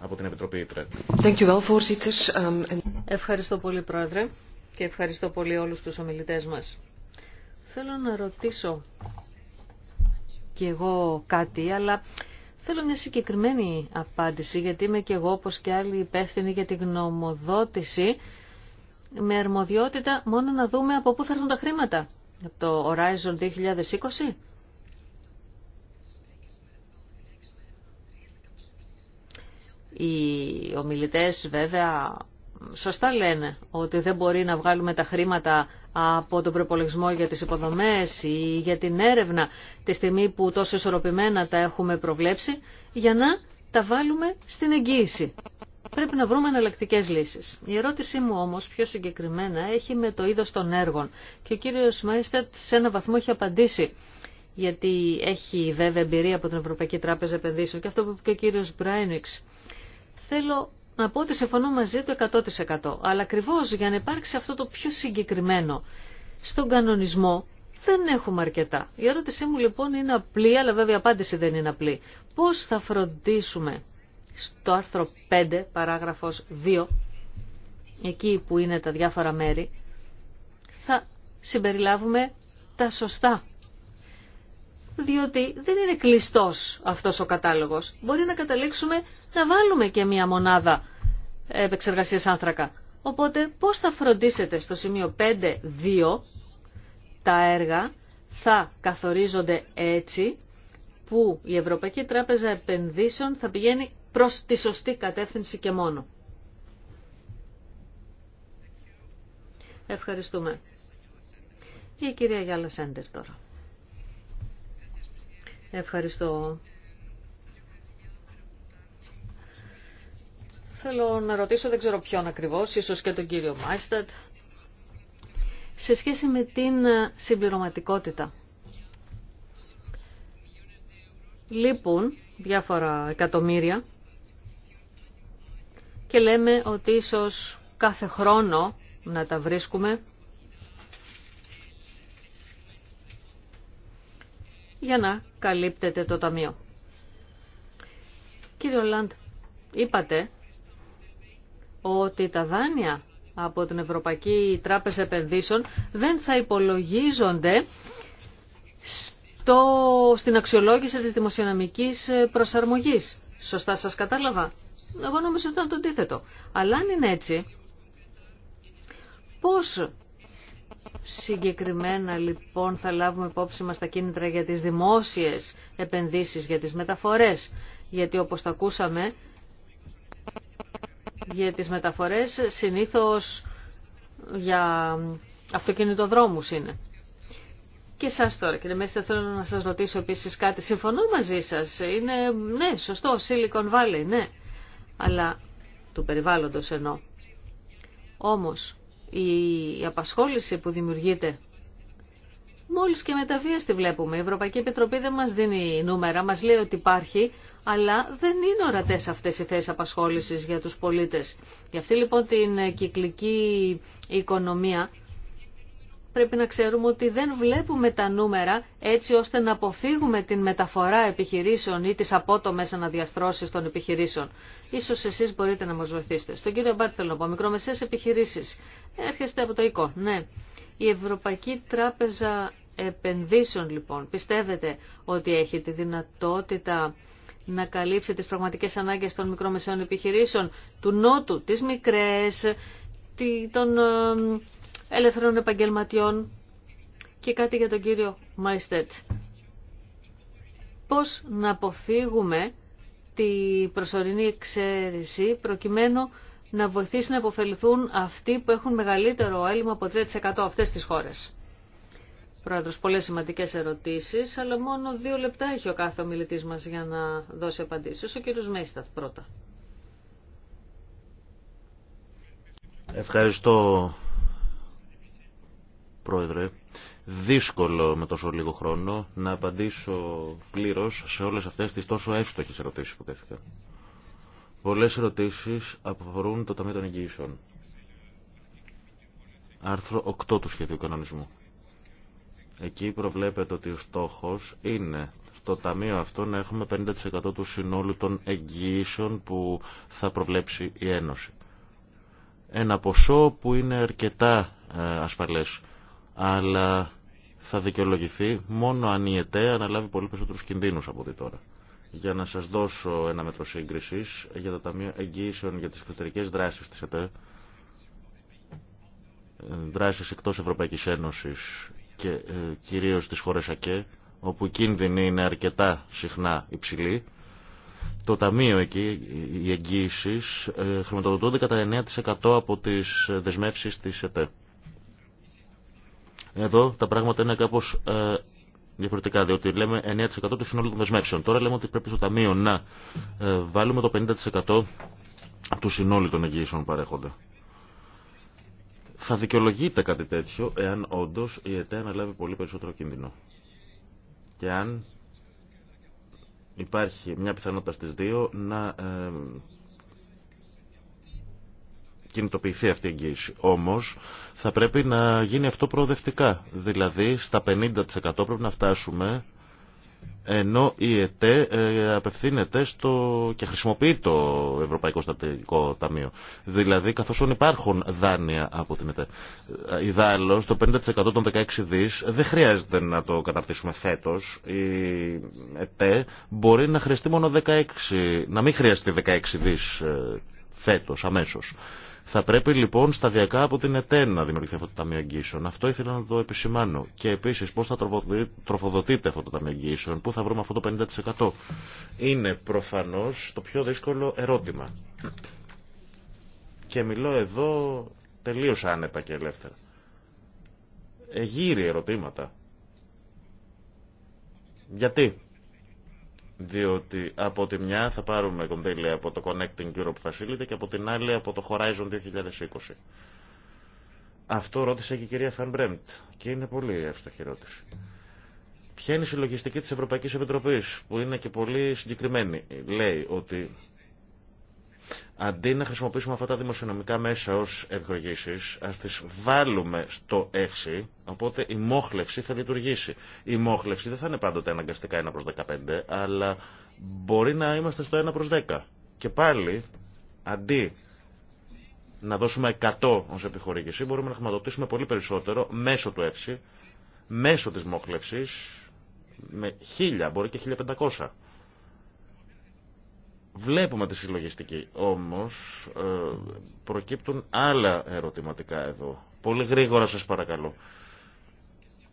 από την Επιτροπή um, Ευχαριστώ πολύ, Πρόεδρε και ευχαριστώ πολύ όλους τους ομιλητές μας. Θέλω να ρωτήσω κι εγώ κάτι, αλλά θέλω μια συγκεκριμένη απάντηση, γιατί είμαι κι εγώ, όπως και άλλοι, υπεύθυνοι για τη γνωμοδότηση, με αρμοδιότητα μόνο να δούμε από πού θα έρθουν τα χρήματα. Από το Horizon 2020. Οι ομιλητές βέβαια σωστά λένε ότι δεν μπορεί να βγάλουμε τα χρήματα από τον προπολογισμό για τις υποδομές ή για την έρευνα τη στιγμή που τόσο ισορροπημένα τα έχουμε προβλέψει για να τα βάλουμε στην εγγύηση. Πρέπει να βρούμε εναλλακτικέ λύσει. Η ερώτησή μου όμω, πιο συγκεκριμένα έχει με το είδο των έργων και ο κύριο Μάιστατ σε ένα βαθμό έχει απαντήσει γιατί έχει βέβαια εμπειρία από την Ευρωπαϊκή Τράπεζα Επενδύσεων και αυτό που είπε και ο κύριο Μπράινιξ. Θέλω να πω ότι συμφωνώ μαζί του 100%. Αλλά ακριβώ για να υπάρξει αυτό το πιο συγκεκριμένο στον κανονισμό δεν έχουμε αρκετά. Η ερώτησή μου λοιπόν είναι απλή, αλλά βέβαια η απάντηση δεν είναι απλή. Πώς θα φροντίσουμε στο άρθρο 5, παράγραφος 2, εκεί που είναι τα διάφορα μέρη, θα συμπεριλάβουμε τα σωστά διότι δεν είναι κλειστός αυτός ο κατάλογος. Μπορεί να καταλήξουμε να βάλουμε και μία μονάδα επεξεργασίας άνθρακα. Οπότε πώς θα φροντίσετε στο σημείο 5.2 τα έργα θα καθορίζονται έτσι που η Ευρωπαϊκή Τράπεζα Επενδύσεων θα πηγαίνει προς τη σωστή κατεύθυνση και μόνο. Ευχαριστούμε. Η κυρία Γιάλα Σέντερ τώρα. Ευχαριστώ. Θέλω να ρωτήσω, δεν ξέρω ποιον ακριβώς, ίσως και τον κύριο Μάιστατ, σε σχέση με την συμπληρωματικότητα. Λείπουν διάφορα εκατομμύρια και λέμε ότι ίσως κάθε χρόνο να τα βρίσκουμε για να καλύπτεται το Ταμείο. Κύριε Ολάντ, είπατε ότι τα δάνεια από την Ευρωπαϊκή Τράπεζα Επενδύσεων δεν θα υπολογίζονται στο, στην αξιολόγηση της δημοσιονομικής προσαρμογής. Σωστά σας κατάλαβα. Εγώ νομίζω ότι ήταν το αντίθετο. Αλλά αν είναι έτσι, πώς Συγκεκριμένα λοιπόν θα λάβουμε υπόψη μας τα κίνητρα για τις δημόσιες επενδύσεις, για τις μεταφορές. Γιατί όπως τα ακούσαμε, για τις μεταφορές συνήθως για αυτοκινητοδρόμους είναι. Και εσά τώρα, κύριε Μέστε, θέλω να σας ρωτήσω επίσης κάτι. Συμφωνώ μαζί σας. Είναι, ναι, σωστό, Silicon Valley, ναι. Αλλά του περιβάλλοντος εννοώ. Όμως, η απασχόληση που δημιουργείται. Μόλις και με τα τη βλέπουμε. Η Ευρωπαϊκή Επιτροπή δεν μας δίνει νούμερα, μας λέει ότι υπάρχει, αλλά δεν είναι ορατές αυτές οι θέσεις απασχόλησης για τους πολίτες. Γι' αυτή λοιπόν την κυκλική οικονομία πρέπει να ξέρουμε ότι δεν βλέπουμε τα νούμερα έτσι ώστε να αποφύγουμε την μεταφορά επιχειρήσεων ή τις απότομες αναδιαρθρώσεις των επιχειρήσεων. Ίσως εσείς μπορείτε να μας βοηθήσετε. Στον κύριο Μπάρτη θέλω να πω, μικρομεσαίες επιχειρήσεις. Έρχεστε από το οικό, ναι. Η Ευρωπαϊκή Τράπεζα Επενδύσεων λοιπόν, πιστεύετε ότι έχει τη δυνατότητα να καλύψει τις πραγματικές ανάγκες των μικρομεσαίων επιχειρήσεων, του Νότου, τις μικρές, των ε, ελευθερών επαγγελματιών και κάτι για τον κύριο Μαϊστέτ. Πώς να αποφύγουμε τη προσωρινή εξαίρεση προκειμένου να βοηθήσει να αποφεληθούν αυτοί που έχουν μεγαλύτερο έλλειμμα από 3% αυτές τις χώρες. Πρόεδρος, πολλές σημαντικές ερωτήσεις, αλλά μόνο δύο λεπτά έχει ο κάθε ομιλητής μας για να δώσει απαντήσεις. Ο κύριος Μέιστατ πρώτα. Ευχαριστώ Πρόεδρε, δύσκολο με τόσο λίγο χρόνο να απαντήσω πλήρως σε όλες αυτές τις τόσο εύστοχες ερωτήσεις που τέθηκαν. Πολλές ερωτήσεις αφορούν το Ταμείο των Εγγυήσεων. Άρθρο 8 του σχεδίου κανονισμού. Εκεί προβλέπεται ότι ο στόχος είναι στο ταμείο αυτό να έχουμε 50% του συνόλου των εγγυήσεων που θα προβλέψει η Ένωση. Ένα ποσό που είναι αρκετά ε, ασφαλές αλλά θα δικαιολογηθεί μόνο αν η ΕΤΕ αναλάβει πολύ περισσότερους κινδύνου από ό,τι τώρα. Για να σας δώσω ένα μέτρο σύγκριση για τα ταμείο Εγγύησεων για τις εξωτερικές δράσεις της ΕΤΕ, δράσεις εκτός Ευρωπαϊκής Ένωσης και ε, κυρίως της χώρας ΑΚΕ, όπου οι κίνδυνοι είναι αρκετά συχνά υψηλοί, το ταμείο εκεί, οι εγγύησει, ε, χρηματοδοτούνται κατά 9% από τις δεσμεύσεις της ΕΤΕ. Εδώ τα πράγματα είναι κάπω ε, διαφορετικά, διότι λέμε 9% του συνόλου των δεσμεύσεων. Τώρα λέμε ότι πρέπει στο Ταμείο να ε, βάλουμε το 50% του συνόλου των εγγύησεων που παρέχονται. Θα δικαιολογείται κάτι τέτοιο εάν όντω η ΕΤΕ αναλάβει πολύ περισσότερο κίνδυνο. Και αν υπάρχει μια πιθανότητα στις δύο να ε, κινητοποιηθεί αυτή η εγγύηση. Όμως θα πρέπει να γίνει αυτό προοδευτικά. Δηλαδή στα 50% πρέπει να φτάσουμε ενώ η ΕΤΕ απευθύνεται στο και χρησιμοποιεί το Ευρωπαϊκό Στατικό Ταμείο. Δηλαδή, καθώς υπάρχουν δάνεια από την ΕΤΕ. Ιδάλλως, το 50% των 16 δις δεν χρειάζεται να το καταρτήσουμε φέτος. Η ΕΤΕ μπορεί να χρειαστεί μόνο 16, να μην χρειαστεί 16 δις ε, φέτος, αμέσως. Θα πρέπει λοιπόν σταδιακά από την ΕΤΕΝ να δημιουργηθεί αυτό το Ταμείο Εγγύσεων. Αυτό ήθελα να το επισημάνω. Και επίσης πώς θα τροφοδοτείται αυτό το Ταμείο Εγγύσεων, πού θα βρούμε αυτό το 50%. Είναι προφανώς το πιο δύσκολο ερώτημα. Και μιλώ εδώ τελείως άνετα και ελεύθερα. Εγείρει ερωτήματα. Γιατί διότι από τη μια θα πάρουμε κονδύλια από το Connecting Europe Facility και από την άλλη από το Horizon 2020. Αυτό ρώτησε και η κυρία Φαν και είναι πολύ εύστοχη ερώτηση. Ποια είναι η συλλογιστική της Ευρωπαϊκής Επιτροπής που είναι και πολύ συγκεκριμένη. Λέει ότι Αντί να χρησιμοποιήσουμε αυτά τα δημοσιονομικά μέσα ως ευγρογήσεις, ας τις βάλουμε στο εύση, οπότε η μόχλευση θα λειτουργήσει. Η μόχλευση δεν θα είναι πάντοτε αναγκαστικά 1 προς 15, αλλά μπορεί να είμαστε στο 1 προς 10. Και πάλι, αντί να δώσουμε 100 ως επιχορήγηση, μπορούμε να χρηματοδοτήσουμε πολύ περισσότερο μέσω του εύση, μέσω της μόχλευσης, με 1000, μπορεί και 1500. Βλέπουμε τη συλλογιστική, όμως ε, προκύπτουν άλλα ερωτηματικά εδώ. Πολύ γρήγορα σας παρακαλώ.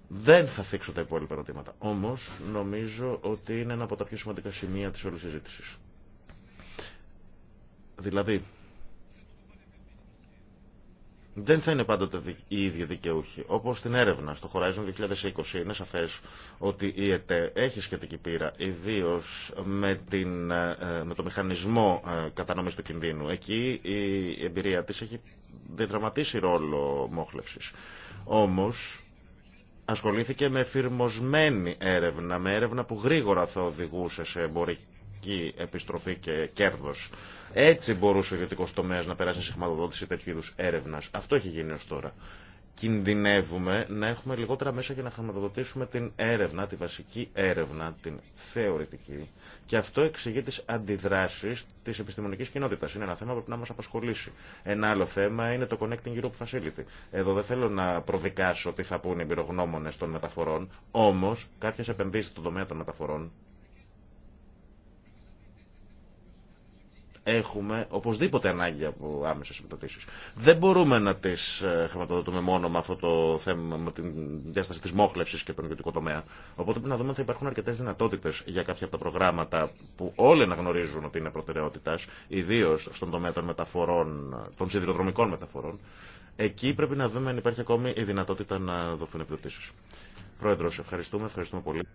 Δεν θα θίξω τα υπόλοιπα ερωτήματα. Όμως νομίζω ότι είναι ένα από τα πιο σημαντικά σημεία της όλης συζήτησης. Δηλαδή, δεν θα είναι πάντοτε οι ίδιοι δικαιούχοι. Όπως στην έρευνα στο Horizon 2020 είναι σαφέ ότι η ΕΤΕ έχει σχετική πείρα, ιδίω με, ε, με το μηχανισμό ε, κατανομής του κινδύνου. Εκεί η εμπειρία τη έχει διδραματίσει ρόλο μόχλευση. Όμω, ασχολήθηκε με εφηρμοσμένη έρευνα, με έρευνα που γρήγορα θα οδηγούσε σε εμπορική πραγματική επιστροφή και κέρδο. Έτσι μπορούσε ο ιδιωτικό τομέα να περάσει σε χρηματοδότηση τέτοιου είδου έρευνα. Αυτό έχει γίνει ω τώρα. Κινδυνεύουμε να έχουμε λιγότερα μέσα για να χρηματοδοτήσουμε την έρευνα, τη βασική έρευνα, την θεωρητική. Και αυτό εξηγεί τι αντιδράσει τη επιστημονική κοινότητα. Είναι ένα θέμα που πρέπει να μα απασχολήσει. Ένα άλλο θέμα είναι το Connecting Europe Facility. Εδώ δεν θέλω να προδικάσω τι θα πούνε οι εμπειρογνώμονε των μεταφορών, όμω κάποιε επενδύσει στον τομέα των μεταφορών έχουμε οπωσδήποτε ανάγκη από άμεσες επιδοτήσεις. Δεν μπορούμε να τις ε, χρηματοδοτούμε μόνο με αυτό το θέμα, με την διάσταση της μόχλευσης και τον ιδιωτικό τομέα. Οπότε πρέπει να δούμε αν θα υπάρχουν αρκετές δυνατότητες για κάποια από τα προγράμματα που όλοι αναγνωρίζουν ότι είναι προτεραιότητας, ιδίως στον τομέα των μεταφορών, των σιδηροδρομικών μεταφορών. Εκεί πρέπει να δούμε αν υπάρχει ακόμη η δυνατότητα να δοθούν επιδοτήσεις. Πρόεδρο, ευχαριστούμε, ευχαριστούμε πολύ.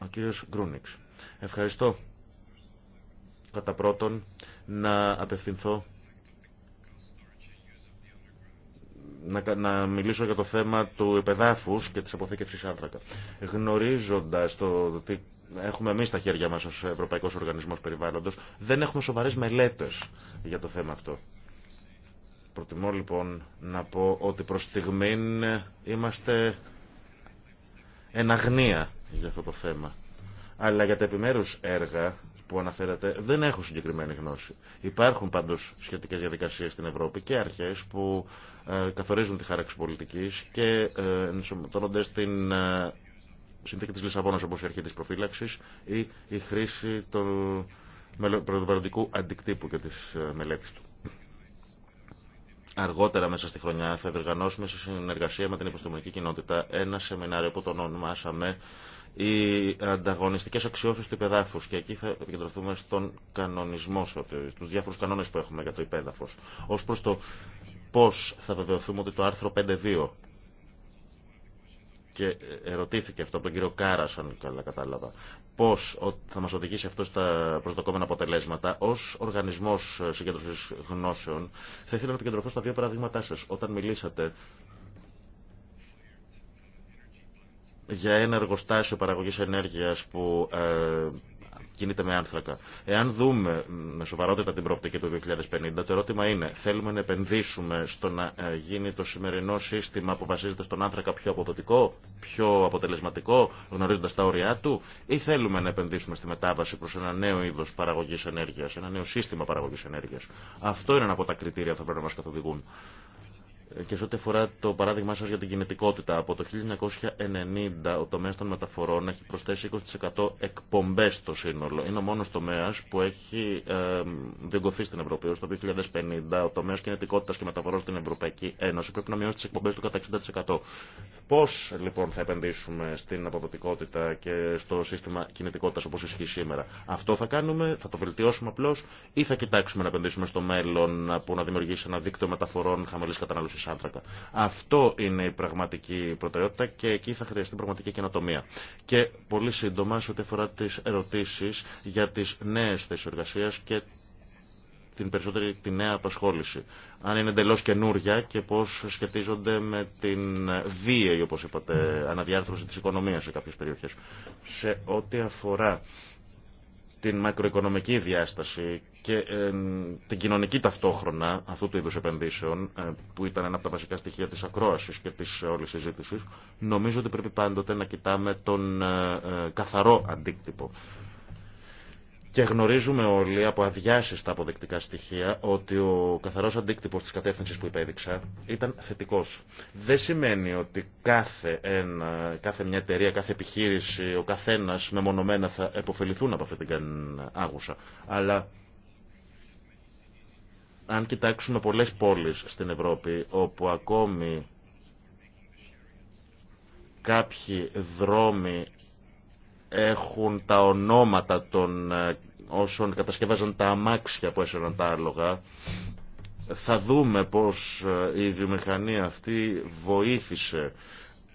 Ο κύριος Γκρούνιξ. Ευχαριστώ, Κατά πρώτον, να απευθυνθώ να, μιλήσω για το θέμα του επεδάφους και της αποθήκευσης άνθρακα. Γνωρίζοντας το τι έχουμε εμείς στα χέρια μας ως Ευρωπαϊκός Οργανισμός Περιβάλλοντος, δεν έχουμε σοβαρές μελέτες για το θέμα αυτό. Προτιμώ λοιπόν να πω ότι προς στιγμήν είμαστε εν αγνία για αυτό το θέμα. Αλλά για τα επιμέρους έργα που αναφέρατε δεν έχω συγκεκριμένη γνώση. Υπάρχουν πάντω σχετικέ διαδικασίε στην Ευρώπη και αρχέ που ε, καθορίζουν τη χάραξη πολιτική και ε, ενσωματώνονται στην ε, συνθήκη τη Λισαβόνα όπω η αρχή τη προφύλαξη ή η χρήση του προδοπαροντικού αντικτύπου και τη μελέτη του. Αργότερα μέσα στη χρονιά θα διοργανώσουμε σε συνεργασία με την επιστημονική κοινότητα ένα σεμινάριο που τον ονομάσαμε οι ανταγωνιστικές αξιώσεις του υπεδάφους και εκεί θα επικεντρωθούμε στον κανονισμό, στους διάφορους κανόνες που έχουμε για το υπέδαφος. Ως προς το πώς θα βεβαιωθούμε ότι το άρθρο 5.2 και ερωτήθηκε αυτό από τον κύριο Κάρα, αν καλά κατάλαβα, πώ θα μα οδηγήσει αυτό στα προσδοκόμενα αποτελέσματα. Ω οργανισμό συγκέντρωση γνώσεων, θα ήθελα να επικεντρωθώ στα δύο παραδείγματά σα. Όταν μιλήσατε για ένα εργοστάσιο παραγωγής ενέργειας που ε, κινείται με άνθρακα. Εάν δούμε με σοβαρότητα την προοπτική του 2050, το ερώτημα είναι, θέλουμε να επενδύσουμε στο να ε, γίνει το σημερινό σύστημα που βασίζεται στον άνθρακα πιο αποδοτικό, πιο αποτελεσματικό, γνωρίζοντας τα όρια του, ή θέλουμε να επενδύσουμε στη μετάβαση προς ένα νέο είδο παραγωγή ενέργεια, ένα νέο σύστημα παραγωγής ενέργειας. Αυτό είναι ένα από τα κριτήρια που θα πρέπει να μας καθοδηγούν και σε ό,τι αφορά το παράδειγμά σας για την κινητικότητα, από το 1990 ο τομέας των μεταφορών έχει προσθέσει 20% εκπομπές στο σύνολο. Είναι ο μόνος τομέας που έχει ε, διεγκωθεί στην Ευρωπαϊκή. το 2050 ο τομέας κινητικότητα και μεταφορών στην Ευρωπαϊκή Ένωση πρέπει να μειώσει τις εκπομπές του κατά 60%. Πώς λοιπόν θα επενδύσουμε στην αποδοτικότητα και στο σύστημα κινητικότητας όπως ισχύει σήμερα. Αυτό θα κάνουμε, θα το βελτιώσουμε απλώς ή θα κοιτάξουμε να επενδύσουμε στο μέλλον που να δημιουργήσει ένα δίκτυο μεταφορών χαμηλής κατανάλωσης άνθρακα. Αυτό είναι η πραγματική προτεραιότητα και εκεί θα χρειαστεί πραγματική καινοτομία. Και πολύ σύντομα, σε ό,τι αφορά τι ερωτήσει για τι νέε θέσει εργασία και την περισσότερη τη νέα απασχόληση. Αν είναι εντελώ καινούρια και πώ σχετίζονται με την βίαιη, όπω είπατε, αναδιάρθρωση τη οικονομία σε κάποιε περιοχέ. Σε ό,τι αφορά την μακροοικονομική διάσταση και ε, την κοινωνική ταυτόχρονα αυτού του είδους επενδύσεων, ε, που ήταν ένα από τα βασικά στοιχεία της ακρόασης και της ε, όλης συζήτησης, νομίζω ότι πρέπει πάντοτε να κοιτάμε τον καθαρό αντίκτυπο και γνωρίζουμε όλοι από τα αποδεκτικά στοιχεία ότι ο καθαρός αντίκτυπος της κατεύθυνση που υπέδειξα ήταν θετικός. Δεν σημαίνει ότι κάθε, ένα, κάθε μια εταιρεία, κάθε επιχείρηση, ο καθένας μεμονωμένα θα επωφεληθούν από αυτή την άγουσα. Αλλά αν κοιτάξουμε πολλές πόλεις στην Ευρώπη όπου ακόμη κάποιοι δρόμοι έχουν τα ονόματα των ε, όσων κατασκευάζαν τα αμάξια που έσωναν τα άλογα. Θα δούμε πώς ε, η βιομηχανία αυτή βοήθησε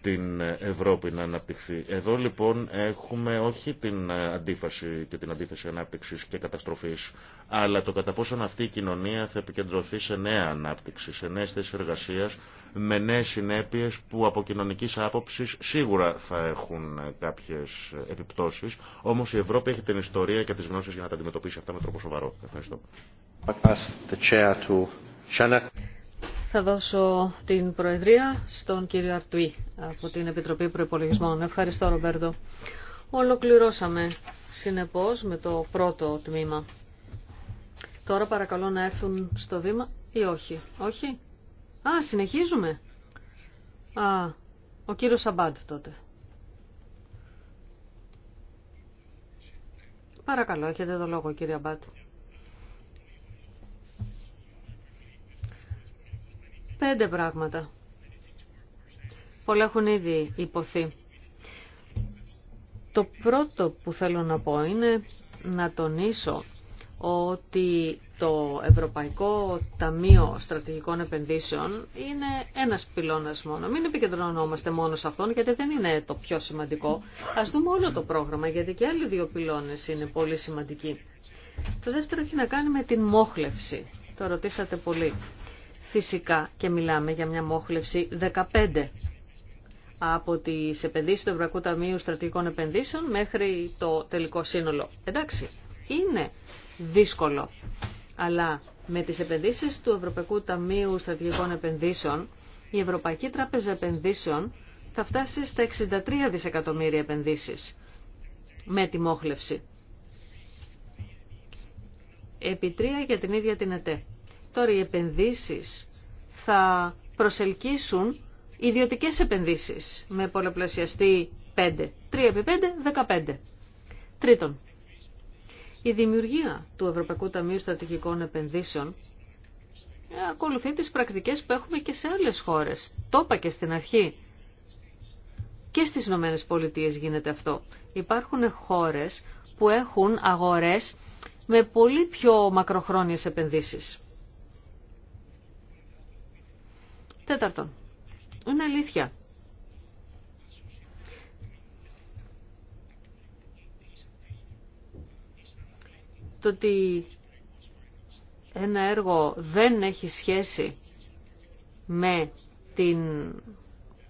την Ευρώπη να αναπτυχθεί. Εδώ λοιπόν έχουμε όχι την αντίφαση και την αντίθεση ανάπτυξης και καταστροφής, αλλά το κατά πόσον αυτή η κοινωνία θα επικεντρωθεί σε νέα ανάπτυξη, σε νέες θέσεις εργασίας, με νέες συνέπειες που από κοινωνική άποψη σίγουρα θα έχουν κάποιες επιπτώσεις, όμως η Ευρώπη έχει την ιστορία και τις γνώσεις για να τα αντιμετωπίσει αυτά με τρόπο σοβαρό. Ευχαριστώ. Θα δώσω την Προεδρία στον κύριο Αρτουή από την Επιτροπή Προπολογισμών. Ευχαριστώ, Ρομπέρτο. Ολοκληρώσαμε, συνεπώς, με το πρώτο τμήμα. Τώρα παρακαλώ να έρθουν στο βήμα ή όχι. Όχι. Α, συνεχίζουμε. Α, ο κύριος Σαμπάντ τότε. Παρακαλώ, έχετε το λόγο κύριε Αμπάτ. πέντε πράγματα. Πολλά έχουν ήδη υποθεί. Το πρώτο που θέλω να πω είναι να τονίσω ότι το Ευρωπαϊκό Ταμείο Στρατηγικών Επενδύσεων είναι ένας πυλώνας μόνο. Μην επικεντρωνόμαστε μόνο σε αυτόν, γιατί δεν είναι το πιο σημαντικό. Ας δούμε όλο το πρόγραμμα, γιατί και άλλοι δύο πυλώνες είναι πολύ σημαντικοί. Το δεύτερο έχει να κάνει με την μόχλευση. Το ρωτήσατε πολύ. Φυσικά και μιλάμε για μια μόχλευση 15 από τις επενδύσεις του Ευρωπαϊκού Ταμείου Στρατηγικών Επενδύσεων μέχρι το τελικό σύνολο. Εντάξει, είναι δύσκολο, αλλά με τις επενδύσεις του Ευρωπαϊκού Ταμείου Στρατηγικών Επενδύσεων, η Ευρωπαϊκή Τράπεζα Επενδύσεων θα φτάσει στα 63 δισεκατομμύρια επενδύσεις με τη μόχλευση. Επιτρία για την ίδια την ΕΤΕ. Τώρα οι επενδύσεις θα προσελκύσουν ιδιωτικές επενδύσεις με πολλαπλασιαστή 5. 3 επί 5, 15. Τρίτον, η δημιουργία του Ευρωπαϊκού Ταμείου Στρατηγικών Επενδύσεων ακολουθεί τις πρακτικές που έχουμε και σε άλλες χώρες. Το είπα και στην αρχή. Και στις Ηνωμένε Πολιτείε γίνεται αυτό. Υπάρχουν χώρες που έχουν αγορές με πολύ πιο μακροχρόνιες επενδύσεις. Τέταρτον, είναι αλήθεια. Το ότι ένα έργο δεν έχει σχέση με την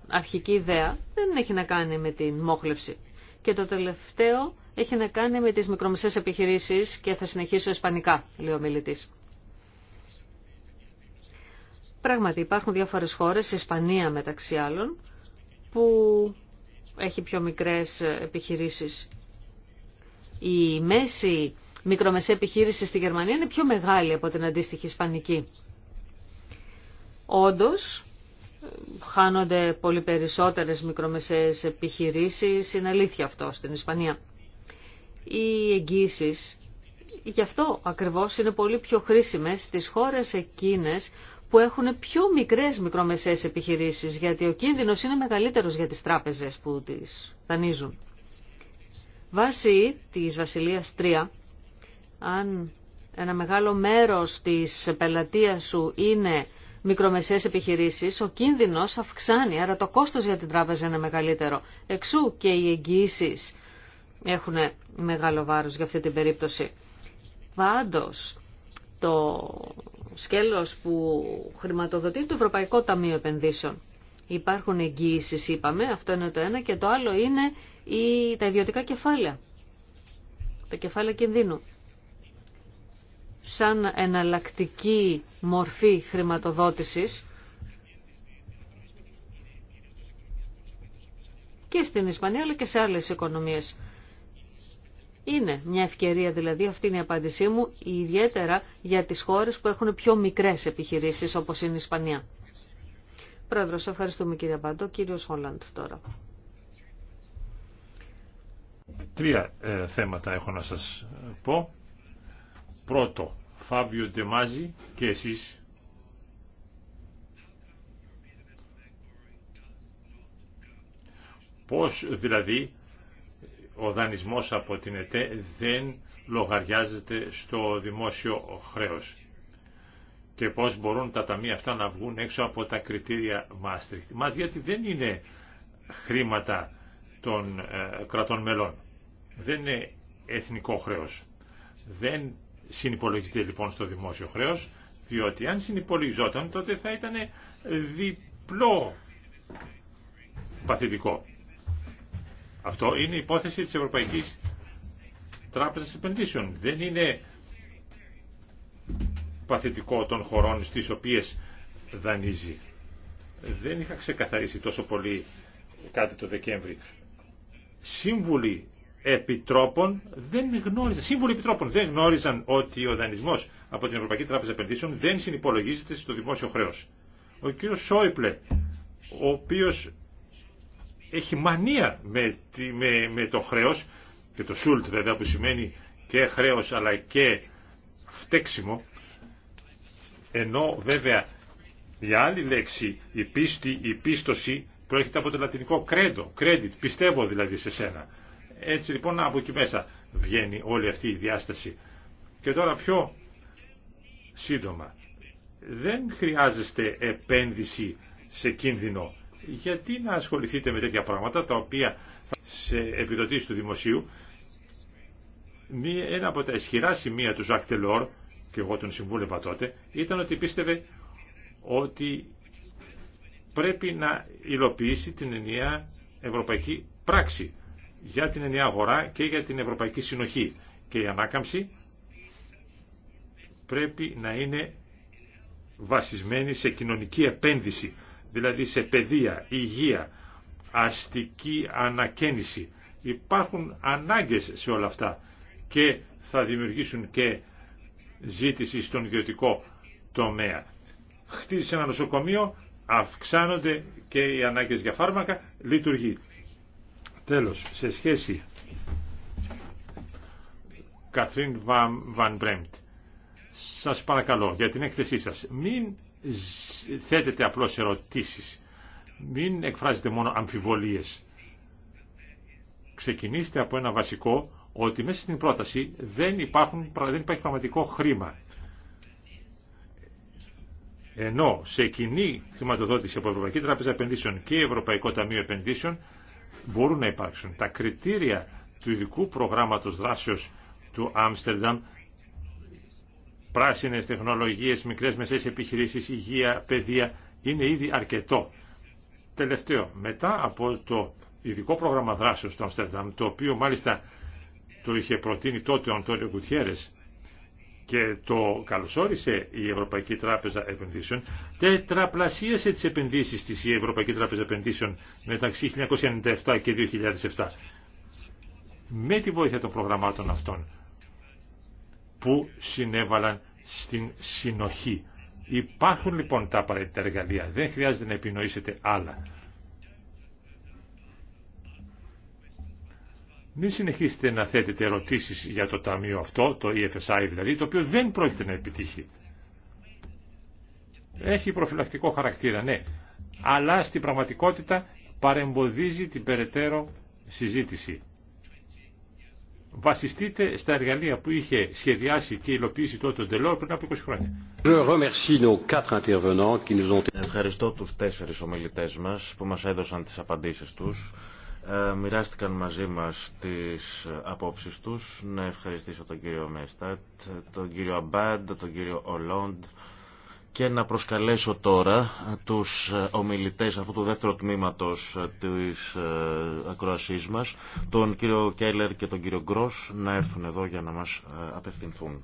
αρχική ιδέα δεν έχει να κάνει με την μόχλευση. Και το τελευταίο έχει να κάνει με τις μικρομεσαίες επιχειρήσεις και θα συνεχίσω ισπανικά, λέει ο μιλητής. Πράγματι υπάρχουν διάφορες χώρες, Ισπανία μεταξύ άλλων, που έχει πιο μικρές επιχειρήσεις. Η μέση μικρομεσαία επιχείρηση στη Γερμανία είναι πιο μεγάλη από την αντίστοιχη Ισπανική. Όντως, χάνονται πολύ περισσότερες μικρομεσαίες επιχειρήσεις, είναι αλήθεια αυτό στην Ισπανία. Οι εγγύησει. Γι' αυτό ακριβώς είναι πολύ πιο χρήσιμες στις χώρες εκείνες που έχουν πιο μικρές μικρομεσαίες επιχειρήσεις, γιατί ο κίνδυνος είναι μεγαλύτερος για τις τράπεζες που τις δανείζουν. Βάσει της Βασιλείας 3, αν ένα μεγάλο μέρος της πελατεία σου είναι μικρομεσαίες επιχειρήσεις, ο κίνδυνος αυξάνει, άρα το κόστος για την τράπεζα είναι μεγαλύτερο. Εξού και οι εγγύησει έχουν μεγάλο βάρος για αυτή την περίπτωση. Πάντως, το σκέλος που χρηματοδοτεί το Ευρωπαϊκό Ταμείο Επενδύσεων. Υπάρχουν εγγύησει, είπαμε, αυτό είναι το ένα, και το άλλο είναι η, τα ιδιωτικά κεφάλαια, τα κεφάλαια κινδύνου. Σαν εναλλακτική μορφή χρηματοδότησης, και στην Ισπανία αλλά και σε άλλες οικονομίες. Είναι μια ευκαιρία δηλαδή, αυτή είναι η απάντησή μου, ιδιαίτερα για τις χώρες που έχουν πιο μικρές επιχειρήσεις όπως είναι η Ισπανία. Πρόεδρος, ευχαριστούμε κύριε Παντό. Κύριος Χόλαντ τώρα. Τρία ε, θέματα έχω να σας πω. Πρώτο, Φάβιο Ντεμάζη και εσείς. Πώς δηλαδή ο δανεισμός από την ΕΤΕ δεν λογαριάζεται στο δημόσιο χρέος και πώς μπορούν τα ταμεία αυτά να βγουν έξω από τα κριτήρια Μάστριχτ. Μα διότι δεν είναι χρήματα των ε, κρατών μελών. Δεν είναι εθνικό χρέος. Δεν συνυπολογίζεται λοιπόν στο δημόσιο χρέος, διότι αν συνυπολογιζόταν τότε θα ήταν διπλό παθητικό. Αυτό είναι η υπόθεση της Ευρωπαϊκής Τράπεζας Επενδύσεων. Δεν είναι παθητικό των χωρών στις οποίες δανείζει. Δεν είχα ξεκαθαρίσει τόσο πολύ κάτι το Δεκέμβρη. Σύμβουλοι επιτρόπων δεν γνώριζαν, σύμβουλοι επιτρόπων δεν γνώριζαν ότι ο δανεισμός από την Ευρωπαϊκή Τράπεζα Επενδύσεων δεν συνυπολογίζεται στο δημόσιο χρέος. Ο κύριος Σόιπλε, ο οποίος έχει μανία με, με, με το χρέος και το σούλτ βέβαια που σημαίνει και χρέος αλλά και φταίξιμο ενώ βέβαια η άλλη λέξη η πίστη, η πίστοση προέρχεται από το λατινικό credo, credit, πιστεύω δηλαδή σε σένα. Έτσι λοιπόν από εκεί μέσα βγαίνει όλη αυτή η διάσταση. Και τώρα πιο σύντομα. Δεν χρειάζεστε επένδυση σε κίνδυνο γιατί να ασχοληθείτε με τέτοια πράγματα τα οποία σε επιδοτήσει του δημοσίου ένα από τα ισχυρά σημεία του Ζακ Τελόρ και εγώ τον συμβούλευα τότε ήταν ότι πίστευε ότι πρέπει να υλοποιήσει την ενιαία ευρωπαϊκή πράξη για την ενιαία αγορά και για την ευρωπαϊκή συνοχή και η ανάκαμψη πρέπει να είναι βασισμένη σε κοινωνική επένδυση δηλαδή σε παιδεία, υγεία, αστική ανακαίνιση. Υπάρχουν ανάγκες σε όλα αυτά και θα δημιουργήσουν και ζήτηση στον ιδιωτικό τομέα. Χτίζει ένα νοσοκομείο, αυξάνονται και οι ανάγκες για φάρμακα, λειτουργεί. Τέλος, σε σχέση Καθρίν Βαν Μπρέμπτ, σας παρακαλώ για την έκθεσή σας. Μην θέτετε απλώς ερωτήσεις. Μην εκφράζετε μόνο αμφιβολίες. Ξεκινήστε από ένα βασικό, ότι μέσα στην πρόταση δεν, υπάρχουν, δεν υπάρχει πραγματικό χρήμα. Ενώ σε κοινή χρηματοδότηση από Ευρωπαϊκή Τράπεζα Επενδύσεων και Ευρωπαϊκό Ταμείο Επενδύσεων μπορούν να υπάρξουν. Τα κριτήρια του ειδικού προγράμματος δράσεως του Άμστερνταμ πράσινες τεχνολογίες, μικρές μεσαίες επιχειρήσεις, υγεία, παιδεία, είναι ήδη αρκετό. Τελευταίο, μετά από το ειδικό πρόγραμμα δράσεως του Αμστερνταμ, το οποίο μάλιστα το είχε προτείνει τότε ο Αντώνιο Κουτιέρες και το καλωσόρισε η Ευρωπαϊκή Τράπεζα Επενδύσεων, τετραπλασίασε τις επενδύσεις της η Ευρωπαϊκή Τράπεζα Επενδύσεων μεταξύ 1997 και 2007. Με τη βοήθεια των προγραμμάτων αυτών που συνέβαλαν στην συνοχή. Υπάρχουν λοιπόν τα απαραίτητα εργαλεία. Δεν χρειάζεται να επινοήσετε άλλα. Μην συνεχίσετε να θέτετε ερωτήσεις για το ταμείο αυτό, το EFSI δηλαδή, το οποίο δεν πρόκειται να επιτύχει. Έχει προφυλακτικό χαρακτήρα, ναι, αλλά στην πραγματικότητα παρεμποδίζει την περαιτέρω συζήτηση βασιστείτε στα εργαλεία που είχε σχεδιάσει και υλοποιήσει τότε ο Ντελόρ πριν από 20 χρόνια. Ευχαριστώ τους τέσσερις ομιλητές μας που μας έδωσαν τις απαντήσεις τους. Ε, μοιράστηκαν μαζί μας τις απόψεις τους. Να ευχαριστήσω τον κύριο Μέστατ, τον κύριο Αμπάντ, τον κύριο Ολόντ, και να προσκαλέσω τώρα τους ομιλητές αυτού του δεύτερου τμήματος της ε, ακροασής μας, τον κύριο Κέλλερ και τον κύριο Γκρός, να έρθουν εδώ για να μας ε, απευθυνθούν.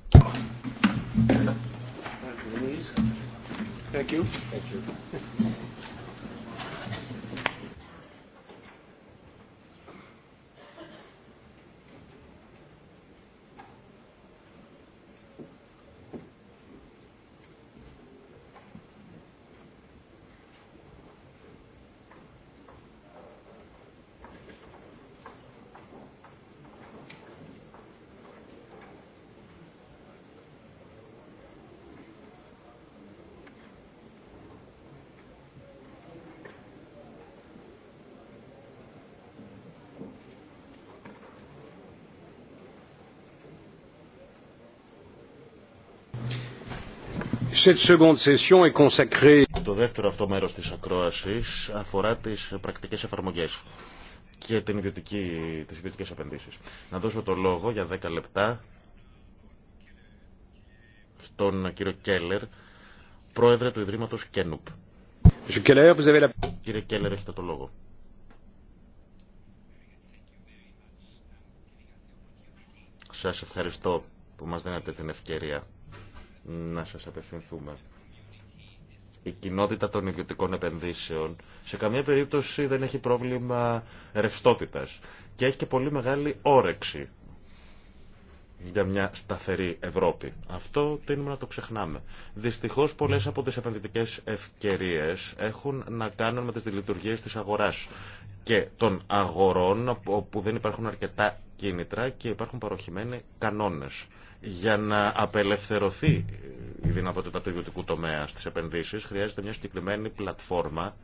Το δεύτερο αυτό μέρος της ακρόασης αφορά τις πρακτικές εφαρμογές και την ιδιωτική, τις ιδιωτικές επενδύσεις. Να δώσω το λόγο για 10 λεπτά στον κύριο Κέλλερ, πρόεδρε του Ιδρύματος Κένουπ. Κύριε Κέλλερ, έχετε το λόγο. Σας ευχαριστώ που μας δίνατε την ευκαιρία να σας απευθυνθούμε. Η κοινότητα των ιδιωτικών επενδύσεων σε καμία περίπτωση δεν έχει πρόβλημα ρευστότητας και έχει και πολύ μεγάλη όρεξη για μια σταθερή Ευρώπη. Αυτό τείνουμε να το ξεχνάμε. δυστυχώς πολλές από τις επενδυτικέ ευκαιρίες έχουν να κάνουν με τις λειτουργίες της αγοράς και των αγορών όπου δεν υπάρχουν αρκετά κίνητρα και υπάρχουν παροχημένοι κανόνες. Για να απελευθερωθεί η δυνατότητα του ιδιωτικού τομέα στις επενδύσεις χρειάζεται μια συγκεκριμένη πλατφόρμα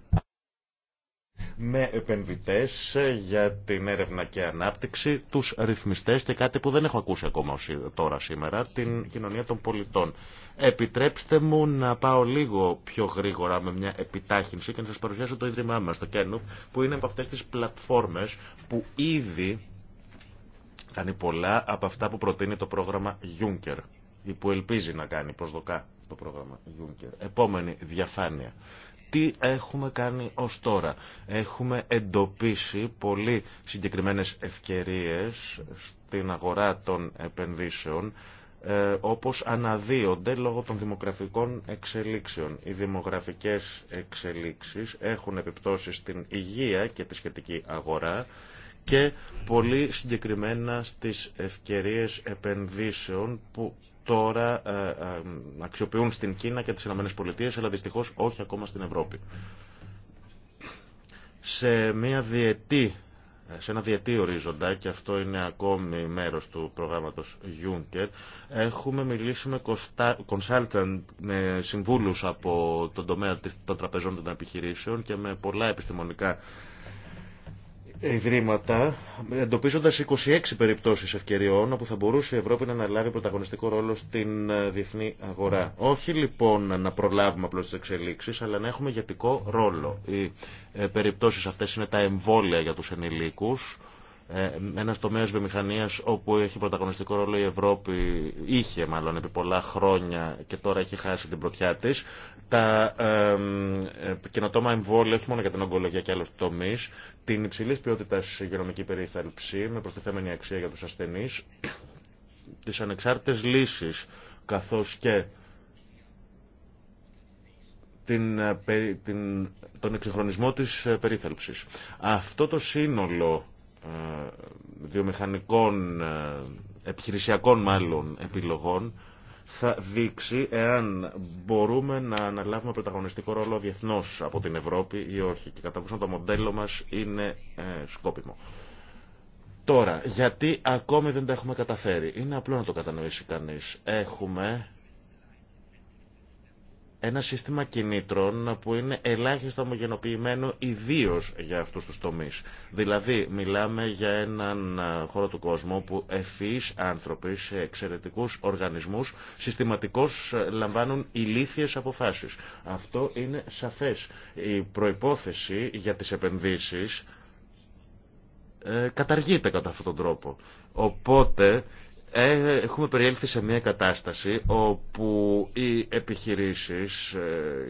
με επενδυτές για την έρευνα και ανάπτυξη, τους ρυθμιστές και κάτι που δεν έχω ακούσει ακόμα τώρα σήμερα, την κοινωνία των πολιτών. Επιτρέψτε μου να πάω λίγο πιο γρήγορα με μια επιτάχυνση και να σας παρουσιάσω το Ίδρυμά μας, το Κένουπ, που είναι από αυτές τις πλατφόρμες που ήδη κάνει πολλά από αυτά που προτείνει το πρόγραμμα Juncker ή που ελπίζει να κάνει, προσδοκά το πρόγραμμα Juncker. Επόμενη διαφάνεια. Τι έχουμε κάνει ως τώρα. Έχουμε εντοπίσει πολύ συγκεκριμένες ευκαιρίες στην αγορά των επενδύσεων ε, όπως αναδύονται λόγω των δημογραφικών εξελίξεων. Οι δημογραφικές εξελίξεις έχουν επιπτώσει στην υγεία και τη σχετική αγορά και πολύ συγκεκριμένα στις ευκαιρίες επενδύσεων που τώρα ε, ε, αξιοποιούν στην Κίνα και τις Πολιτείες αλλά δυστυχώς όχι ακόμα στην Ευρώπη. Σε, μια διετή, σε ένα διετή ορίζοντα, και αυτό είναι ακόμη μέρος του προγράμματος Juncker, έχουμε μιλήσει με consultant, με συμβούλους από τον τομέα των τραπεζών των επιχειρήσεων και με πολλά επιστημονικά ιδρύματα, εντοπίζοντα 26 περιπτώσει ευκαιριών όπου θα μπορούσε η Ευρώπη να αναλάβει πρωταγωνιστικό ρόλο στην ε, διεθνή αγορά. Όχι λοιπόν να προλάβουμε απλώ τι εξελίξει, αλλά να έχουμε ηγετικό ρόλο. Οι ε, περιπτώσει αυτέ είναι τα εμβόλια για του ενηλίκου, ε, Ένα τομέα βιομηχανία όπου έχει πρωταγωνιστικό ρόλο η Ευρώπη, είχε μάλλον επί πολλά χρόνια και τώρα έχει χάσει την πρωτιά τη. Τα ε, καινοτόμα εμβόλια, όχι μόνο για την ογκολογία και άλλου τομεί, την υψηλή ποιότητα υγειονομική περίθαλψη με προστιθέμενη αξία για του ασθενεί, τι ανεξάρτητε λύσει καθώ και την, ε, την, τον εξυγχρονισμό της ε, περίθαλψης. Αυτό το σύνολο ε, βιομηχανικών, ε, επιχειρησιακών μάλλον επιλογών θα δείξει εάν μπορούμε να αναλάβουμε πρωταγωνιστικό ρόλο διεθνώς από την Ευρώπη ή όχι και κατά το μοντέλο μας είναι ε, σκόπιμο. Τώρα, γιατί ακόμη δεν τα έχουμε καταφέρει. Είναι απλό να το κατανοήσει κανείς. Έχουμε ένα σύστημα κινήτρων που είναι ελάχιστο ομογενοποιημένο ιδίω για αυτού του τομεί. Δηλαδή μιλάμε για έναν χώρο του κόσμου που ευφυεί άνθρωποι σε εξαιρετικούς οργανισμούς συστηματικώς λαμβάνουν ηλίθιε αποφάσεις. Αυτό είναι σαφές. Η προπόθεση για τις επενδύσεις ε, καταργείται κατά αυτόν τον τρόπο. Οπότε ε, έχουμε περιέλθει σε μια κατάσταση όπου οι επιχειρήσεις,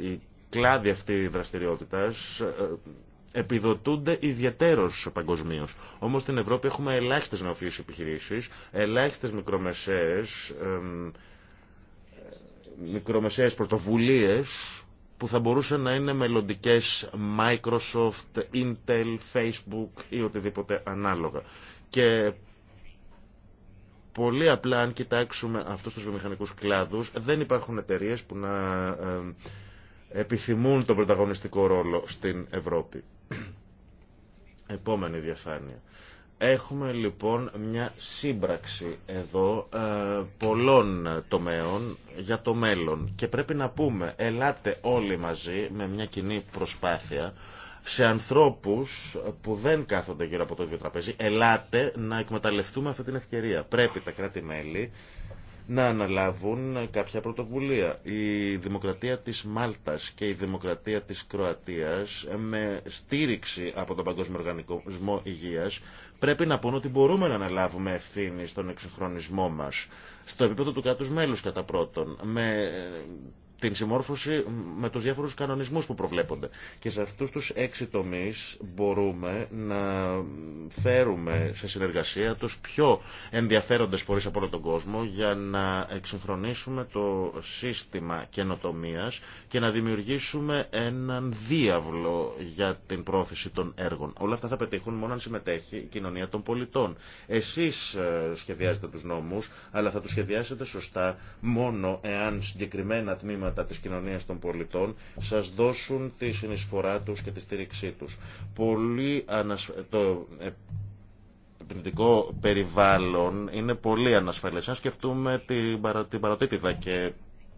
η ε, κλάδοι αυτή δραστηριότητας ε, επιδοτούνται ιδιαίτερως παγκοσμίω. Όμως στην Ευρώπη έχουμε ελάχιστε νεοφυεί επιχειρήσει, ελάχιστε μικρομεσαίε, μικρομεσαίες πρωτοβουλίες που θα μπορούσαν να είναι μελλοντικές Microsoft, Intel, Facebook ή οτιδήποτε ανάλογα. Και Πολύ απλά, αν κοιτάξουμε αυτούς τους βιομηχανικούς κλάδους, δεν υπάρχουν εταιρείες που να ε, επιθυμούν τον πρωταγωνιστικό ρόλο στην Ευρώπη. Επόμενη διαφάνεια. Έχουμε λοιπόν μια σύμπραξη εδώ ε, πολλών τομέων για το μέλλον και πρέπει να πούμε ελάτε όλοι μαζί με μια κοινή προσπάθεια σε ανθρώπους που δεν κάθονται γύρω από το ίδιο τραπέζι. Ελάτε να εκμεταλλευτούμε αυτή την ευκαιρία. Πρέπει τα κράτη-μέλη να αναλάβουν κάποια πρωτοβουλία. Η δημοκρατία της Μάλτας και η δημοκρατία της Κροατίας με στήριξη από τον Παγκόσμιο Οργανισμό Υγείας πρέπει να πούν ότι μπορούμε να αναλάβουμε ευθύνη στον εξυγχρονισμό μας στο επίπεδο του κράτους μέλους κατά πρώτον με την συμμόρφωση με τους διάφορους κανονισμούς που προβλέπονται. Και σε αυτούς τους έξι τομείς μπορούμε να φέρουμε σε συνεργασία τους πιο ενδιαφέροντες φορείς από όλο τον κόσμο για να εξυγχρονίσουμε το σύστημα καινοτομίας και να δημιουργήσουμε έναν διάβλο για την πρόθεση των έργων. Όλα αυτά θα πετύχουν μόνο αν συμμετέχει η κοινωνία των πολιτών. Εσείς ε, σχεδιάζετε τους νόμους, αλλά θα τους σχεδιάσετε σωστά μόνο εάν συγκεκριμένα τμήματα τα της κοινωνίας των πολιτών σας δώσουν τη συνεισφορά τους και τη στήριξή τους. Πολύ το επενδυτικό περιβάλλον είναι πολύ ανασφαλές. Αν σκεφτούμε την, την παρατήτηδα και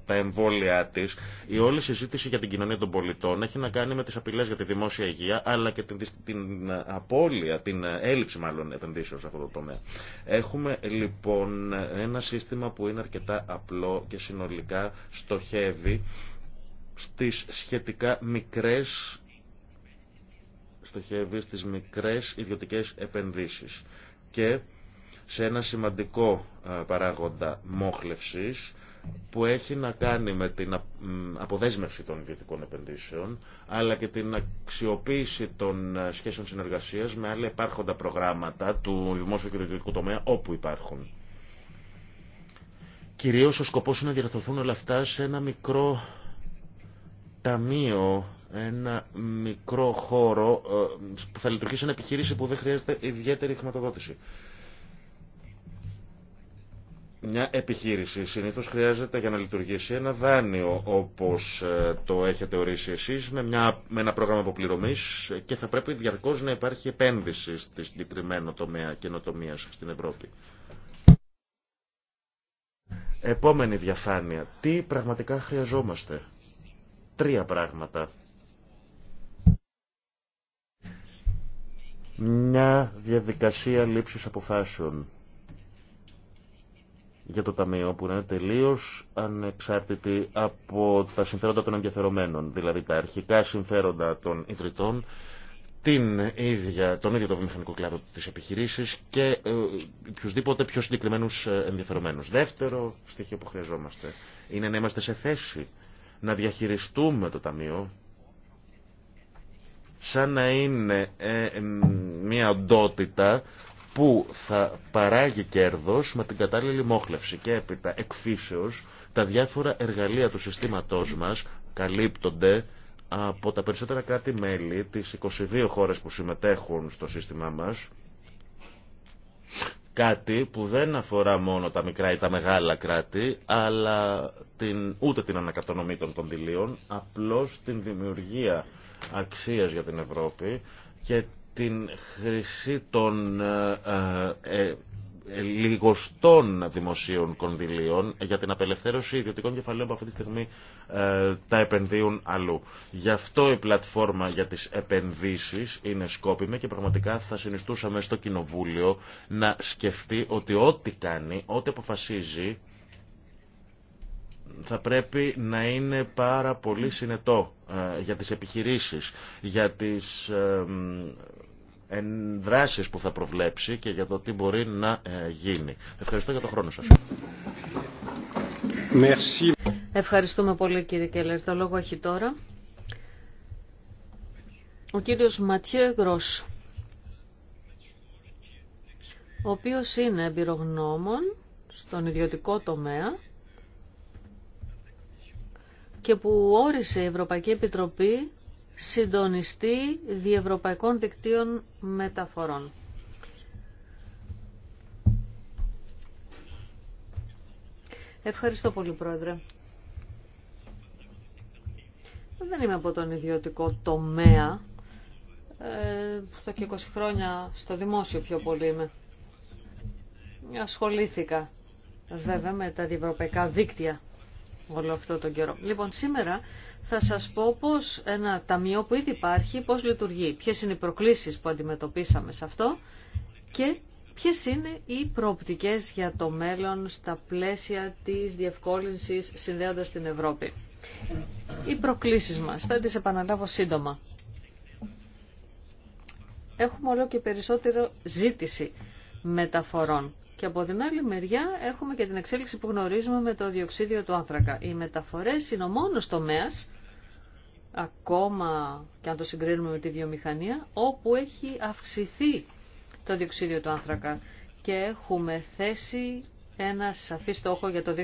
τα εμβόλια τη, η όλη συζήτηση για την κοινωνία των πολιτών έχει να κάνει με τι απειλέ για τη δημόσια υγεία, αλλά και την, την απώλεια, την έλλειψη μάλλον επενδύσεων σε αυτό το τομέα. Έχουμε λοιπόν ένα σύστημα που είναι αρκετά απλό και συνολικά στοχεύει στις σχετικά μικρές στοχεύει στις μικρές ιδιωτικές επενδύσεις και σε ένα σημαντικό παράγοντα μόχλευσης που έχει να κάνει με την αποδέσμευση των ιδιωτικών επενδύσεων αλλά και την αξιοποίηση των ε, σχέσεων συνεργασίας με άλλα υπάρχοντα προγράμματα του δημόσιου και ιδιωτικού τομέα όπου υπάρχουν. Κυρίως ο σκοπός είναι να διαρθωθούν όλα αυτά σε ένα μικρό ταμείο, ένα μικρό χώρο ε, που θα λειτουργήσει σε μια επιχείρηση που δεν χρειάζεται ιδιαίτερη χρηματοδότηση μια επιχείρηση συνήθως χρειάζεται για να λειτουργήσει ένα δάνειο όπως ε, το έχετε ορίσει εσείς με, μια, ένα πρόγραμμα αποπληρωμής ε, και θα πρέπει διαρκώς να υπάρχει επένδυση στη συγκεκριμένο τομέα καινοτομία στην Ευρώπη. Επόμενη διαφάνεια. Τι πραγματικά χρειαζόμαστε. Τρία πράγματα. Μια διαδικασία λήψης αποφάσεων για το Ταμείο που είναι τελείω ανεξάρτητη από τα συμφέροντα των ενδιαφερομένων, δηλαδή τα αρχικά συμφέροντα των ιδρυτών, την ίδια, τον ίδιο το βιομηχανικό κλάδο της επιχειρήσης και ε, πιο συγκεκριμένους ε, ενδιαφερομένους. Δεύτερο στοιχείο που χρειαζόμαστε είναι να είμαστε σε θέση να διαχειριστούμε το Ταμείο σαν να είναι ε, ε, μια οντότητα που θα παράγει κέρδος με την κατάλληλη μόχλευση και έπειτα εκφύσεως τα διάφορα εργαλεία του συστήματός μας καλύπτονται από τα περισσότερα κράτη-μέλη τις 22 χώρες που συμμετέχουν στο σύστημά μας κάτι που δεν αφορά μόνο τα μικρά ή τα μεγάλα κράτη αλλά την, ούτε την ανακατονομή των κονδυλίων απλώς την δημιουργία αξίας για την Ευρώπη την χρήση των ε, ε, ε, λιγοστών δημοσίων κονδυλίων για την απελευθέρωση ιδιωτικών κεφαλαίων που αυτή τη στιγμή τα επενδύουν αλλού. Γι' αυτό η πλατφόρμα για τις επενδύσεις είναι σκόπιμη και πραγματικά θα συνιστούσαμε στο Κοινοβούλιο να σκεφτεί ότι ό,τι κάνει, ό,τι αποφασίζει θα πρέπει να είναι πάρα πολύ συνετό για τις επιχειρήσεις, για τις ενδράσεις που θα προβλέψει και για το τι μπορεί να ε, γίνει. Ευχαριστώ για το χρόνο σας. Merci. Ευχαριστούμε πολύ κύριε Κέλλερ. Το λόγο έχει τώρα ο κύριος Ματιέ Γκρός, ο οποίος είναι εμπειρογνώμων στον ιδιωτικό τομέα και που όρισε η Ευρωπαϊκή Επιτροπή συντονιστή διευρωπαϊκών δικτύων μεταφορών. Ευχαριστώ πολύ, Πρόεδρε. Δεν είμαι από τον ιδιωτικό τομέα. Ε, και 20 χρόνια στο δημόσιο πιο πολύ είμαι. Ασχολήθηκα βέβαια με τα διευρωπαϊκά δίκτυα όλο αυτό τον καιρό. Λοιπόν, σήμερα θα σας πω πώς ένα ταμείο που ήδη υπάρχει, πώς λειτουργεί, ποιες είναι οι προκλήσεις που αντιμετωπίσαμε σε αυτό και ποιες είναι οι προοπτικές για το μέλλον στα πλαίσια της διευκόλυνσης συνδέοντας την Ευρώπη. Οι προκλήσεις μας, θα τις επαναλάβω σύντομα. Έχουμε όλο και περισσότερο ζήτηση μεταφορών και από την άλλη μεριά έχουμε και την εξέλιξη που γνωρίζουμε με το διοξίδιο του άνθρακα. Οι μεταφορές είναι ο μόνος τομέας, ακόμα και αν το συγκρίνουμε με τη βιομηχανία, όπου έχει αυξηθεί το διοξίδιο του άνθρακα και έχουμε θέσει ένα σαφή στόχο για το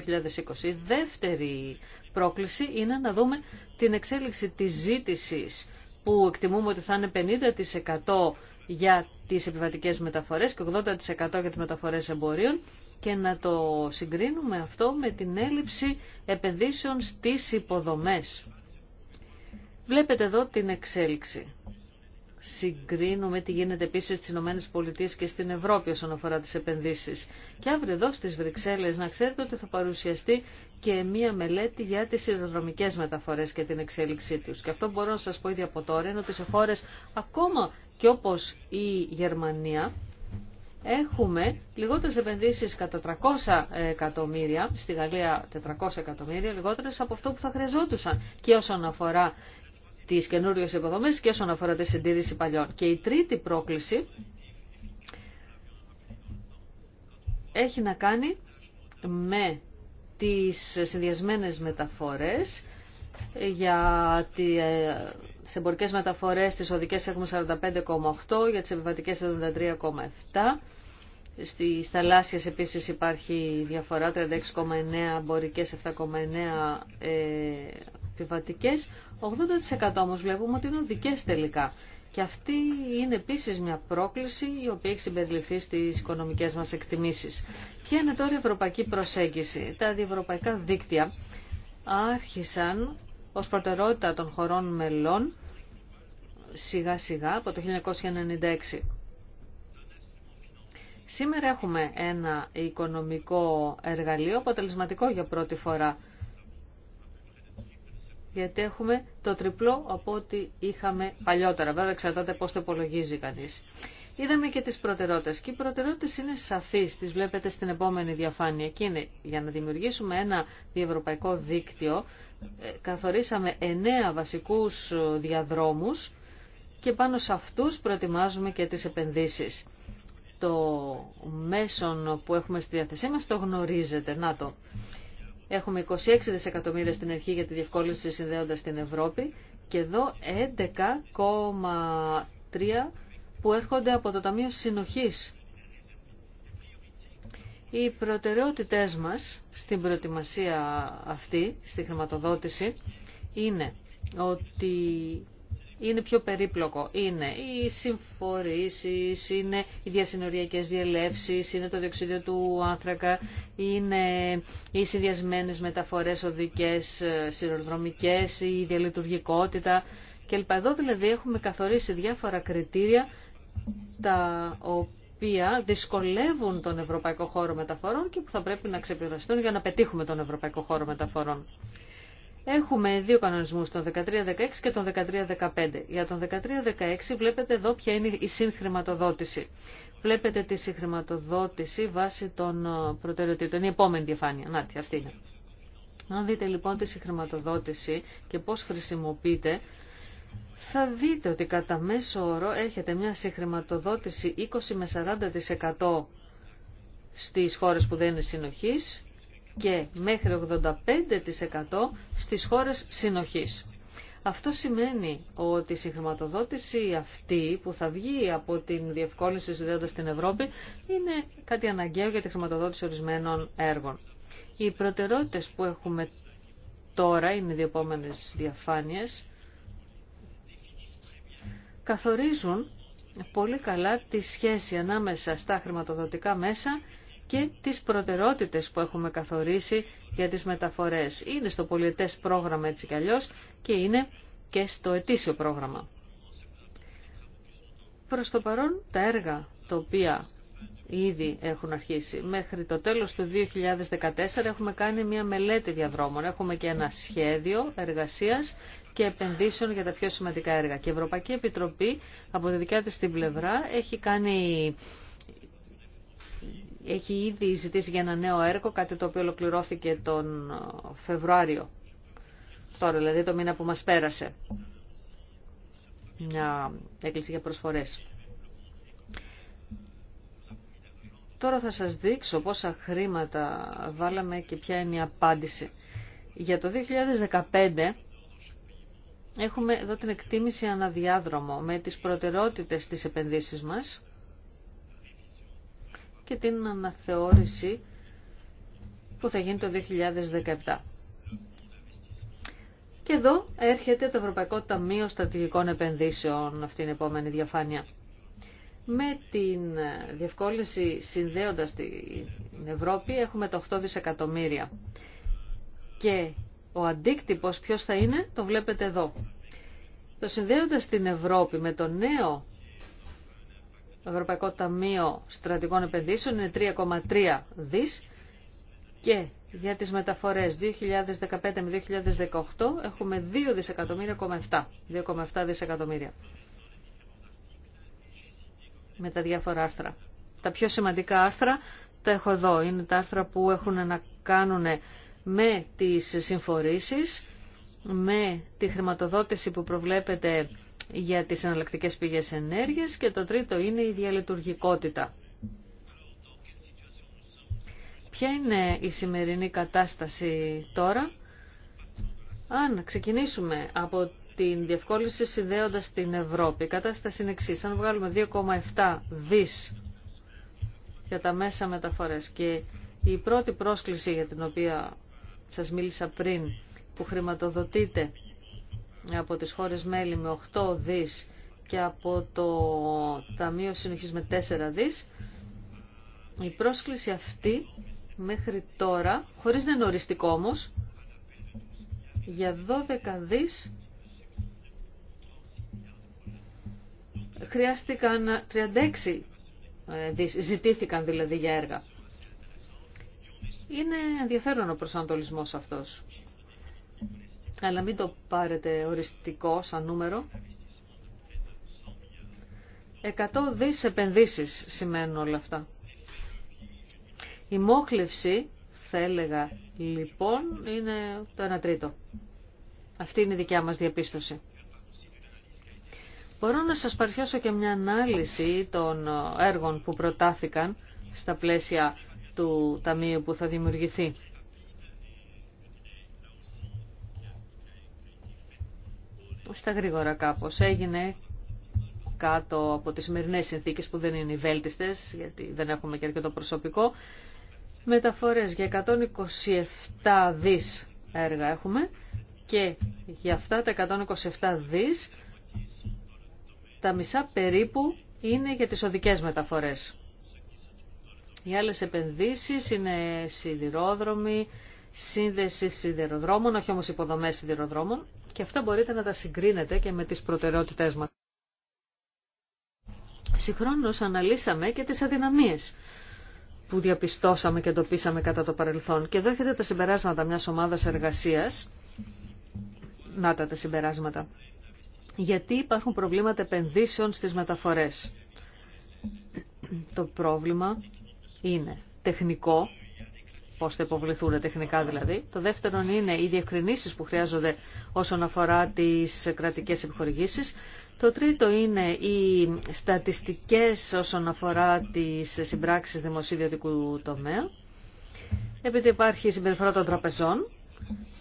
2020. Η δεύτερη πρόκληση είναι να δούμε την εξέλιξη της ζήτησης που εκτιμούμε ότι θα είναι 50% για τις επιβατικές μεταφορές και 80% για τις μεταφορές εμπορίων και να το συγκρίνουμε αυτό με την έλλειψη επενδύσεων στις υποδομές. Βλέπετε εδώ την εξέλιξη. Συγκρίνουμε τι γίνεται επίσης στις ΗΠΑ και στην Ευρώπη όσον αφορά τις επενδύσεις. Και αύριο εδώ στις Βρυξέλλες να ξέρετε ότι θα παρουσιαστεί και μία μελέτη για τις σιδηροδρομικές μεταφορές και την εξέλιξή τους. Και αυτό μπορώ να σας πω ήδη από τώρα είναι ότι σε χώρες ακόμα και όπως η Γερμανία έχουμε λιγότερες επενδύσεις κατά 300 εκατομμύρια, στη Γαλλία 400 εκατομμύρια, λιγότερες από αυτό που θα χρειαζόντουσαν και όσον αφορά τις καινούριες υποδομές και όσον αφορά τη συντήρηση παλιών. Και η τρίτη πρόκληση έχει να κάνει με τις συνδυασμένες μεταφορές. Ε, για σε εμπορικές μεταφορές τις οδικές έχουμε 45,8, για τις επιβατικές 73,7. Στις θαλάσσιες επίσης υπάρχει διαφορά 36,9 εμπορικές, 7,9 ε, επιβατικές. 80% όμως βλέπουμε ότι είναι οδικές τελικά. Και αυτή είναι επίσης μια πρόκληση η οποία έχει συμπεριληφθεί στις οικονομικές μας εκτιμήσεις. Ποια είναι τώρα η ευρωπαϊκή προσέγγιση. Τα διευρωπαϊκά δίκτυα άρχισαν ως προτεραιότητα των χωρών μελών σιγά σιγά από το 1996. Σήμερα έχουμε ένα οικονομικό εργαλείο αποτελεσματικό για πρώτη φορά γιατί έχουμε το τριπλό από ό,τι είχαμε παλιότερα. Βέβαια, εξαρτάται πώς το υπολογίζει κανείς. Είδαμε και τις προτεραιότητες και οι προτεραιότητες είναι σαφείς, τις βλέπετε στην επόμενη διαφάνεια και είναι για να δημιουργήσουμε ένα διευρωπαϊκό δίκτυο ε, καθορίσαμε εννέα βασικούς ε, διαδρόμους και πάνω σε αυτούς προετοιμάζουμε και τις επενδύσεις. Το μέσον που έχουμε στη διάθεσή μας το γνωρίζετε, να το. Έχουμε 26 δισεκατομμύρια στην αρχή για τη διευκόλυνση συνδέοντας την Ευρώπη και εδώ 11,3 που έρχονται από το Ταμείο Συνοχής. Οι προτεραιότητές μας στην προετοιμασία αυτή, στη χρηματοδότηση, είναι ότι είναι πιο περίπλοκο. Είναι οι συμφορήσεις, είναι οι διασυνοριακές διελεύσεις, είναι το διοξίδιο του άνθρακα, είναι οι συνδυασμένες μεταφορές οδικές, ε, σειροδρομικές, η διαλειτουργικότητα κλπ. Εδώ δηλαδή έχουμε καθορίσει διάφορα κριτήρια τα οποία δυσκολεύουν τον ευρωπαϊκό χώρο μεταφορών και που θα πρέπει να ξεπεραστούν για να πετύχουμε τον ευρωπαϊκό χώρο μεταφορών. Έχουμε δύο κανονισμούς, τον 1316 και τον 1315. Για τον 1316 βλέπετε εδώ ποια είναι η συγχρηματοδότηση. Βλέπετε τη συγχρηματοδότηση βάσει των ε, προτεραιοτήτων. Είναι η επόμενη διαφάνεια. Να, αυτή είναι. Αν δείτε λοιπόν τη συγχρηματοδότηση και πώς χρησιμοποιείται, θα δείτε ότι κατά μέσο όρο έχετε μια συγχρηματοδότηση 20 με 40% στις χώρες που δεν είναι συνοχής και μέχρι 85% στις χώρες συνοχής. Αυτό σημαίνει ότι η συγχρηματοδότηση αυτή που θα βγει από την διευκόλυνση συνδέοντα στην Ευρώπη είναι κάτι αναγκαίο για τη χρηματοδότηση ορισμένων έργων. Οι προτεραιότητες που έχουμε τώρα είναι οι διεπόμενες διαφάνειες καθορίζουν πολύ καλά τη σχέση ανάμεσα στα χρηματοδοτικά μέσα και τις προτεραιότητες που έχουμε καθορίσει για τις μεταφορές. Είναι στο πολιτές πρόγραμμα έτσι κι αλλιώς και είναι και στο ετήσιο πρόγραμμα. Προς το παρόν τα έργα τα οποία ήδη έχουν αρχίσει. Μέχρι το τέλος του 2014 έχουμε κάνει μια μελέτη διαδρόμων. Έχουμε και ένα σχέδιο εργασίας και επενδύσεων για τα πιο σημαντικά έργα. Και η Ευρωπαϊκή Επιτροπή από τη δικιά της την πλευρά έχει κάνει έχει ήδη ζητήσει για ένα νέο έργο, κάτι το οποίο ολοκληρώθηκε τον Φεβρουάριο. Τώρα δηλαδή το μήνα που μας πέρασε. Μια έκκληση για προσφορές. Τώρα θα σας δείξω πόσα χρήματα βάλαμε και ποια είναι η απάντηση. Για το 2015 έχουμε εδώ την εκτίμηση αναδιάδρομο με τις προτεραιότητες της επενδύσεις μας και την αναθεώρηση που θα γίνει το 2017. Και εδώ έρχεται το Ευρωπαϊκό Ταμείο Στρατηγικών Επενδύσεων, αυτή την επόμενη διαφάνεια. Με την διευκόλυνση συνδέοντας την Ευρώπη έχουμε το 8 δισεκατομμύρια. Και ο αντίκτυπος ποιος θα είναι, το βλέπετε εδώ. Το συνδέοντας την Ευρώπη με το νέο Ευρωπαϊκό Ταμείο Στρατηγών Επενδύσεων είναι 3,3 δις και για τις μεταφορές 2015 με 2018 έχουμε 2 δισεκατομμύρια, 2,7 δισεκατομμύρια με τα διάφορα άρθρα. Τα πιο σημαντικά άρθρα τα έχω εδώ. Είναι τα άρθρα που έχουν να κάνουν με τις συμφορήσεις, με τη χρηματοδότηση που προβλέπεται για τις εναλλακτικέ πηγές ενέργειας και το τρίτο είναι η διαλειτουργικότητα. Ποια είναι η σημερινή κατάσταση τώρα. Αν ξεκινήσουμε από την διευκόλυνση συνδέοντας την Ευρώπη, η κατάσταση είναι εξής. Αν βγάλουμε 2,7 δις για τα μέσα μεταφορές και η πρώτη πρόσκληση για την οποία σας μίλησα πριν που χρηματοδοτείται από τις χώρες μέλη με 8 δις και από το Ταμείο Συνοχής με 4 δις. Η πρόσκληση αυτή μέχρι τώρα, χωρίς να είναι οριστικό όμως, για 12 δις χρειάστηκαν 36 ε, δις, ζητήθηκαν δηλαδή για έργα. Είναι ενδιαφέρον ο προσανατολισμός αυτός αλλά μην το πάρετε οριστικό σαν νούμερο. Εκατό δις επενδύσεις σημαίνουν όλα αυτά. Η μόχλευση, θα έλεγα λοιπόν, είναι το 1 τρίτο. Αυτή είναι η δικιά μας διαπίστωση. Μπορώ να σας παρθιώσω και μια ανάλυση των έργων που προτάθηκαν στα πλαίσια του ταμείου που θα δημιουργηθεί. στα γρήγορα κάπως. Έγινε κάτω από τις σημερινέ συνθήκες που δεν είναι οι βέλτιστες, γιατί δεν έχουμε και αρκετό προσωπικό. Μεταφορές για 127 δις έργα έχουμε και για αυτά τα 127 δις τα μισά περίπου είναι για τις οδικές μεταφορές. Οι άλλες επενδύσεις είναι σιδηρόδρομοι, σύνδεση σιδηροδρόμων, όχι όμως υποδομές σιδηροδρόμων και αυτά μπορείτε να τα συγκρίνετε και με τις προτεραιότητές μας. Συγχρόνως αναλύσαμε και τις αδυναμίες που διαπιστώσαμε και εντοπίσαμε κατά το παρελθόν. Και εδώ έχετε τα συμπεράσματα μιας ομάδας εργασίας. Να τα τα συμπεράσματα. Γιατί υπάρχουν προβλήματα επενδύσεων στις μεταφορές. Το πρόβλημα είναι τεχνικό πώ θα υποβληθούν τεχνικά δηλαδή. Το δεύτερο είναι οι διευκρινήσει που χρειάζονται όσον αφορά τις κρατικές επιχορηγήσεις. Το τρίτο είναι οι στατιστικές όσον αφορά τις συμπράξεις δημοσίδιωτικού τομέα. Επειδή υπάρχει η συμπεριφορά των τραπεζών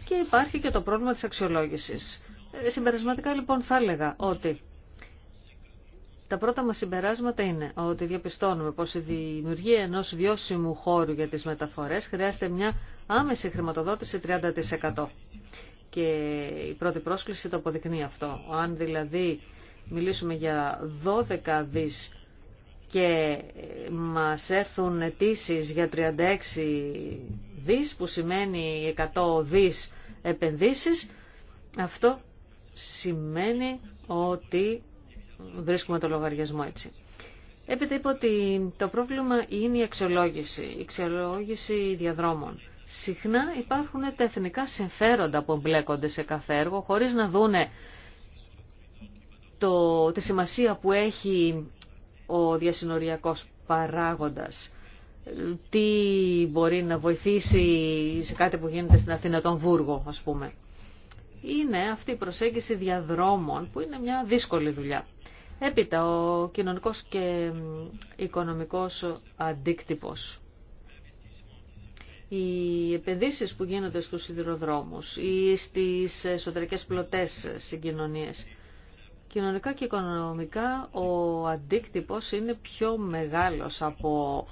και υπάρχει και το πρόβλημα της αξιολόγησης. Ε, συμπερασματικά λοιπόν θα έλεγα ότι τα πρώτα μας συμπεράσματα είναι ότι διαπιστώνουμε πως η δημιουργία ενός βιώσιμου χώρου για τις μεταφορές χρειάζεται μια άμεση χρηματοδότηση 30%. Και η πρώτη πρόσκληση το αποδεικνύει αυτό. Αν δηλαδή μιλήσουμε για 12 δις και μας έρθουν αιτήσει για 36 δις που σημαίνει 100 δις επενδύσεις αυτό σημαίνει ότι βρίσκουμε το λογαριασμό έτσι. Έπειτα είπα ότι το πρόβλημα είναι η αξιολόγηση, η αξιολόγηση διαδρόμων. Συχνά υπάρχουν τα εθνικά συμφέροντα που εμπλέκονται σε κάθε έργο, χωρίς να δούνε το, τη σημασία που έχει ο διασυνοριακός παράγοντας. Τι μπορεί να βοηθήσει σε κάτι που γίνεται στην Αθήνα τον Βούργο, ας πούμε. Είναι αυτή η προσέγγιση διαδρόμων που είναι μια δύσκολη δουλειά. Έπειτα, ο κοινωνικός και οικονομικός αντίκτυπος. Οι επενδύσεις που γίνονται στους σιδηροδρόμους ή στις εσωτερικές πλωτές συγκοινωνίες. Κοινωνικά και οικονομικά ο αντίκτυπος είναι πιο μεγάλος από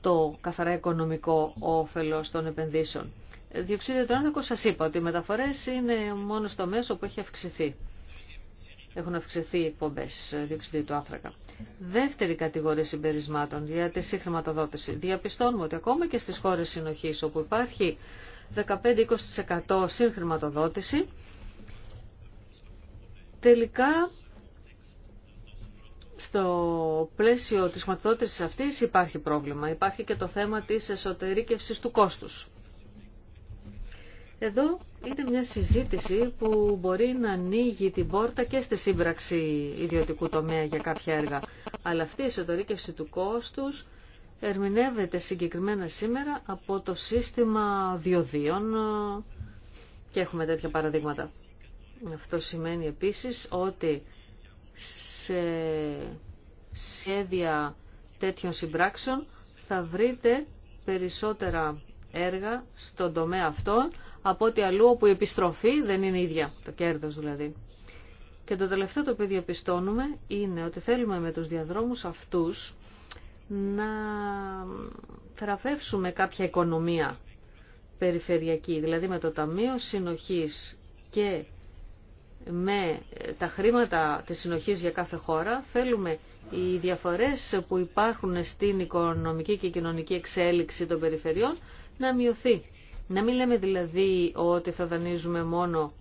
το καθαρά οικονομικό όφελος των επενδύσεων. Διοξίδιο του άνθρακα σας είπα ότι οι μεταφορές είναι μόνο στο μέσο που έχει αυξηθεί έχουν αυξηθεί οι εκπομπέ ε, διοξιδίου του άνθρακα. Δεύτερη κατηγορία συμπερισμάτων για τη συγχρηματοδότηση. Διαπιστώνουμε ότι ακόμα και στι χώρε συνοχή όπου υπάρχει 15-20% συγχρηματοδότηση, τελικά στο πλαίσιο της χρηματοδότησης αυτής υπάρχει πρόβλημα. Υπάρχει και το θέμα της εσωτερήκευσης του κόστους. Εδώ είναι μια συζήτηση που μπορεί να ανοίγει την πόρτα και στη σύμπραξη ιδιωτικού τομέα για κάποια έργα. Αλλά αυτή η εσωτερήκευση του κόστους ερμηνεύεται συγκεκριμένα σήμερα από το σύστημα διοδίων ε, και έχουμε τέτοια παραδείγματα. Αυτό σημαίνει επίσης ότι σε σχέδια τέτοιων συμπράξεων θα βρείτε περισσότερα έργα στον τομέα αυτόν από ό,τι αλλού όπου η επιστροφή δεν είναι ίδια, το κέρδος δηλαδή. Και το τελευταίο το οποίο διαπιστώνουμε είναι ότι θέλουμε με τους διαδρόμους αυτούς να θεραπεύσουμε κάποια οικονομία περιφερειακή, δηλαδή με το Ταμείο Συνοχής και με τα χρήματα της συνοχής για κάθε χώρα θέλουμε οι διαφορές που υπάρχουν στην οικονομική και κοινωνική εξέλιξη των περιφερειών να μειωθεί. Να μην λέμε δηλαδή ότι θα δανείζουμε μόνο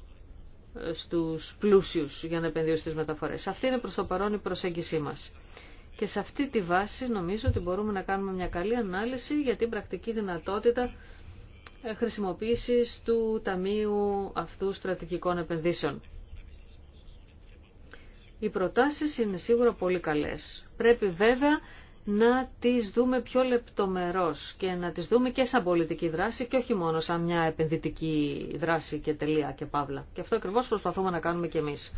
ε, στους πλούσιους για να επενδύσουμε στις μεταφορές. Αυτή είναι προς το παρόν η προσέγγισή μας. Και σε αυτή τη βάση νομίζω ότι μπορούμε να κάνουμε μια καλή ανάλυση για την πρακτική δυνατότητα ε, χρησιμοποίησης του Ταμείου Αυτού Στρατηγικών Επενδύσεων. Οι προτάσεις είναι σίγουρα πολύ καλές. Πρέπει βέβαια να τις δούμε πιο λεπτομερώς και να τις δούμε και σαν πολιτική δράση και όχι μόνο σαν μια επενδυτική δράση και τελεία και παύλα. Και αυτό ακριβώς προσπαθούμε να κάνουμε και εμείς.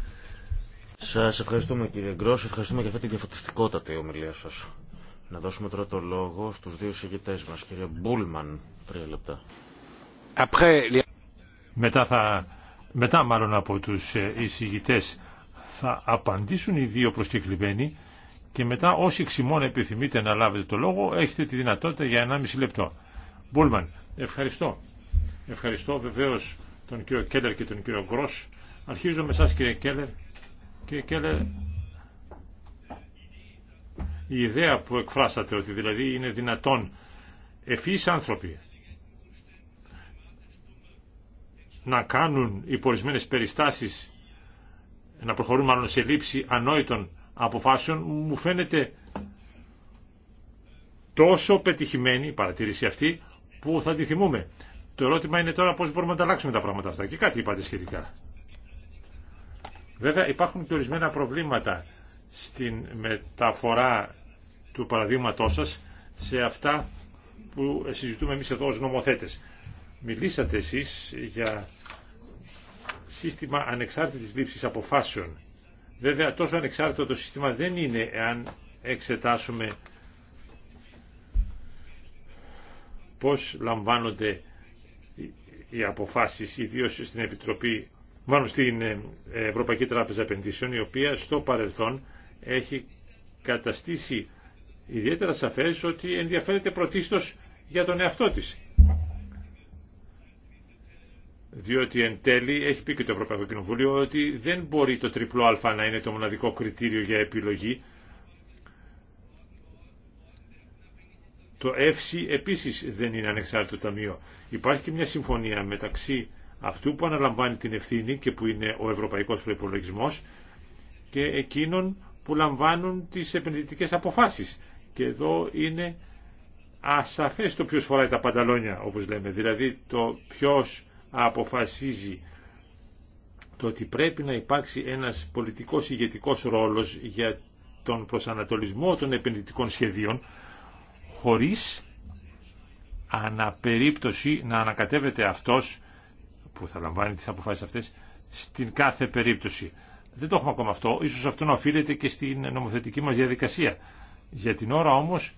Σας ευχαριστούμε κύριε Γκρός, ευχαριστούμε για αυτή την διαφωτιστικότατη ομιλία σας. Να δώσουμε τώρα το λόγο στους δύο συγκητές μας, κύριε Μπούλμαν, τρία λεπτά. Μετά, μετά μάλλον από τους ε, εισηγητές θα απαντήσουν οι δύο προσκεκλημένοι και μετά όσοι ξημών επιθυμείτε να λάβετε το λόγο έχετε τη δυνατότητα για 1,5 λεπτό. Μπούλμαν, ευχαριστώ. Ευχαριστώ βεβαίως τον κύριο Κέλλερ και τον κύριο Γκρό. Αρχίζω με εσά κύριε Κέλλερ. Κύριε Κέλλερ, η ιδέα που εκφράσατε ότι δηλαδή είναι δυνατόν ευφύς άνθρωποι να κάνουν υπορισμένες περιστάσεις να προχωρούν μάλλον σε λήψη ανόητων αποφάσεων μου φαίνεται τόσο πετυχημένη η παρατήρηση αυτή που θα τη θυμούμε. Το ερώτημα είναι τώρα πώς μπορούμε να αλλάξουμε τα πράγματα αυτά και κάτι είπατε σχετικά. Βέβαια υπάρχουν και ορισμένα προβλήματα στην μεταφορά του παραδείγματός σας σε αυτά που συζητούμε εμείς εδώ ως νομοθέτες. Μιλήσατε εσείς για σύστημα ανεξάρτητης λήψης αποφάσεων Βέβαια τόσο ανεξάρτητο το σύστημα δεν είναι εάν εξετάσουμε πώς λαμβάνονται οι αποφάσεις, ιδίως στην Επιτροπή, μάλλον στην ε, Ευρωπαϊκή Τράπεζα Επενδύσεων, η οποία στο παρελθόν έχει καταστήσει ιδιαίτερα σαφές ότι ενδιαφέρεται πρωτίστως για τον εαυτό της διότι εν τέλει έχει πει και το Ευρωπαϊκό Κοινοβούλιο ότι δεν μπορεί το τριπλό α να είναι το μοναδικό κριτήριο για επιλογή. Το ΕΦΣΙ επίσης δεν είναι ανεξάρτητο ταμείο. Υπάρχει και μια συμφωνία μεταξύ αυτού που αναλαμβάνει την ευθύνη και που είναι ο Ευρωπαϊκός προπολογισμό και εκείνων που λαμβάνουν τις επενδυτικές αποφάσεις. Και εδώ είναι ασαφές το ποιος φοράει τα πανταλόνια, όπως λέμε. Δηλαδή το ποιος αποφασίζει το ότι πρέπει να υπάρξει ένας πολιτικός ηγετικός ρόλος για τον προσανατολισμό των επενδυτικών σχεδίων χωρίς αναπερίπτωση να ανακατεύεται αυτός που θα λαμβάνει τις αποφάσεις αυτές στην κάθε περίπτωση. Δεν το έχουμε ακόμα αυτό, ίσως αυτό να οφείλεται και στην νομοθετική μας διαδικασία. Για την ώρα όμως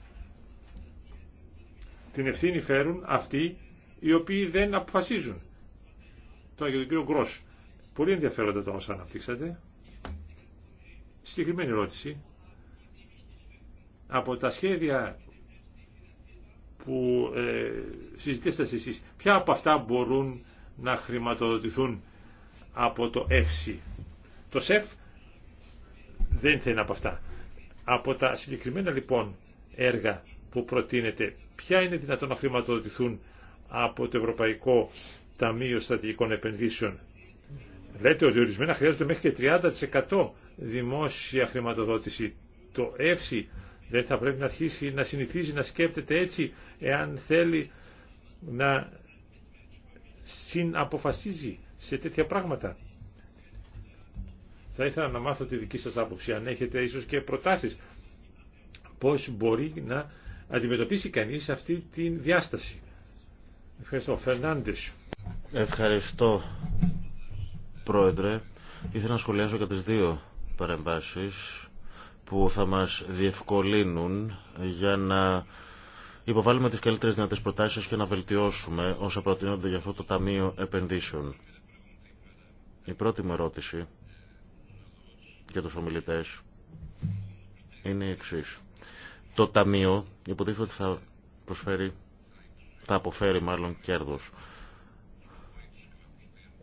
την ευθύνη φέρουν αυτοί οι οποίοι δεν αποφασίζουν. Τώρα για τον κύριο Γκρός. Πολύ ενδιαφέροντα τα όσα αναπτύξατε. Συγκεκριμένη ερώτηση. Από τα σχέδια που ε, συζητήσατε εσείς, ποια από αυτά μπορούν να χρηματοδοτηθούν από το ΕΦΣΥ. Το ΣΕΦ δεν θέλει από αυτά. Από τα συγκεκριμένα λοιπόν έργα που προτείνετε, ποια είναι δυνατόν να χρηματοδοτηθούν από το Ευρωπαϊκό Ταμείο Στρατηγικών Επενδύσεων. Λέτε ότι ορισμένα χρειάζονται μέχρι και 30% δημόσια χρηματοδότηση. Το ΕΦΣΥ δεν θα πρέπει να αρχίσει να συνηθίζει να σκέπτεται έτσι εάν θέλει να συναποφασίζει σε τέτοια πράγματα. Θα ήθελα να μάθω τη δική σας άποψη, αν έχετε ίσως και προτάσεις, πώς μπορεί να αντιμετωπίσει κανείς αυτή τη διάσταση. Ευχαριστώ. Φερνάντες. Ευχαριστώ, Πρόεδρε. Ήθελα να σχολιάσω για τις δύο παρεμβάσεις που θα μας διευκολύνουν για να υποβάλουμε τις καλύτερες δυνατές προτάσεις και να βελτιώσουμε όσα προτείνονται για αυτό το Ταμείο Επενδύσεων. Η πρώτη μου ερώτηση για τους ομιλητές είναι η εξής. Το Ταμείο υποτίθεται ότι θα προσφέρει, θα αποφέρει μάλλον κέρδος.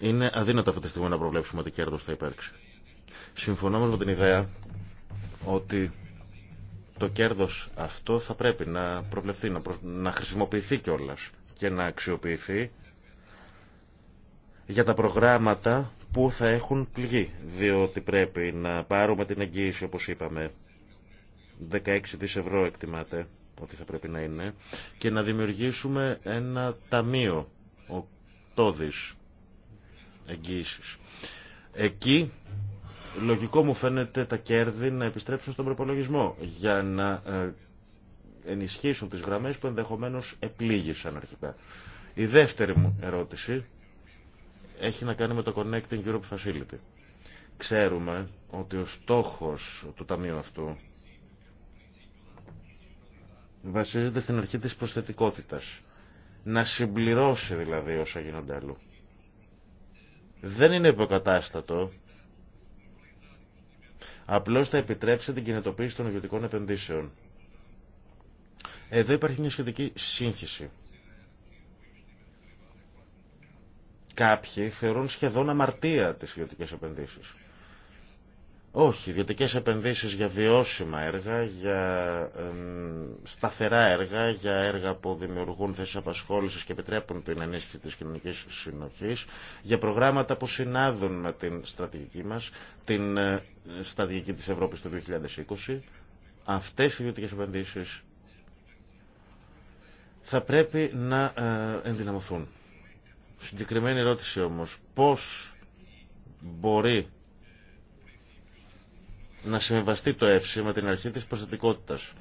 Είναι αδύνατο αυτή τη στιγμή να προβλέψουμε ότι κέρδο θα υπάρξει. Συμφωνώ με την ιδέα ότι το κέρδο αυτό θα πρέπει να προβλεφθεί, να, προ... να χρησιμοποιηθεί κιόλα και να αξιοποιηθεί για τα προγράμματα που θα έχουν πληγεί. Διότι πρέπει να πάρουμε την εγγύηση, όπως είπαμε, 16 δις ευρώ εκτιμάται ότι θα πρέπει να είναι, και να δημιουργήσουμε ένα ταμείο, 8 εγγύησης. Εκεί λογικό μου φαίνεται τα κέρδη να επιστρέψουν στον προπολογισμό για να ε, ενισχύσουν τις γραμμές που ενδεχομένως επλήγησαν αρχικά. Η δεύτερη μου ερώτηση έχει να κάνει με το Connecting Europe Facility. Ξέρουμε ότι ο στόχος του ταμείου αυτού βασίζεται στην αρχή της προσθετικότητας. Να συμπληρώσει δηλαδή όσα γίνονται αλλού δεν είναι υποκατάστατο. Απλώς θα επιτρέψει την κινητοποίηση των ιδιωτικών επενδύσεων. Εδώ υπάρχει μια σχετική σύγχυση. Κάποιοι θεωρούν σχεδόν αμαρτία τις ιδιωτικές επενδύσεις. Όχι, ιδιωτικέ επενδύσει για βιώσιμα έργα, για σταθερά έργα, για έργα που δημιουργούν θέσει απασχόληση και επιτρέπουν την ενίσχυση τη κοινωνική συνοχή, για προγράμματα που συνάδουν με την στρατηγική μα, την ε, στρατηγική τη Ευρώπη του 2020. Αυτέ οι ιδιωτικέ επενδύσει θα πρέπει να ε, ενδυναμωθούν. Συγκεκριμένη ερώτηση όμω, πώ μπορεί να συμβαστεί το ΕΦΣΙ με την αρχή της προστατικότητας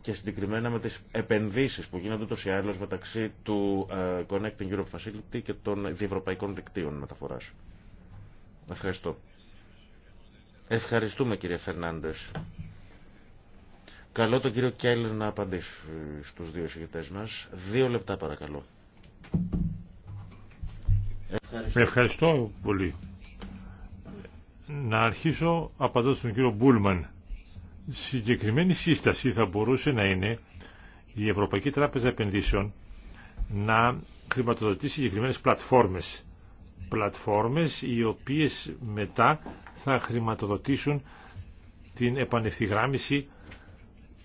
και συγκεκριμένα με τις επενδύσεις που γίνονται ούτως ή άλλως μεταξύ του ε, Connecting Europe Facility και των διευρωπαϊκών δικτύων μεταφοράς. Ευχαριστώ. Ευχαριστούμε κύριε Φερνάντες. Καλό τον κύριο Κέλλη να απαντήσει στους δύο συγκεκριτές μας. Δύο λεπτά παρακαλώ. Ευχαριστώ, Ευχαριστώ πολύ. Να αρχίσω απαντώντας στον κύριο Μπούλμαν. Συγκεκριμένη σύσταση θα μπορούσε να είναι η Ευρωπαϊκή Τράπεζα Επενδύσεων να χρηματοδοτήσει συγκεκριμένες πλατφόρμες. Πλατφόρμες οι οποίες μετά θα χρηματοδοτήσουν την επανευθυγράμμιση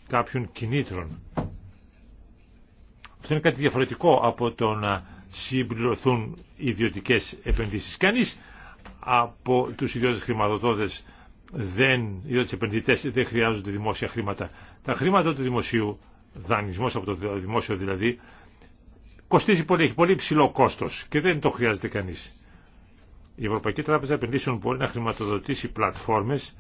κάποιων κινήτρων. Αυτό είναι κάτι διαφορετικό από το να συμπληρωθούν ιδιωτικές επενδύσεις. Κανείς από τους ιδιώτες χρηματοδότες δεν, ιδιώτες επενδυτές δεν χρειάζονται δημόσια χρήματα. Τα χρήματα του δημοσίου, δανεισμός από το δημόσιο δηλαδή, κοστίζει πολύ, έχει πολύ ψηλό κόστος και δεν το χρειάζεται κανείς. Η Ευρωπαϊκή Τράπεζα Επενδύσεων μπορεί να χρηματοδοτήσει πλατφόρμες,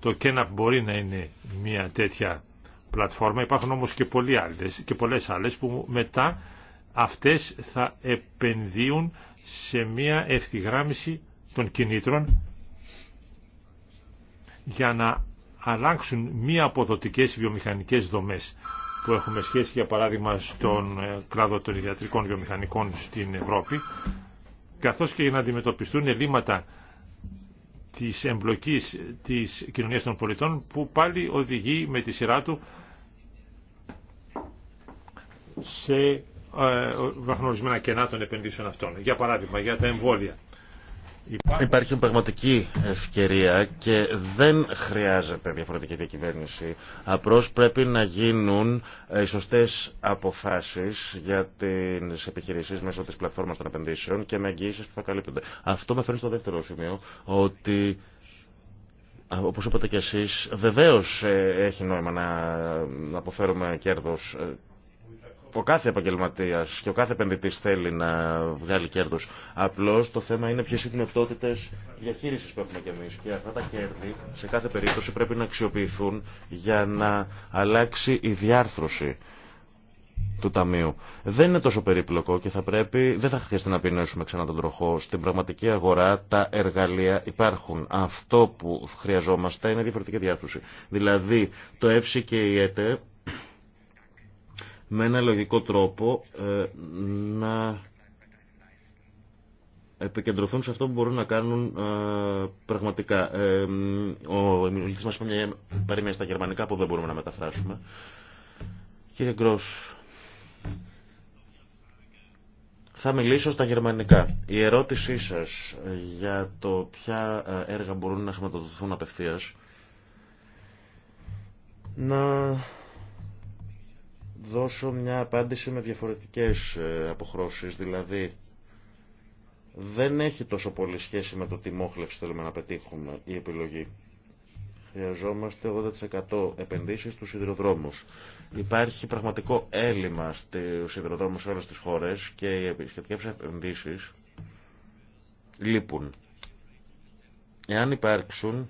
το KENAP μπορεί να είναι μια τέτοια πλατφόρμα, υπάρχουν όμως και, πολλοί άλλες, και πολλές άλλες που μετά αυτές θα επενδύουν σε μια ευθυγράμμιση των κινήτρων για να αλλάξουν μη αποδοτικές βιομηχανικές δομές που έχουμε σχέση για παράδειγμα στον ε, κλάδο των ιδιατρικών βιομηχανικών στην Ευρώπη καθώς και για να αντιμετωπιστούν ελλείμματα της εμπλοκής της κοινωνίας των πολιτών που πάλι οδηγεί με τη σειρά του σε ε, βαχνορισμένα κενά των επενδύσεων αυτών. Για παράδειγμα, για τα εμβόλια. Υπάρχει πραγματική ευκαιρία και δεν χρειάζεται διαφορετική διακυβέρνηση. Απρός πρέπει να γίνουν ε, οι σωστές αποφάσεις για τις επιχειρήσεις μέσω της πλατφόρμας των επενδύσεων και με εγγυήσει που θα καλύπτονται. Αυτό με φέρνει στο δεύτερο σημείο, ότι όπως είπατε κι εσείς, βεβαίως ε, έχει νόημα να αποφέρουμε κέρδος ο κάθε επαγγελματία και ο κάθε επενδυτή θέλει να βγάλει κέρδο. Απλώ το θέμα είναι ποιε είναι οι δυνατότητε διαχείριση που έχουμε κι εμεί. Και αυτά τα κέρδη σε κάθε περίπτωση πρέπει να αξιοποιηθούν για να αλλάξει η διάρθρωση του Ταμείου. Δεν είναι τόσο περίπλοκο και θα πρέπει, δεν θα χρειαστεί να πεινώσουμε ξανά τον τροχό. Στην πραγματική αγορά τα εργαλεία υπάρχουν. Αυτό που χρειαζόμαστε είναι διαφορετική διάρθρωση. Δηλαδή το ΕΦΣΙ και η ΕΤΕ με ένα λογικό τρόπο ε, να επικεντρωθούν σε αυτό που μπορούν να κάνουν ε, πραγματικά. Ε, ο Εμιλητής μας είπε μια στα γερμανικά που δεν μπορούμε να μεταφράσουμε. Κύριε Γκρός, θα μιλήσω στα γερμανικά. Η ερώτησή σας για το ποια ε, έργα μπορούν να χρηματοδοθούν απευθείας να δώσω μια απάντηση με διαφορετικές ε, αποχρώσεις, δηλαδή δεν έχει τόσο πολύ σχέση με το τι μόχλευση θέλουμε να πετύχουμε η επιλογή. Χρειαζόμαστε 80% επενδύσεις στους σιδηροδρόμους. Υπάρχει πραγματικό έλλειμμα στους σιδηροδρόμους σε όλες τις χώρες και οι σχετικές επενδύσεις λείπουν. Εάν υπάρξουν,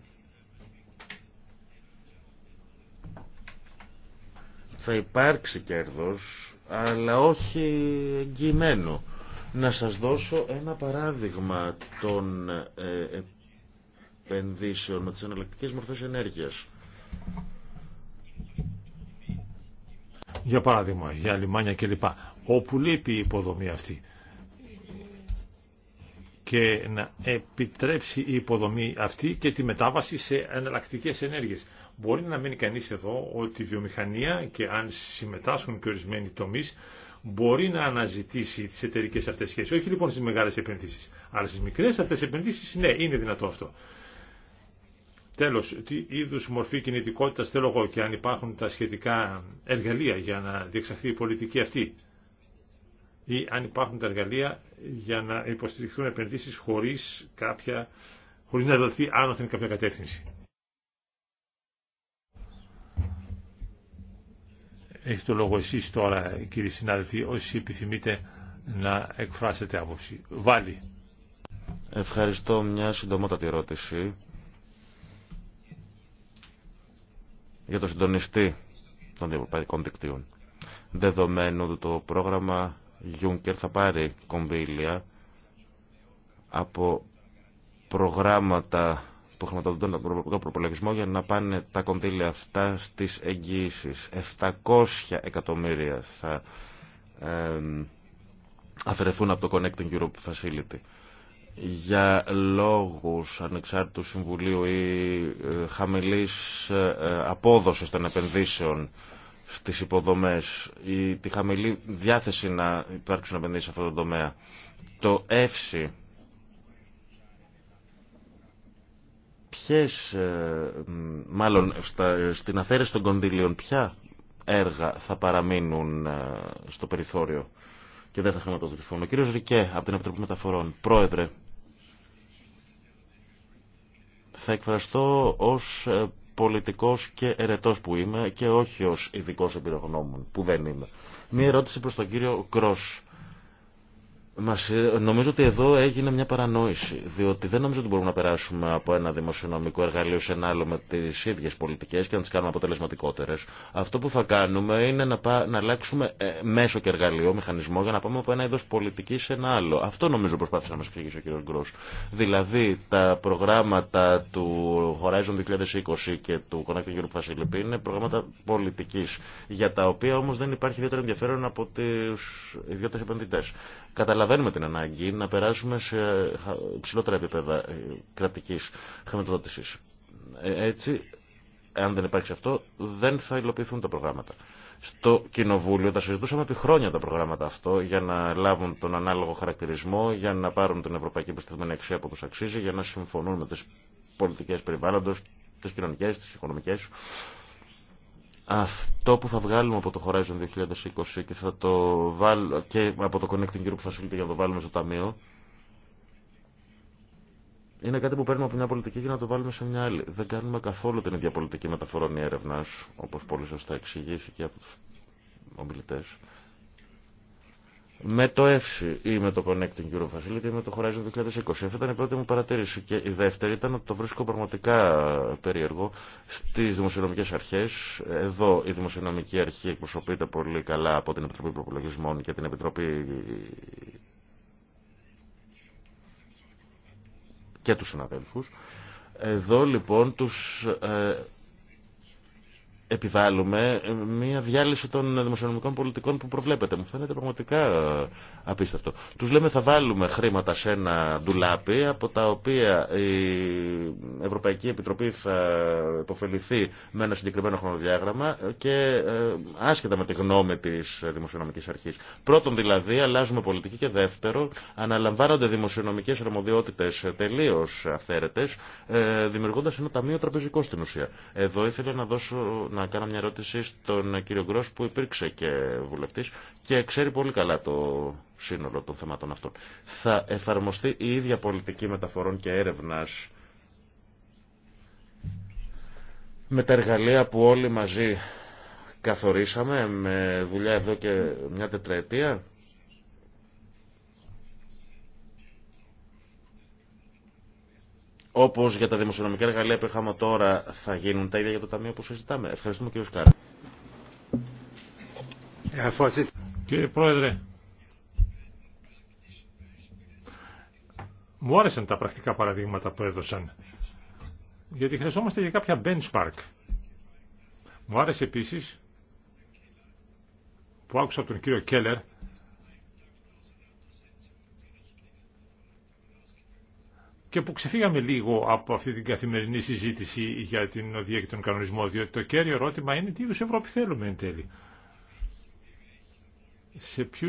Θα υπάρξει κέρδος, αλλά όχι εγγυημένο. Να σας δώσω ένα παράδειγμα των ε, επενδύσεων με τις εναλλακτικές μορφές ενέργειας. Για παράδειγμα, για λιμάνια κλπ. Όπου λείπει η υποδομή αυτή και να επιτρέψει η υποδομή αυτή και τη μετάβαση σε εναλλακτικές ενέργειες. Μπορεί να μείνει κανείς εδώ ότι η βιομηχανία και αν συμμετάσχουν και ορισμένοι τομείς μπορεί να αναζητήσει τις εταιρικές αυτές σχέσεις. Όχι λοιπόν στις μεγάλες επενδύσεις, αλλά στις μικρές αυτές επενδύσεις ναι, είναι δυνατό αυτό. Τέλος, τι είδους μορφή κινητικότητας θέλω εγώ και αν υπάρχουν τα σχετικά εργαλεία για να διεξαχθεί η πολιτική αυτή ή αν υπάρχουν τα εργαλεία για να υποστηριχθούν επενδύσεις χωρίς, κάποια, χωρίς να δοθεί άνωθεν κάποια κατεύθυνση. Έχει το λόγο εσείς τώρα κύριοι συνάδελφοι όσοι επιθυμείτε να εκφράσετε άποψη. Βάλει. Ευχαριστώ. Μια συντομότατη ερώτηση. Για το συντονιστή των διευρωπαϊκών δικτύων. Δεδομένου ότι το πρόγραμμα Juncker θα πάρει κονδύλια από προγράμματα που χρηματοδοτούν τον Ευρωπαϊκό Προπολογισμό για να πάνε τα κονδύλια αυτά στις εγγύησεις. 700 εκατομμύρια θα αφαιρεθούν από το Connecting Europe Facility. Για λόγους ανεξάρτητου συμβουλίου ή ε, χαμηλής ε, απόδοσης των επενδύσεων στις υποδομές ή τη χαμηλή διάθεση να υπάρξουν επενδύσεις σε αυτό το τομέα. Το εύση... ποιες, ε, μάλλον στην αθαίρεση των κονδύλιων, ποια έργα θα παραμείνουν ε, στο περιθώριο και δεν θα χρηματοδοτηθούν. Ο κύριος Ρικέ από την Επιτροπή Μεταφορών, πρόεδρε, θα εκφραστώ ως ε, πολιτικός και ερετός που είμαι και όχι ως ειδικός εμπειρογνώμων που δεν είμαι. Μία ερώτηση προς τον κύριο Κρός. Μας, ε, νομίζω ότι εδώ έγινε μια παρανόηση, διότι δεν νομίζω ότι μπορούμε να περάσουμε από ένα δημοσιονομικό εργαλείο σε ένα άλλο με τις ίδιες πολιτικές και να τις κάνουμε αποτελεσματικότερες. Αυτό που θα κάνουμε είναι να, πά, να αλλάξουμε ε, μέσο και εργαλείο, μηχανισμό, για να πάμε από ένα είδος πολιτική σε ένα άλλο. Αυτό νομίζω προσπάθησε να μας εξηγήσει ο κ. Γκρός. Δηλαδή τα προγράμματα του Horizon 2020 και του Connecting Europe Facility είναι προγράμματα πολιτικής, για τα οποία όμω δεν υπάρχει ιδιαίτερο ενδιαφέρον από του ιδιώτες επενδυτές καταλαβαίνουμε την ανάγκη να περάσουμε σε ψηλότερα επίπεδα ε, κρατική χρηματοδότησης. Ε, έτσι, αν δεν υπάρξει αυτό, δεν θα υλοποιηθούν τα προγράμματα. Στο Κοινοβούλιο τα συζητούσαμε επί χρόνια τα προγράμματα αυτό για να λάβουν τον ανάλογο χαρακτηρισμό, για να πάρουν την ευρωπαϊκή προστιθμένη αξία που τους αξίζει, για να συμφωνούν με τις πολιτικές περιβάλλοντος, τις κοινωνικές, τις οικονομικές αυτό που θα βγάλουμε από το Horizon 2020 και, θα το βάλ, και από το Connecting Group Facility για να το βάλουμε στο ταμείο, είναι κάτι που παίρνουμε από μια πολιτική για να το βάλουμε σε μια άλλη. Δεν κάνουμε καθόλου την ίδια πολιτική μεταφορών ή έρευνα, όπω πολύ σωστά εξηγήθηκε από του ομιλητέ με το EFSI ή με το Connecting Euro Facility ή με το Horizon 2020. Αυτή ήταν η πρώτη μου παρατήρηση και η δεύτερη ήταν ότι το βρίσκω πραγματικά περίεργο στις δημοσιονομικές αρχές. Εδώ η δημοσιονομική αρχή εκπροσωπείται πολύ καλά από την Επιτροπή Προπολογισμών και την Επιτροπή και του συναδέλφους. Εδώ λοιπόν τους ε, επιβάλλουμε ε, μια διάλυση των δημοσιονομικών πολιτικών που προβλέπετε. Μου φαίνεται πραγματικά ε, απίστευτο. Του λέμε θα βάλουμε χρήματα σε ένα ντουλάπι από τα οποία η Ευρωπαϊκή Επιτροπή θα υποφεληθεί με ένα συγκεκριμένο χρονοδιάγραμμα και ε, άσχετα με τη γνώμη τη δημοσιονομική αρχή. Πρώτον δηλαδή αλλάζουμε πολιτική και δεύτερον αναλαμβάνονται δημοσιονομικές αρμοδιότητες τελείω αυθαίρετε δημιουργώντα ένα ταμείο τραπεζικό στην ουσία. Εδώ ήθελα να δώσω να κάνω μια ερώτηση στον κύριο Γκρός που υπήρξε και βουλευτής και ξέρει πολύ καλά το σύνολο των θεμάτων αυτών. Θα εφαρμοστεί η ίδια πολιτική μεταφορών και έρευνας με τα εργαλεία που όλοι μαζί καθορίσαμε με δουλειά εδώ και μια τετραετία Όπω για τα δημοσιονομικά εργαλεία που είχαμε τώρα, θα γίνουν τα ίδια για το ταμείο που συζητάμε. Ευχαριστούμε, κύριο Σκάρα. Κύριε Πρόεδρε, μου άρεσαν τα πρακτικά παραδείγματα που έδωσαν. Γιατί χρειαζόμαστε για κάποια benchmark. Μου άρεσε επίσης που άκουσα από τον κύριο Κέλλερ και που ξεφύγαμε λίγο από αυτή την καθημερινή συζήτηση για την οδηγία και τον κανονισμό, διότι το κέριο ερώτημα είναι τι είδου Ευρώπη θέλουμε εν τέλει. Σε ποιου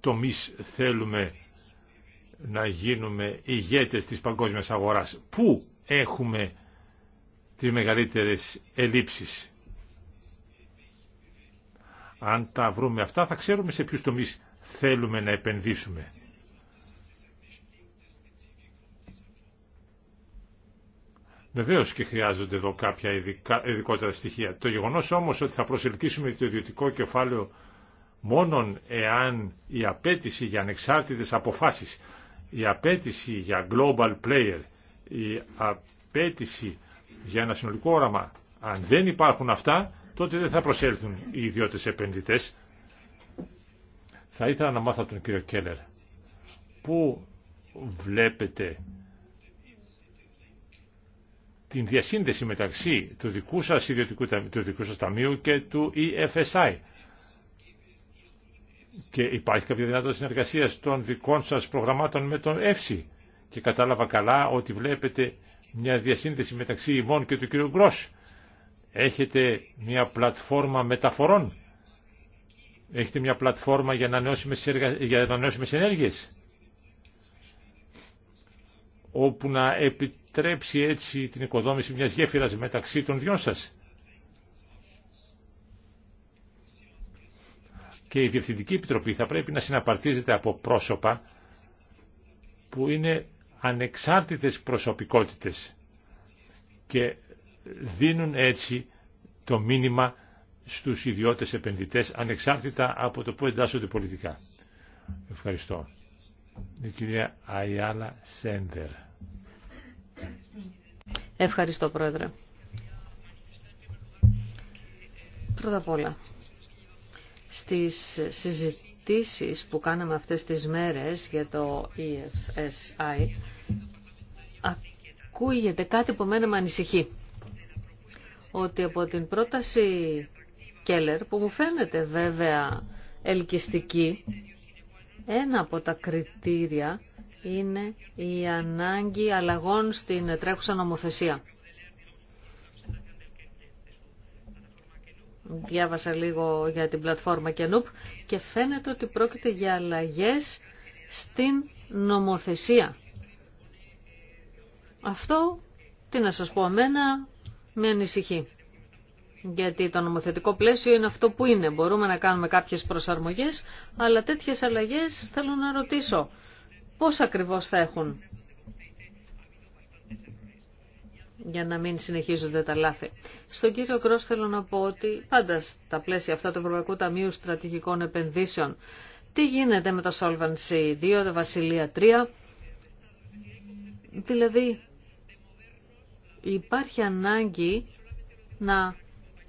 τομεί θέλουμε να γίνουμε ηγέτες της παγκόσμιας αγοράς. Πού έχουμε τι μεγαλύτερες ελλείψεις. Αν τα βρούμε αυτά θα ξέρουμε σε ποιους τομείς θέλουμε να επενδύσουμε. Βεβαίω και χρειάζονται εδώ κάποια ειδικά, ειδικότερα στοιχεία. Το γεγονός όμως ότι θα προσελκύσουμε το ιδιωτικό κεφάλαιο μόνον εάν η απέτηση για ανεξάρτητε αποφάσεις, η απέτηση για global player, η απέτηση για ένα συνολικό όραμα, αν δεν υπάρχουν αυτά, τότε δεν θα προσέλθουν οι ιδιώτες επενδυτές. Θα ήθελα να μάθω τον κύριο Κέλλερ. Πού βλέπετε την διασύνδεση μεταξύ του δικού σας ιδιωτικού του δικού σας ταμείου και του EFSI. Και υπάρχει κάποια δυνατότητα συνεργασία των δικών σας προγραμμάτων με τον ΕΦΣΙ. Και κατάλαβα καλά ότι βλέπετε μια διασύνδεση μεταξύ ημών και του κ. Γκρός. Έχετε μια πλατφόρμα μεταφορών. Έχετε μια πλατφόρμα για να εργα... για ενέργειες όπου να επι τρέψει έτσι την οικοδόμηση μιας γέφυρας μεταξύ των δυο σας. Και η Διευθυντική Επιτροπή θα πρέπει να συναπαρτίζεται από πρόσωπα που είναι ανεξάρτητες προσωπικότητες και δίνουν έτσι το μήνυμα στους ιδιώτες επενδυτές ανεξάρτητα από το που εντάσσονται πολιτικά. Ευχαριστώ. Η κυρία Αιάλα Σέντερ. Ευχαριστώ, Πρόεδρε. Πρώτα απ' όλα, στις συζητήσεις που κάναμε αυτές τις μέρες για το EFSI, ακούγεται κάτι που μένα με ανησυχεί. Ότι από την πρόταση Κέλλερ, που μου φαίνεται βέβαια ελκυστική, ένα από τα κριτήρια είναι η ανάγκη αλλαγών στην τρέχουσα νομοθεσία. Διάβασα λίγο για την πλατφόρμα Κενούπ και φαίνεται ότι πρόκειται για αλλαγές στην νομοθεσία. Αυτό, τι να σας πω εμένα, με ανησυχεί. Γιατί το νομοθετικό πλαίσιο είναι αυτό που είναι. Μπορούμε να κάνουμε κάποιες προσαρμογές, αλλά τέτοιες αλλαγές θέλω να ρωτήσω πώς ακριβώς θα έχουν για να μην συνεχίζονται τα λάθη. Στον κύριο Κρός θέλω να πω ότι πάντα στα πλαίσια αυτά του Ευρωπαϊκού Ταμείου Στρατηγικών Επενδύσεων τι γίνεται με το Solvency 2, το Βασιλεία 3, δηλαδή υπάρχει ανάγκη να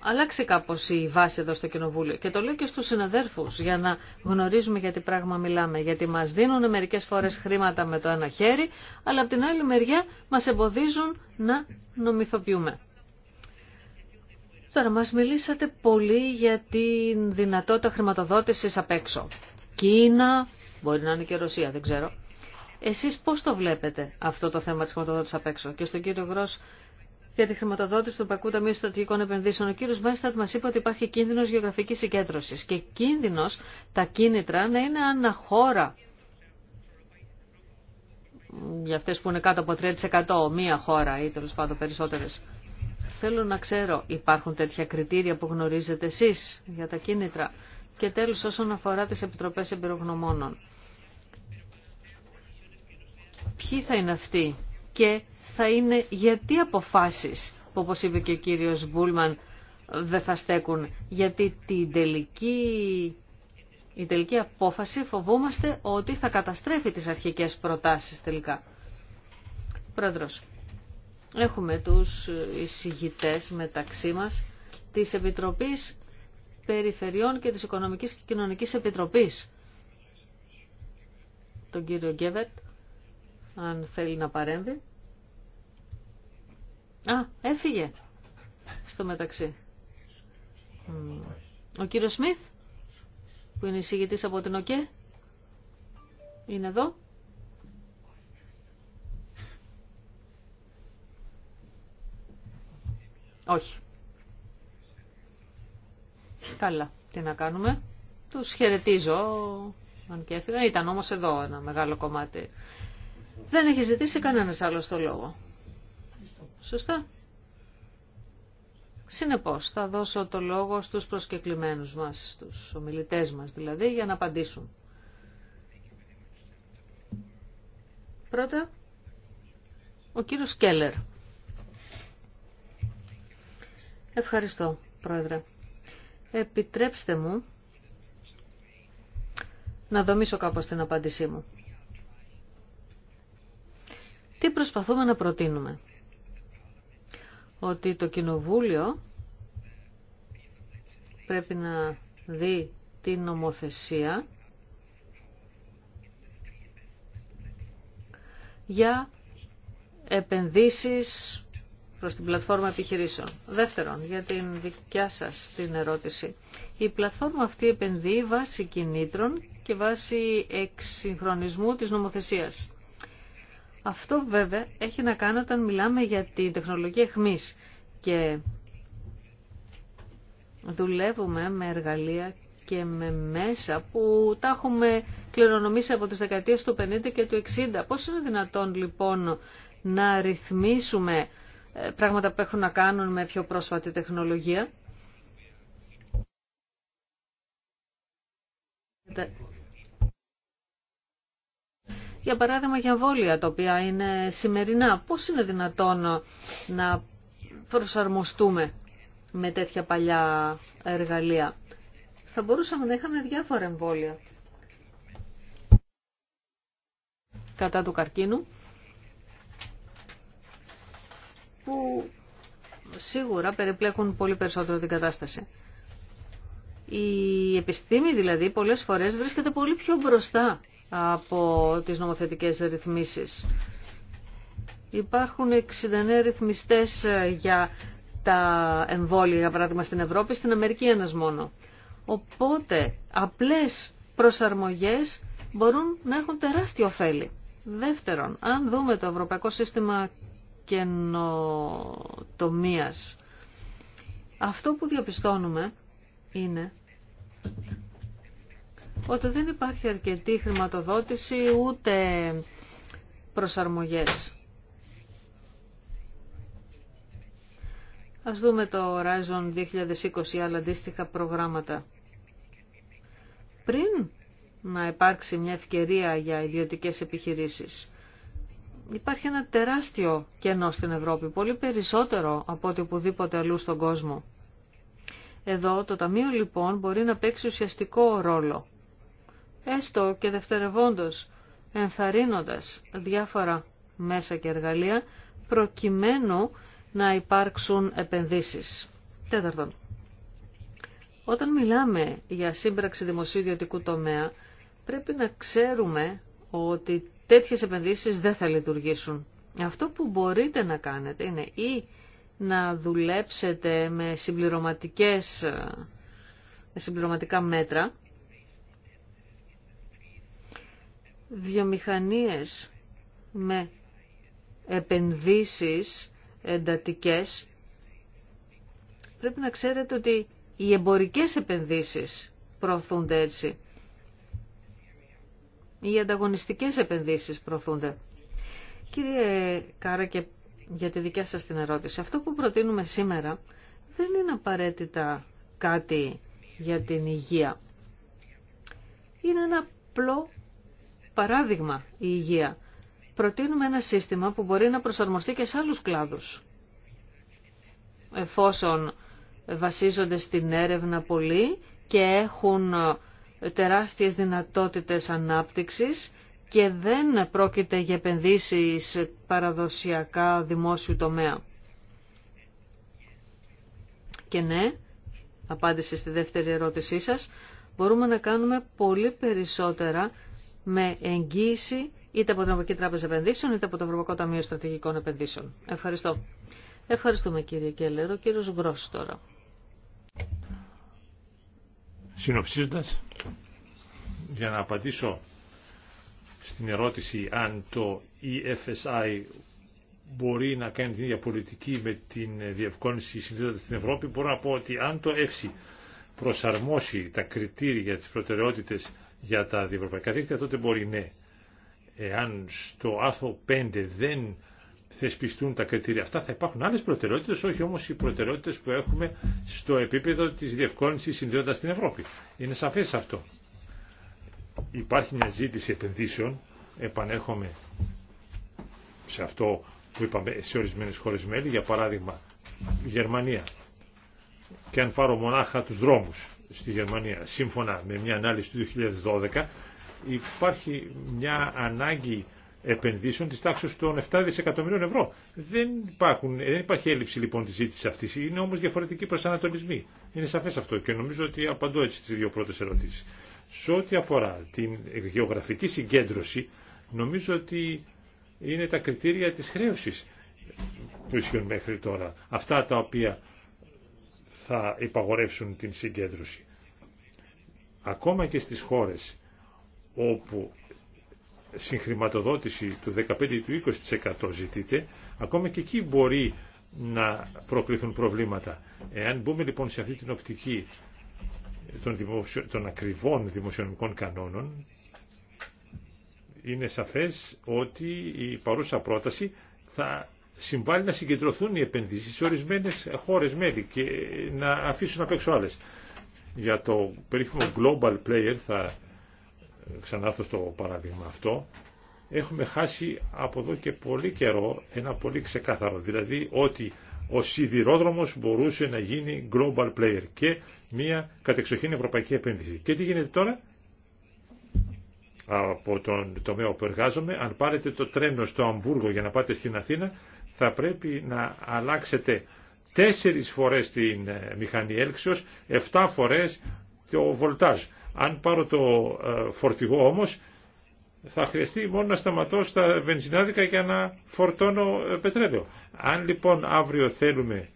αλλάξει κάπως η βάση εδώ στο Κοινοβούλιο. Και το λέω και στους συναδέρφους για να γνωρίζουμε για τι πράγμα μιλάμε. Γιατί μας δίνουν μερικές φορές χρήματα με το ένα χέρι, αλλά από την άλλη μεριά μας εμποδίζουν να νομιθοποιούμε. Τώρα μας μιλήσατε πολύ για την δυνατότητα χρηματοδότησης απ' έξω. Κίνα, μπορεί να είναι και Ρωσία, δεν ξέρω. Εσείς πώς το βλέπετε αυτό το θέμα της χρηματοδότησης απ' έξω. Και στον κύριο Γρός για τη χρηματοδότηση του Πακού Ταμείου Στρατηγικών Επενδύσεων. Ο κύριο Μάιστατ μα είπε ότι υπάρχει κίνδυνο γεωγραφική συγκέντρωση και κίνδυνο τα κίνητρα να είναι αναχώρα για αυτές που είναι κάτω από 3% μία χώρα ή τέλο πάντων περισσότερες. Θέλω να ξέρω, υπάρχουν τέτοια κριτήρια που γνωρίζετε εσείς για τα κίνητρα. Και τέλος όσον αφορά τις Επιτροπές Εμπειρογνωμόνων. Ποιοι θα είναι αυτοί και θα είναι γιατί αποφάσεις που όπως είπε και ο κύριος Μπούλμαν δεν θα στέκουν. Γιατί την τελική, η τελική απόφαση φοβούμαστε ότι θα καταστρέφει τις αρχικές προτάσεις τελικά. Πρόεδρος, έχουμε τους εισηγητές μεταξύ μας της Επιτροπής Περιφερειών και της Οικονομικής και Κοινωνικής Επιτροπής. Τον κύριο Γκέβετ, αν θέλει να παρέμβει. Α, έφυγε στο μεταξύ. Ο κύριος Σμιθ, που είναι εισηγητής από την ΟΚΕ, είναι εδώ. Όχι. Καλά, τι να κάνουμε. Του χαιρετίζω, αν και έφυγαν. Ήταν όμως εδώ ένα μεγάλο κομμάτι. Δεν έχει ζητήσει κανένας άλλος το λόγο. Σωστά. Συνεπώς, θα δώσω το λόγο στους προσκεκλημένους μας, στους ομιλητές μας δηλαδή, για να απαντήσουν. Πρώτα, ο κύριος Κέλλερ. Ευχαριστώ, Πρόεδρε. Επιτρέψτε μου να δομήσω κάπως την απάντησή μου. Τι προσπαθούμε να προτείνουμε ότι το Κοινοβούλιο πρέπει να δει την νομοθεσία για επενδύσεις προς την πλατφόρμα επιχειρήσεων. Δεύτερον, για την δικιά σας την ερώτηση. Η πλατφόρμα αυτή επενδύει βάσει κινήτρων και βάσει εξυγχρονισμού της νομοθεσίας. Αυτό βέβαια έχει να κάνει όταν μιλάμε για την τεχνολογία εχμής και δουλεύουμε με εργαλεία και με μέσα που τα έχουμε κληρονομήσει από τις δεκαετίες του 50 και του 60. Πώς είναι δυνατόν λοιπόν να ρυθμίσουμε ε, πράγματα που έχουν να κάνουν με πιο πρόσφατη τεχνολογία για παράδειγμα για εμβόλια τα οποία είναι σημερινά. Πώς είναι δυνατόν να προσαρμοστούμε με τέτοια παλιά εργαλεία. Θα μπορούσαμε να είχαμε διάφορα εμβόλια κατά του καρκίνου που σίγουρα περιπλέκουν πολύ περισσότερο την κατάσταση. Η επιστήμη δηλαδή πολλές φορές βρίσκεται πολύ πιο μπροστά από τις νομοθετικές ρυθμίσεις. Υπάρχουν 69 ρυθμιστές ε, για τα εμβόλια, για παράδειγμα, στην Ευρώπη, στην Αμερική ένας μόνο. Οπότε, απλές προσαρμογές μπορούν να έχουν τεράστιο ωφέλη. Δεύτερον, αν δούμε το Ευρωπαϊκό Σύστημα Καινοτομίας, αυτό που διαπιστώνουμε είναι ότι δεν υπάρχει αρκετή χρηματοδότηση ούτε προσαρμογές. Ας δούμε το Horizon 2020 ή άλλα αντίστοιχα προγράμματα. Πριν να υπάρξει μια ευκαιρία για ιδιωτικές επιχειρήσεις, υπάρχει ένα τεράστιο κενό στην Ευρώπη, πολύ περισσότερο από ό,τι οπουδήποτε αλλού στον κόσμο. Εδώ το Ταμείο λοιπόν μπορεί να παίξει ουσιαστικό ρόλο έστω και δευτερευόντως, ενθαρρύνοντας διάφορα μέσα και εργαλεία, προκειμένου να υπάρξουν επενδύσεις. Τέταρτον, όταν μιλάμε για σύμπραξη δημοσίου τομέα, πρέπει να ξέρουμε ότι τέτοιες επενδύσεις δεν θα λειτουργήσουν. Αυτό που μπορείτε να κάνετε είναι ή να δουλέψετε με συμπληρωματικές με συμπληρωματικά μέτρα, βιομηχανίες με επενδύσεις εντατικές, πρέπει να ξέρετε ότι οι εμπορικές επενδύσεις προωθούνται έτσι. Οι ανταγωνιστικές επενδύσεις προωθούνται. Κύριε Κάρα και για τη δικιά σας την ερώτηση, αυτό που προτείνουμε σήμερα δεν είναι απαραίτητα κάτι για την υγεία. Είναι ένα απλό παράδειγμα η υγεία. Προτείνουμε ένα σύστημα που μπορεί να προσαρμοστεί και σε άλλους κλάδους. Εφόσον βασίζονται στην έρευνα πολύ και έχουν ε, τεράστιες δυνατότητες ανάπτυξης και δεν πρόκειται για επενδύσεις παραδοσιακά δημόσιου τομέα. Και ναι, απάντηση στη δεύτερη ερώτησή σας, μπορούμε να κάνουμε πολύ περισσότερα με εγγύηση είτε από την Ευρωπαϊκή Τράπεζα Επενδύσεων είτε από το Ευρωπαϊκό Ταμείο Στρατηγικών Επενδύσεων. Ευχαριστώ. Ευχαριστούμε κύριε Κέλλερο. Κύριος Γκρός τώρα. Συνοψίζοντας, για να απαντήσω στην ερώτηση αν το EFSI μπορεί να κάνει την ίδια πολιτική με την διευκόνηση συνδέοντα στην Ευρώπη, μπορώ να πω ότι αν το EFSI προσαρμόσει τα κριτήρια, τις προτεραιότητες για τα διευρωπαϊκά δίκτυα, τότε μπορεί ναι. Εάν στο άρθρο 5 δεν θεσπιστούν τα κριτήρια αυτά, θα υπάρχουν άλλες προτεραιότητες, όχι όμως οι προτεραιότητες που έχουμε στο επίπεδο της διευκόλυνσης συνδέοντα την Ευρώπη. Είναι σαφές αυτό. Υπάρχει μια ζήτηση επενδύσεων, επανέρχομαι σε αυτό που είπαμε σε ορισμένες χώρες μέλη, για παράδειγμα Γερμανία. Και αν πάρω μονάχα τους δρόμους, στη Γερμανία. Σύμφωνα με μια ανάλυση του 2012 υπάρχει μια ανάγκη επενδύσεων της τάξης των 7 δισεκατομμυρίων ευρώ. Δεν, υπάρχουν, δεν υπάρχει έλλειψη λοιπόν της ζήτησης αυτής, είναι όμως προς προσανατολισμοί. Είναι σαφές αυτό και νομίζω ότι απαντώ έτσι στις δύο πρώτες ερωτήσεις. Σε ό,τι αφορά την γεωγραφική συγκέντρωση, νομίζω ότι είναι τα κριτήρια της χρέωσης που ισχύουν μέχρι τώρα. Αυτά τα οποία θα υπαγορεύσουν την συγκέντρωση. Ακόμα και στις χώρες όπου συγχρηματοδότηση του 15% του 20% ζητείται, ακόμα και εκεί μπορεί να προκληθούν προβλήματα. Εάν μπούμε λοιπόν σε αυτή την οπτική των, των ακριβών δημοσιονομικών κανόνων, είναι σαφές ότι η παρούσα πρόταση θα συμβάλλει να συγκεντρωθούν οι επενδύσεις σε ορισμένες χώρες μέλη και να αφήσουν απ' έξω άλλες. Για το περίφημο global player, θα ξανάρθω στο παράδειγμα αυτό, έχουμε χάσει από εδώ και πολύ καιρό ένα πολύ ξεκάθαρο, δηλαδή ότι ο σιδηρόδρομος μπορούσε να γίνει global player και μια κατεξοχήν ευρωπαϊκή επένδυση. Και τι γίνεται τώρα? Από τον τομέα που εργάζομαι, αν πάρετε το τρένο στο Αμβούργο για να πάτε στην Αθήνα, θα πρέπει να αλλάξετε τέσσερις φορές την ε, μηχανή έλξεως, εφτά φορές το βολτάζ. Αν πάρω το ε, φορτηγό όμως, θα χρειαστεί μόνο να σταματώ στα βενζινάδικα για να φορτώνω ε, πετρέλαιο. Αν λοιπόν αύριο θέλουμε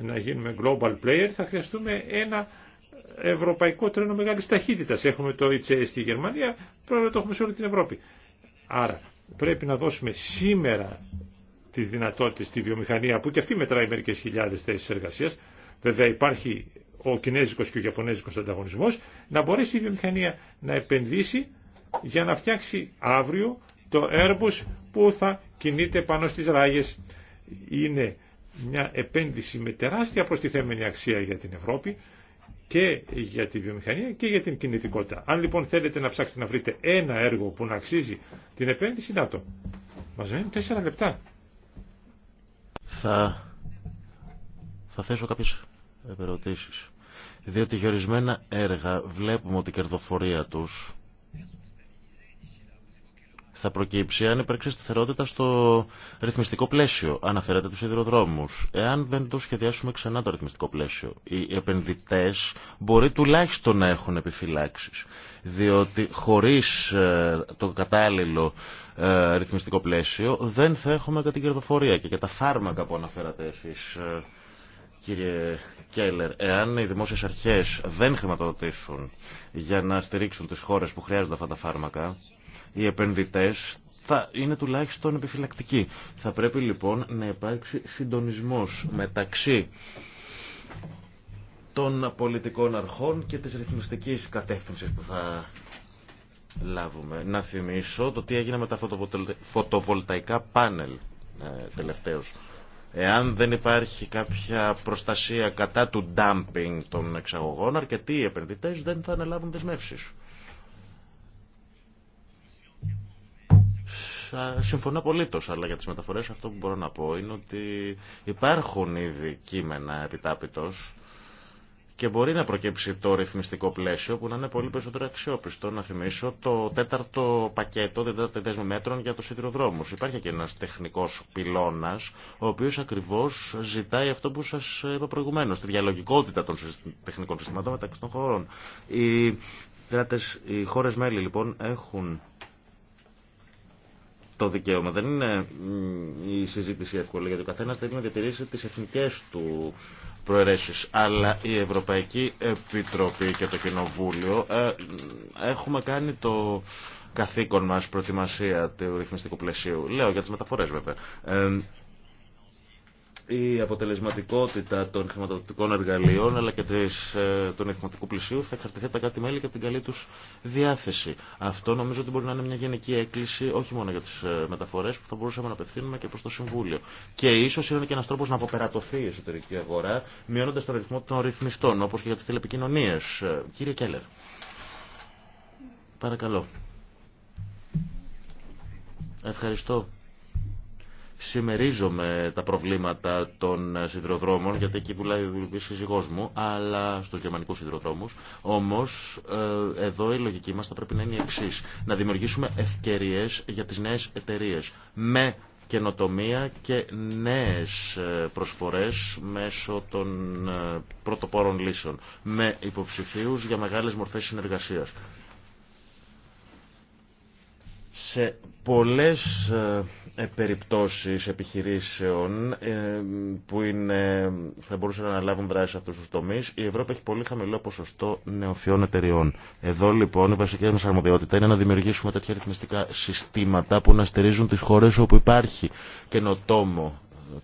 να γίνουμε global player, θα χρειαστούμε ένα ευρωπαϊκό τρένο μεγάλης ταχύτητας. Έχουμε το ITS στη Γερμανία, να το έχουμε σε όλη την Ευρώπη. Άρα πρέπει να δώσουμε σήμερα τι δυνατότητε στη βιομηχανία που και αυτή μετράει μερικές χιλιάδες θέσει εργασία, Βέβαια υπάρχει ο κινέζικος και ο ιαπωνέζικος ανταγωνισμός να μπορέσει η βιομηχανία να επενδύσει για να φτιάξει αύριο το Airbus που θα κινείται πάνω στις ράγες. Είναι μια επένδυση με τεράστια προστιθέμενη αξία για την Ευρώπη και για τη βιομηχανία και για την κινητικότητα. Αν λοιπόν θέλετε να ψάξετε να βρείτε ένα έργο που να αξίζει την επένδυση, να το. Μα μένουν τέσσερα λεπτά. Θα, θα θέσω κάποιες ερωτήσει. Διότι για ορισμένα έργα βλέπουμε ότι η κερδοφορία τους θα προκύψει αν υπάρξει σταθερότητα στο ρυθμιστικό πλαίσιο. Αναφέρατε του σιδηροδρόμου. Εάν δεν το σχεδιάσουμε ξανά το ρυθμιστικό πλαίσιο, οι επενδυτέ μπορεί τουλάχιστον να έχουν επιφυλάξει. Διότι χωρί ε, το κατάλληλο ε, ρυθμιστικό πλαίσιο δεν θα έχουμε κατά την κερδοφορία και για τα φάρμακα που αναφέρατε εσεί ε, κύριε Κέλλερ, εάν οι δημόσιες αρχές δεν χρηματοδοτήσουν για να στηρίξουν τις χώρες που χρειάζονται αυτά τα φάρμακα, οι επενδυτές θα είναι τουλάχιστον επιφυλακτικοί. Θα πρέπει λοιπόν να υπάρξει συντονισμός μεταξύ των πολιτικών αρχών και της ρυθμιστικής κατεύθυνσης που θα λάβουμε. Να θυμίσω το τι έγινε με τα φωτοβολταϊκά πάνελ ε, τελευταίως. Εάν δεν υπάρχει κάποια προστασία κατά του dumping των εξαγωγών, αρκετοί επενδυτές δεν θα αναλάβουν δεσμεύσεις. συμφωνώ απολύτω, αλλά για τι μεταφορέ αυτό που μπορώ να πω είναι ότι υπάρχουν ήδη κείμενα επιτάπητο και μπορεί να προκύψει το ρυθμιστικό πλαίσιο που να είναι πολύ περισσότερο αξιόπιστο. Να θυμίσω το τέταρτο πακέτο, την τέταρτη δέσμη μέτρων για του σιδηροδρόμου. Υπάρχει και ένα τεχνικό πυλώνα, ο οποίο ακριβώ ζητάει αυτό που σα είπα προηγουμένω, τη διαλογικότητα των τεχνικών συστημάτων μεταξύ των χωρών. Οι, οι χώρε μέλη λοιπόν έχουν το δικαίωμα. Δεν είναι η συζήτηση εύκολη γιατί ο καθένα θέλει να διατηρήσει τι εθνικέ του προαιρέσει. Αλλά η Ευρωπαϊκή Επιτροπή και το Κοινοβούλιο ε, έχουμε κάνει το καθήκον μα προετοιμασία του ρυθμιστικού πλαισίου. Λέω για τι μεταφορέ βέβαια. Ε, η αποτελεσματικότητα των χρηματοδοτικών εργαλείων αλλά και της, ε, των εκματικού πλησίου θα εξαρτηθεί από τα κάτι μέλη και από την καλή τους διάθεση. Αυτό νομίζω ότι μπορεί να είναι μια γενική έκκληση όχι μόνο για τις ε, μεταφορές που θα μπορούσαμε να απευθύνουμε και προς το Συμβούλιο. Και ίσως είναι και ένας τρόπος να αποπερατωθεί η εσωτερική αγορά μειώνοντας τον ρυθμό των ρυθμιστών όπως και για τις τηλεπικοινωνίες. Ε, κύριε Κέλλερ, παρακαλώ. Ευχαριστώ. Συμμερίζομαι τα προβλήματα των σιδηροδρόμων, γιατί εκεί βουλάει η σύζυγό μου, αλλά στους γερμανικούς σιδηροδρόμους. Όμως, ε, εδώ η λογική μα θα πρέπει να είναι η εξή. Να δημιουργήσουμε ευκαιρίε για τις νέες εταιρείε με καινοτομία και νέες ε, προσφορές μέσω των ε, πρωτοπόρων λύσεων, με υποψηφίου, για μεγάλε μορφέ συνεργασία. Σε πολλές ε, περιπτώσεις επιχειρήσεων ε, που είναι, θα μπορούσαν να αναλάβουν δράση σε αυτούς τους τομείς, η Ευρώπη έχει πολύ χαμηλό ποσοστό νεοφιών εταιριών. Εδώ λοιπόν η βασική μας αρμοδιότητα είναι να δημιουργήσουμε τέτοια ρυθμιστικά συστήματα που να στηρίζουν τις χώρες όπου υπάρχει καινοτόμο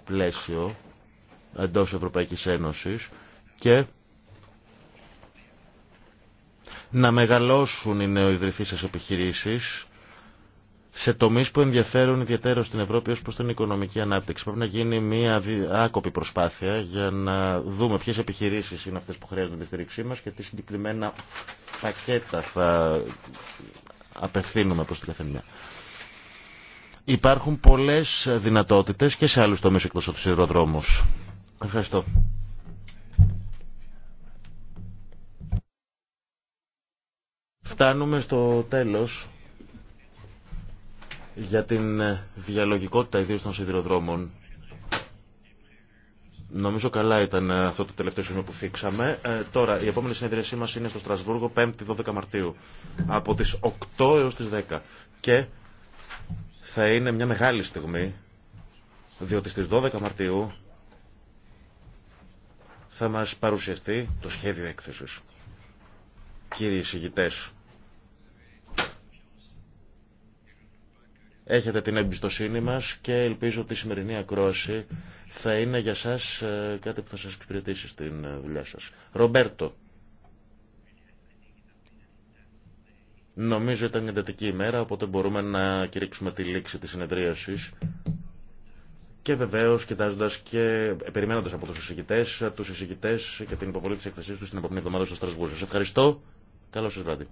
πλαίσιο εντός Ευρωπαϊκής Ένωσης και να μεγαλώσουν οι νεοειδρυφείς επιχειρήσεις σε τομείς που ενδιαφέρουν ιδιαίτερα στην Ευρώπη ως προς την οικονομική ανάπτυξη. Πρέπει να γίνει μια άκοπη προσπάθεια για να δούμε ποιες επιχειρήσεις είναι αυτές που χρειάζονται τη στήριξή μας και τι συγκεκριμένα πακέτα θα απευθύνουμε προς την καθεμιά. Υπάρχουν πολλές δυνατότητες και σε άλλους τομείς εκτός από τους Ευχαριστώ. Φτάνουμε στο τέλος για την ε, διαλογικότητα ιδίω των σιδηροδρόμων. Νομίζω καλά ήταν ε, αυτό το τελευταίο σημείο που θίξαμε. Ε, τώρα, η επόμενη συνεδρίασή μα είναι στο Στρασβούργο, 5η-12 Μαρτίου, από τι 8 έω τι 10. Και θα είναι μια μεγάλη στιγμή, διότι στι 12 Μαρτίου θα μα παρουσιαστεί το σχέδιο έκθεση. Κύριοι συγητές, Έχετε την εμπιστοσύνη μας και ελπίζω ότι η σημερινή ακρόαση θα είναι για σας ε, κάτι που θα σας εξυπηρετήσει στην ε, δουλειά σας. Ρομπέρτο. Νομίζω ήταν εντατική ημέρα, οπότε μπορούμε να κηρύξουμε τη λήξη της συνεδρίασης. Και βεβαίω, κοιτάζοντα και περιμένοντα από του εισηγητέ, τους και την υποβολή τη εκθεσή του την επόμενη εβδομάδα στο Στρασβούργο. Σα ευχαριστώ. Καλό σα βράδυ.